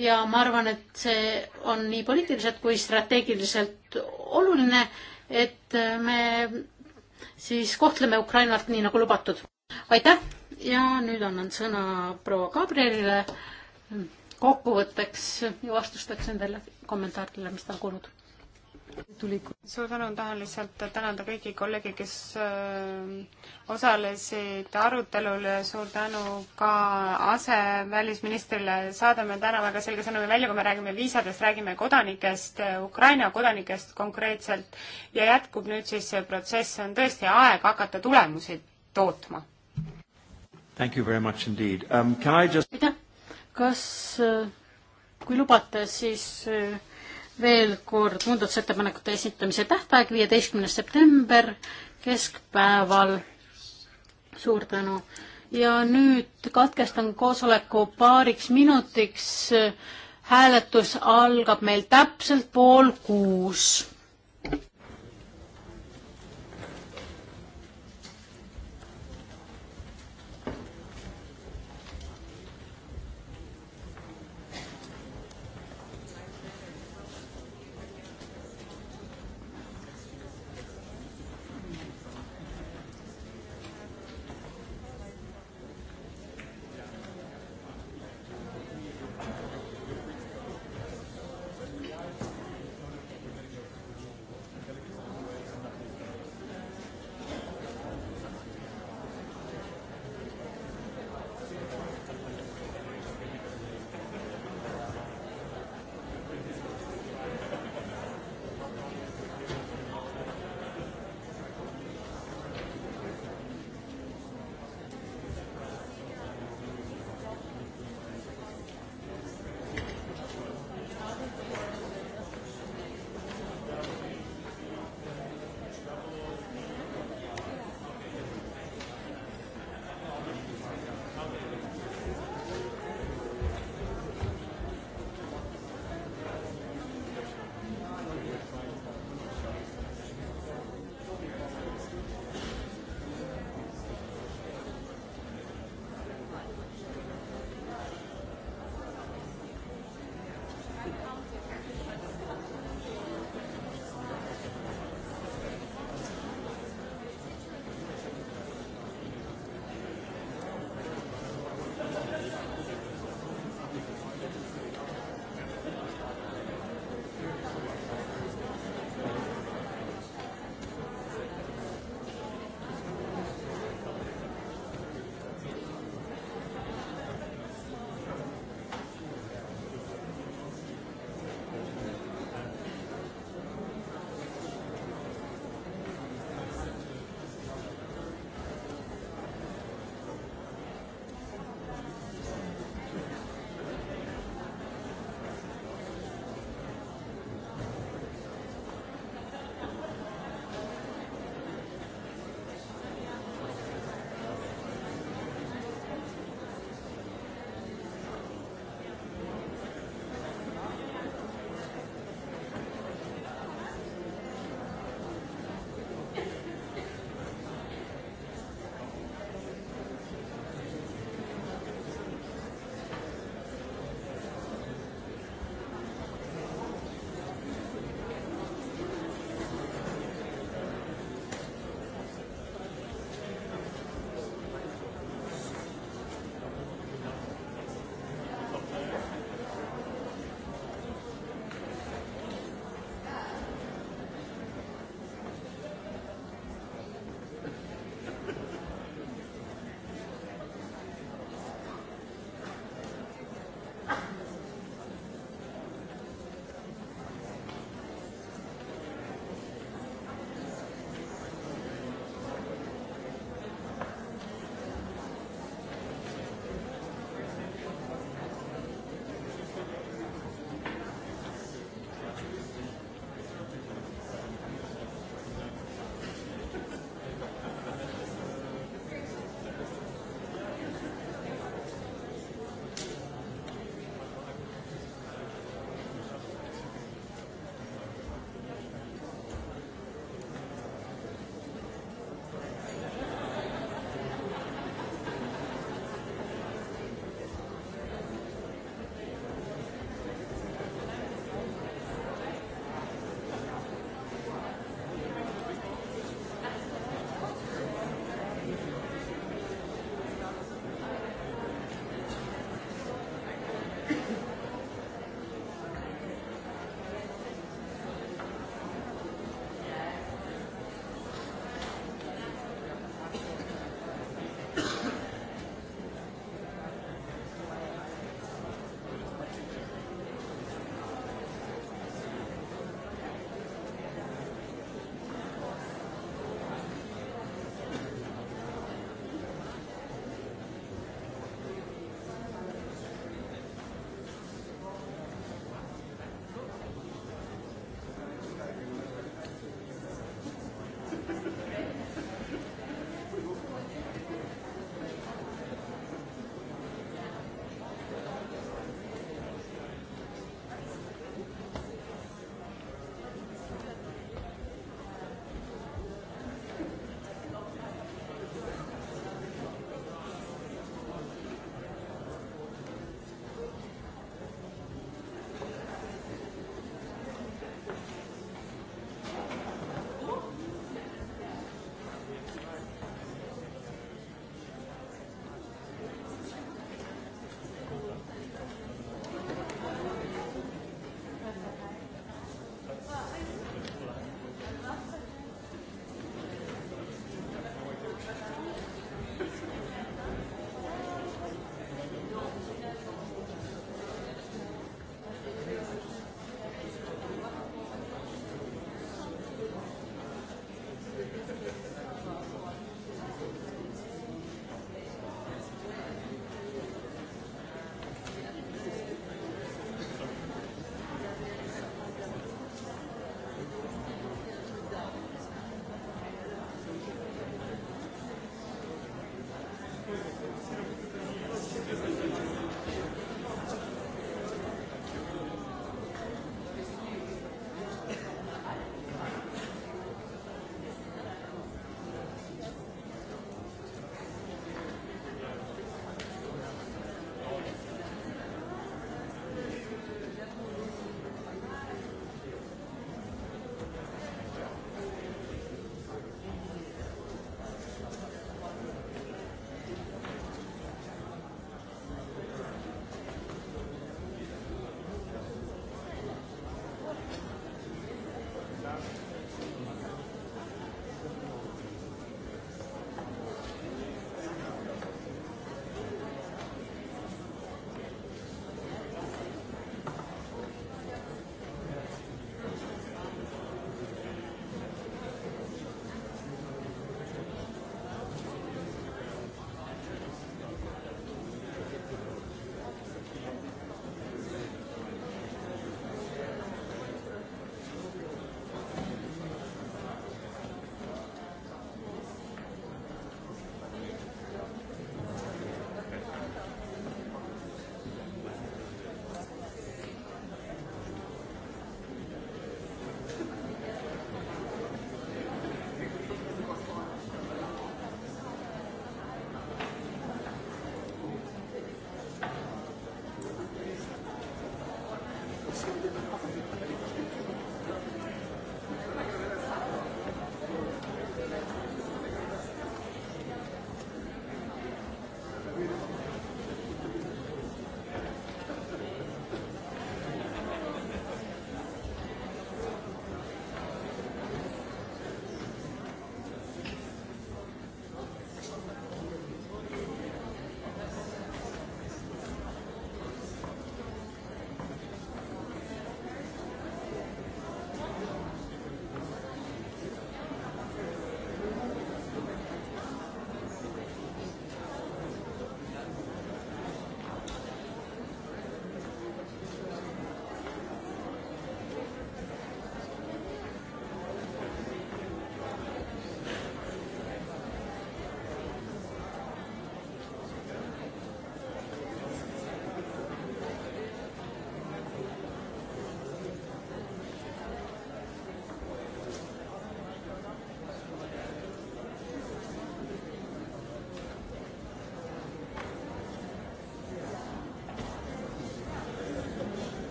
ja ma arvan, et see on nii poliitiliselt kui strateegiliselt oluline, et me siis kohtleme Ukrainat nii nagu lubatud. aitäh ja nüüd annan sõna proua Gabrielile kokkuvõtteks ja vastusteks nendele kommentaaridele, mis ta on kuulnud suur tänu, tahan lihtsalt tänada kõiki kolleege, kes äh, osalesid arutelul ja suur tänu ka asevälisministrile. saadame täna väga selge sõnumi välja, kui me räägime viisadest, räägime kodanikest, Ukraina kodanikest konkreetselt ja jätkub nüüd siis see protsess, on tõesti aeg hakata tulemusi tootma. Thank you very much indeed um,. Can I just aitäh, kas, äh, kui lubate, siis uh veel kord muudatusettepanekute esitamise tähtaeg, viieteistkümnes september keskpäeval. suur tänu. ja nüüd katkestan koosoleku paariks minutiks. hääletus algab meil täpselt pool kuus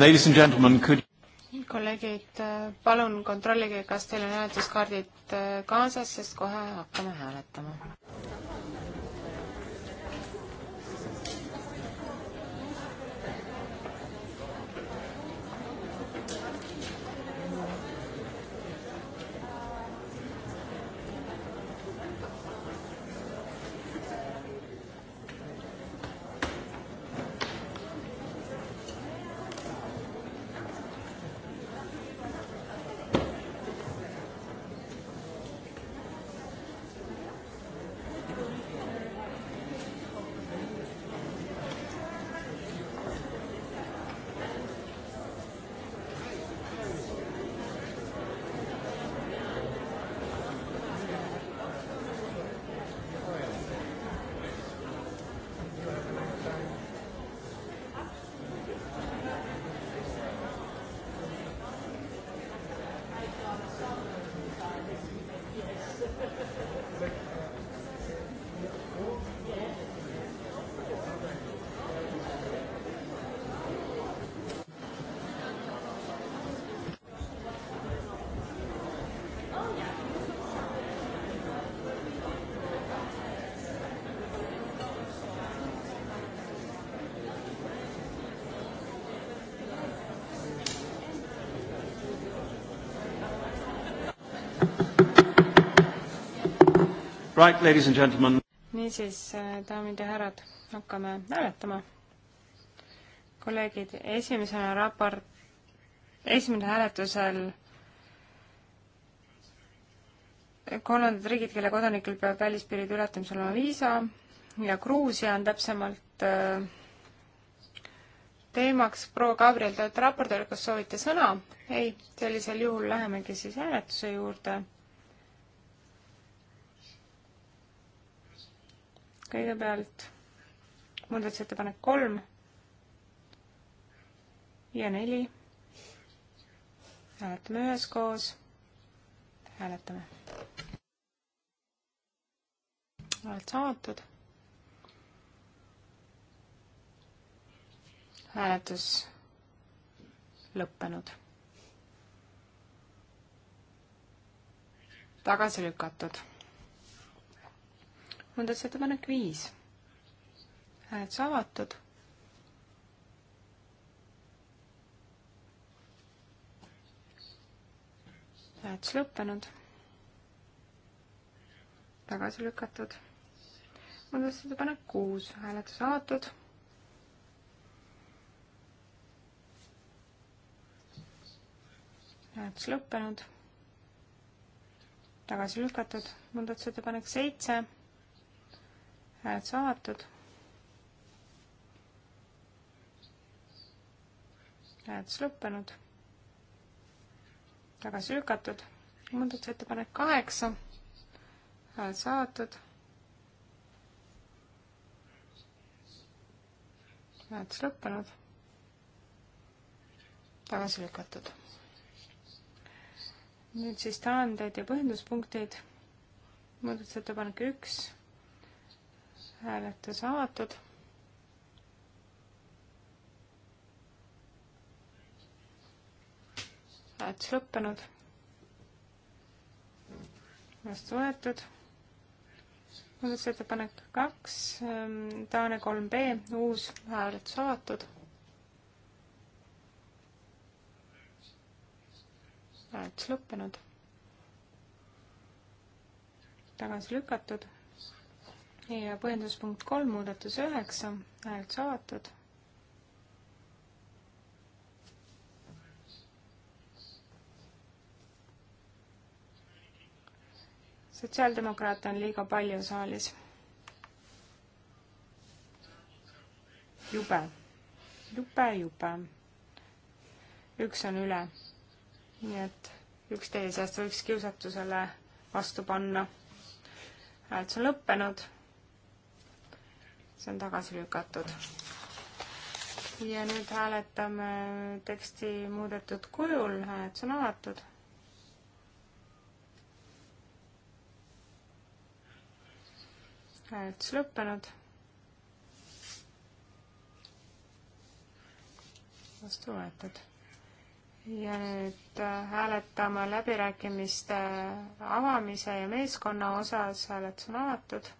Ladies and gentlemen, could kolleegid, palun kontrollige, kas teil on hääletuskaardid äh, kaasas, sest kohe hakkame hääletama. Right, ladies and gentlemen. niisiis, äh, daamid ja härrad, hakkame hääletama. kolleegid, esimesena raport, esimene hääletusel kolmandad riigid, kelle kodanikel peab välispiiride ületamisel olema viisa ja Gruusia on täpsemalt äh, teemaks. proua Gabriel, te olete raportöör, kas soovite sõna? ei, sellisel juhul lähemegi siis hääletuse juurde kõigepealt muudatusettepanek kolm ja neli. hääletame üheskoos. hääletame. oled avatud. hääletus lõppenud. tagasi lükatud muudatusettepanek viis. hääletus avatud. hääletus lõppenud. tagasi lükatud. muudatusettepanek kuus, hääletus avatud. hääletus lõppenud. tagasi lükatud. muudatusettepanek seitse hääletus avatud. hääletus lõppenud. tagasi lükatud. muudatusettepanek kaheksa. hääletus avatud. hääletus lõppenud. tagasi lükatud. nüüd siis taandeid ja põhjenduspunktid. muudatusettepanek üks hääletus avatud. hääletus lõppenud. vastu võetud. muudatusettepanek kaks, ähm, Taane kolm B, uus hääletus avatud. hääletus lõppenud. tagasi lükatud ja põhjenduspunkt kolm, muudatus üheksa, hääletus avatud. sotsiaaldemokraate on liiga palju saalis. jube, jube, jube. üks on üle. nii et üks teie seast võiks kiusatusele vastu panna. hääletus on lõppenud see on tagasi lükatud. ja nüüd hääletame teksti muudetud kujul, hääletus on avatud. hääletus lõppenud. vastu võetud ja nüüd hääletame läbirääkimiste avamise ja meeskonna osas, hääletus on avatud.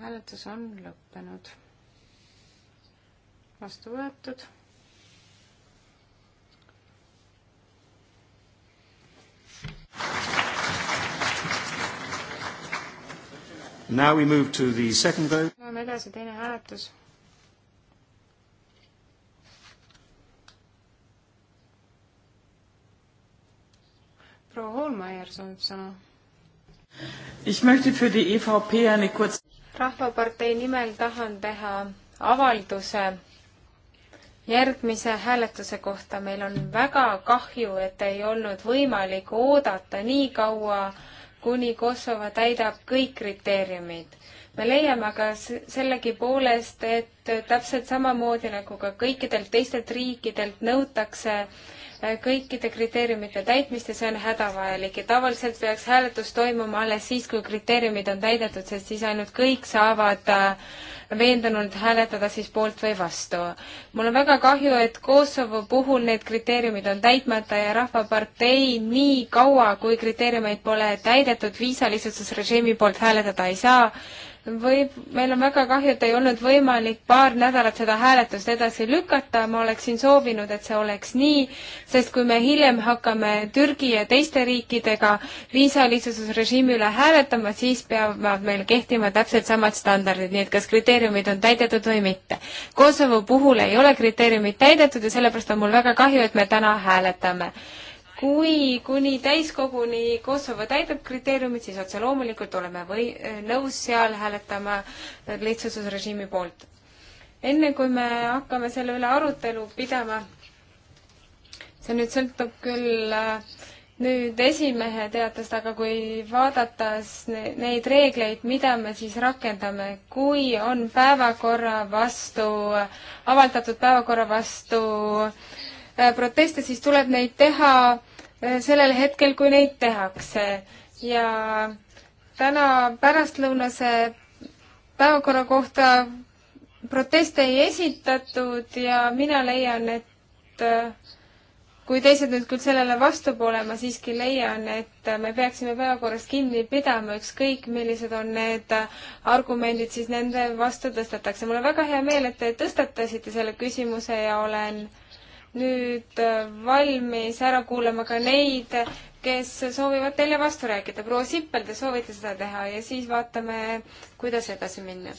hääletus on lõppenud. vastu võetud. Now we move to the second vote. Läheme edasi, teine hääletus. proua Hoolmeier soovib sõna. Ich möchte für die EVP eine kurze rahvapartei nimel tahan teha avalduse järgmise hääletuse kohta. meil on väga kahju, et ei olnud võimalik oodata nii kaua, kuni Kosovo täidab kõik kriteeriumid. me leiame aga sellegipoolest, et täpselt samamoodi nagu ka kõikidelt teistelt riikidelt nõutakse äh, Äh, kõikide kriteeriumite täitmist ja see on hädavajalik ja tavaliselt peaks hääletus toimuma alles siis, kui kriteeriumid on täidetud, sest siis ainult kõik saavad äh, veendunult hääletada siis poolt või vastu. mul on väga kahju, et Kosovo puhul need kriteeriumid on täitmata ja Rahvapartei nii kaua, kui kriteeriumeid pole täidetud, viisalihtsustusrežiimi poolt hääletada ei saa võib, meil on väga kahju, et ei olnud võimalik paar nädalat seda hääletust edasi lükata, ma oleksin soovinud, et see oleks nii, sest kui me hiljem hakkame Türgi ja teiste riikidega viisalihtsusrežiimi üle hääletama, siis peavad meil kehtima täpselt samad standardid, nii et kas kriteeriumid on täidetud või mitte. Kosovo puhul ei ole kriteeriumid täidetud ja sellepärast on mul väga kahju, et me täna hääletame kui kuni täiskoguni Kosovo täidab kriteeriumid, siis otse loomulikult oleme või äh, nõus seal hääletama äh, lihtsustusrežiimi poolt. enne kui me hakkame selle üle arutelu pidama, see nüüd sõltub küll äh, nüüd esimehe teatest, aga kui vaadata neid reegleid, mida me siis rakendame, kui on päevakorra vastu, avaldatud päevakorra vastu proteste, siis tuleb neid teha Äh, sellel hetkel, kui neid tehakse ja täna pärastlõunase päevakorra kohta proteste ei esitatud ja mina leian, et äh, kui teised nüüd küll sellele vastu pole, ma siiski leian, et äh, me peaksime päevakorrast kinni pidama, ükskõik millised on need argumendid siis nende vastu tõstetakse. mul on väga hea meel, et te tõstatasite selle küsimuse ja olen äh, nüüd äh, valmis ära kuulama ka neid, kes soovivad teile vastu rääkida. proua Sippel, te soovite seda teha ja siis vaatame, kuidas edasi minna.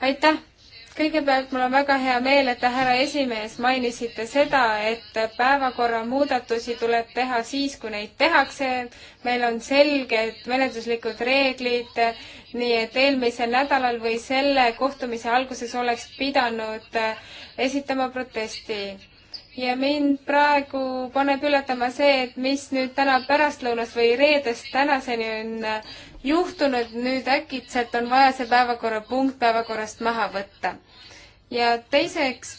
aitäh! kõigepealt mul on väga hea meel, et te, härra esimees, mainisite seda, et päevakorra muudatusi tuleb teha siis, kui neid tehakse. meil on selged menetluslikud reeglid, nii et eelmisel nädalal või selle kohtumise alguses oleks pidanud äh, esitama protesti ja mind praegu paneb üllatama see, et mis nüüd täna pärastlõunast või reedest tänaseni on äh, juhtunud, nüüd äkitselt on vaja see päevakorrapunkt päevakorrast maha võtta. ja teiseks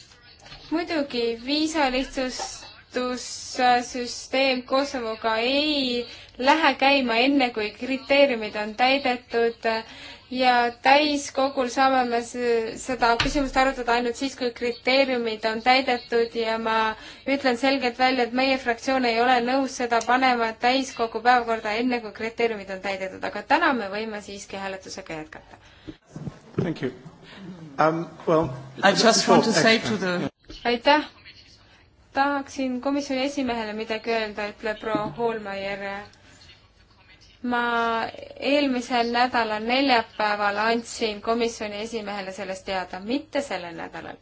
muidugi viisalihtsustussüsteem Kosovoga ei lähe käima enne, kui kriteeriumid on täidetud ja täiskogul saame me seda küsimust arutada ainult siis, kui kriteeriumid on täidetud ja ma ütlen selgelt välja, et meie fraktsioon ei ole nõus seda panema täiskogu päevakorda enne, kui kriteeriumid on täidetud, aga täna me võime siiski hääletusega jätkata. Um, well, the... aitäh! tahaksin komisjoni esimehele midagi öelda, ütleb proua Hoolmeier ma eelmisel nädalal neljapäeval andsin komisjoni esimehele sellest teada, mitte sellel nädalal.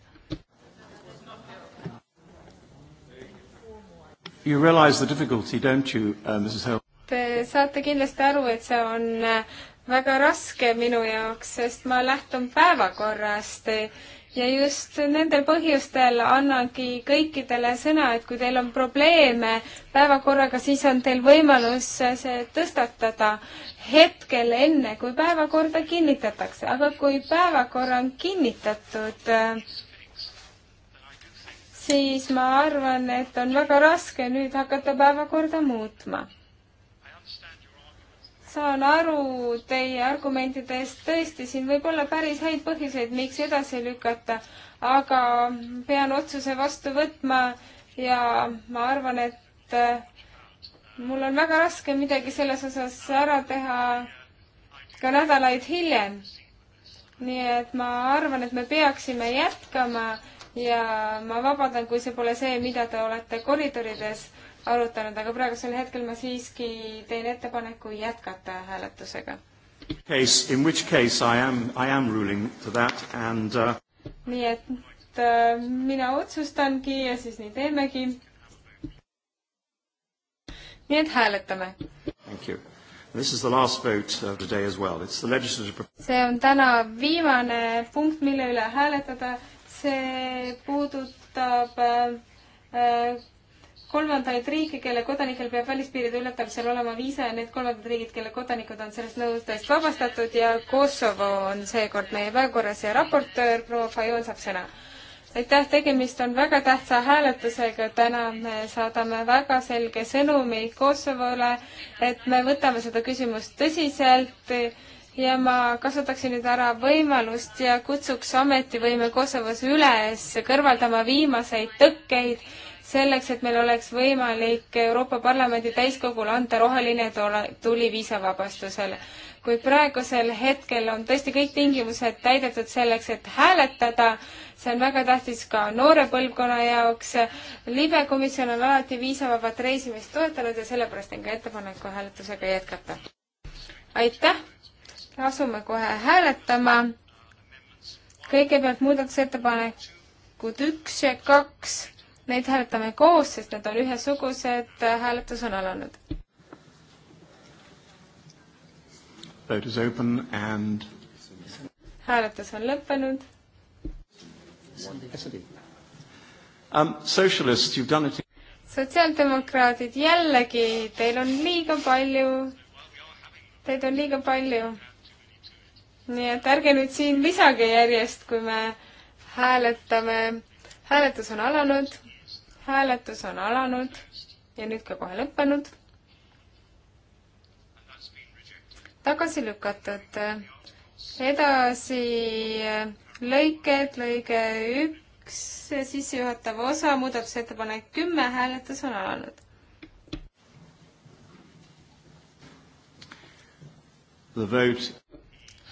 You realise the difficulty, don't you uh,, Mrs Hill? Te saate kindlasti aru, et see on äh, väga raske minu jaoks, sest ma lähtun päevakorrast ja just nendel põhjustel annangi kõikidele sõna, et kui teil on probleeme päevakorraga, siis on teil võimalus see tõstatada hetkel enne, kui päevakorda kinnitatakse, aga kui päevakorra on kinnitatud, siis ma arvan, et on väga raske nüüd hakata päevakorda muutma saan aru teie argumentidest, tõesti, siin võib olla päris häid põhjuseid, miks edasi lükata, aga pean otsuse vastu võtma ja ma arvan, et äh, mul on väga raske midagi selles osas ära teha ka nädalaid hiljem. nii et ma arvan, et me peaksime jätkama ja ma vabandan, kui see pole see, mida te olete koridorides arutanud, aga praegusel hetkel ma siiski teen ettepaneku jätkata hääletusega. Case, in which case I am, I am ruling to that and uh... nii et äh, mina otsustangi ja siis nii teemegi. nii et hääletame. Thank you. This is the last vote of today as well. It's the legislative see on täna viimane punkt, mille üle hääletada. see puudutab äh, äh kolmandaid riike, kelle kodanikel peab välispiiride ületamisel olema viisa ja need kolmandad riigid, kelle kodanikud on sellest nõudest vabastatud ja Kosovo on seekord meie päevakorras ja raportöör proua Fajon saab sõna. aitäh, tegemist on väga tähtsa hääletusega, täna me saadame väga selge sõnumi Kosovole, et me võtame seda küsimust tõsiselt ja ma kasutaksin nüüd ära võimalust ja kutsuks ametivõime Kosovos üles kõrvaldama viimaseid tõkkeid selleks, et meil oleks võimalik Euroopa Parlamendi täiskogule anda roheline tuli viisavabastusele. kuid praegusel hetkel on tõesti kõik tingimused täidetud selleks, et hääletada. see on väga tähtis ka noore põlvkonna jaoks. libekomisjon on alati viisavabat reisimist toetanud ja sellepärast teen ka ettepaneku hääletusega jätkata. aitäh! asume kohe hääletama. kõigepealt muudatusettepanekud üks ja kaks Neid hääletame koos, sest need on ühesugused, äh, hääletus on alanud. Vote is open and hääletus on lõppenud. Um, socialist, you've done it sotsiaaldemokraadid, jällegi, teil on liiga palju, teid on liiga palju. nii et ärge nüüd siin lisage järjest, kui me hääletame. hääletus on alanud hääletus on alanud ja nüüd ka kohe lõppenud. tagasi lükatud. edasi lõiked, lõige üks, sissejuhatav osa, muudatusettepanek kümme, hääletus on alanud.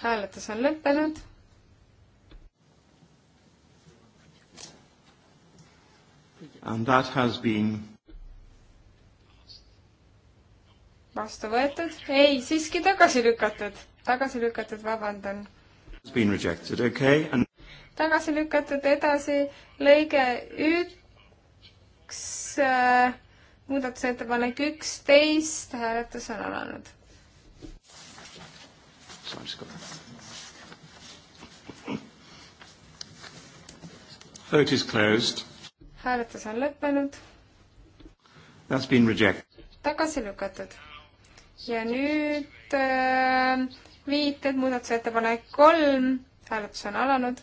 hääletus on lõppenud and that has been vastu võetud, ei, siiski tagasi lükatud, tagasi lükatud, vabandan. Has been rejected, okay and tagasi lükatud edasi lõige üks äh,, muudatusettepanek üksteist, hääletus on alanud. Vote is closed hääletus on lõppenud. tagasi lükatud. ja nüüd äh, viited, muudatusettepanek kolm, hääletus on alanud.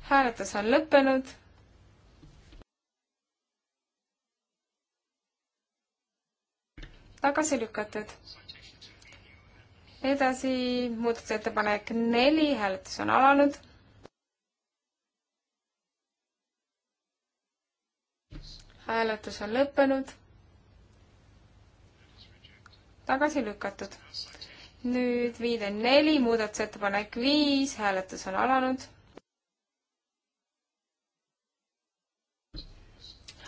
hääletus on lõppenud tagasi lükatud edasi muudatusettepanek neli, hääletus on alanud. hääletus on lõppenud. tagasi lükatud. nüüd viide neli, muudatusettepanek viis, hääletus on alanud.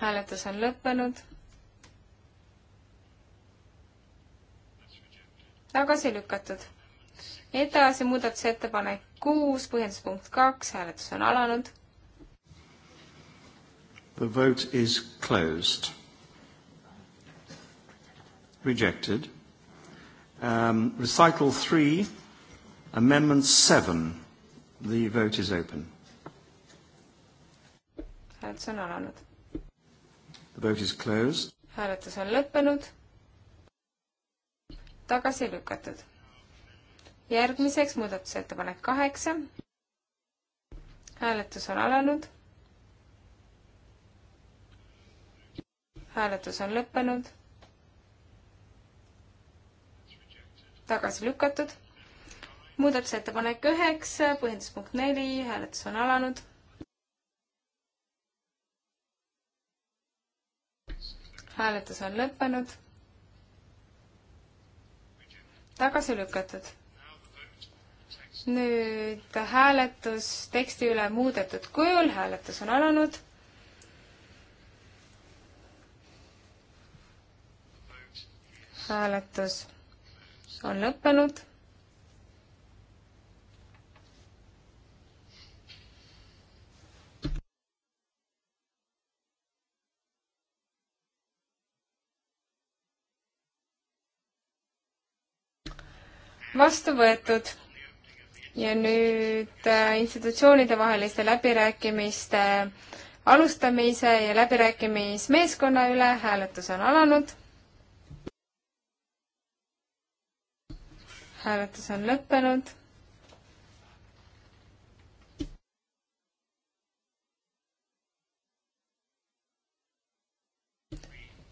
hääletus on lõppenud tagasi lükatud. edasi muudatusettepanek kuus, põhjenduspunkt kaks, hääletus on alanud. The vote is closed. Rejected um, recital 3, amendment 7. The vote is open. hääletus on alanud. The vote is closed. hääletus on lõppenud tagasi lükatud. järgmiseks muudatusettepanek kaheksa. hääletus on alanud. hääletus on lõppenud. tagasi lükatud. muudatusettepanek üheksa, põhjenduspunkt neli, hääletus on alanud hääletus on lõppenud tagasi lükatud. nüüd hääletus teksti üle muudetud kujul, hääletus on alanud. hääletus on lõppenud vastu võetud. ja nüüd äh, institutsioonide vaheliste läbirääkimiste alustamise ja läbirääkimismeeskonna üle hääletus on alanud. hääletus on lõppenud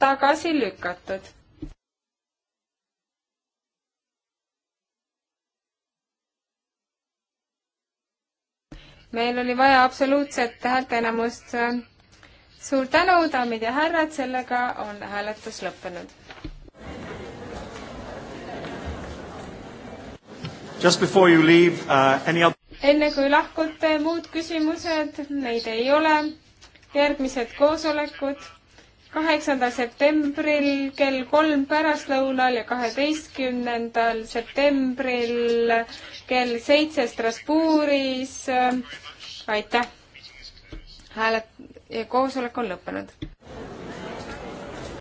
tagasi lükatud. meil oli vaja absoluutset häälteenamust. suur tänu, daamid ja härrad, sellega on hääletus lõppenud. Just before you leave uh,, any other enne kui lahkute, muud küsimused, neid ei ole. järgmised koosolekud kaheksandal septembril kell kolm pärastlõunal ja kaheteistkümnendal septembril kell seitse Strasbourgis aitäh! hääled, koosolek on lõppenud.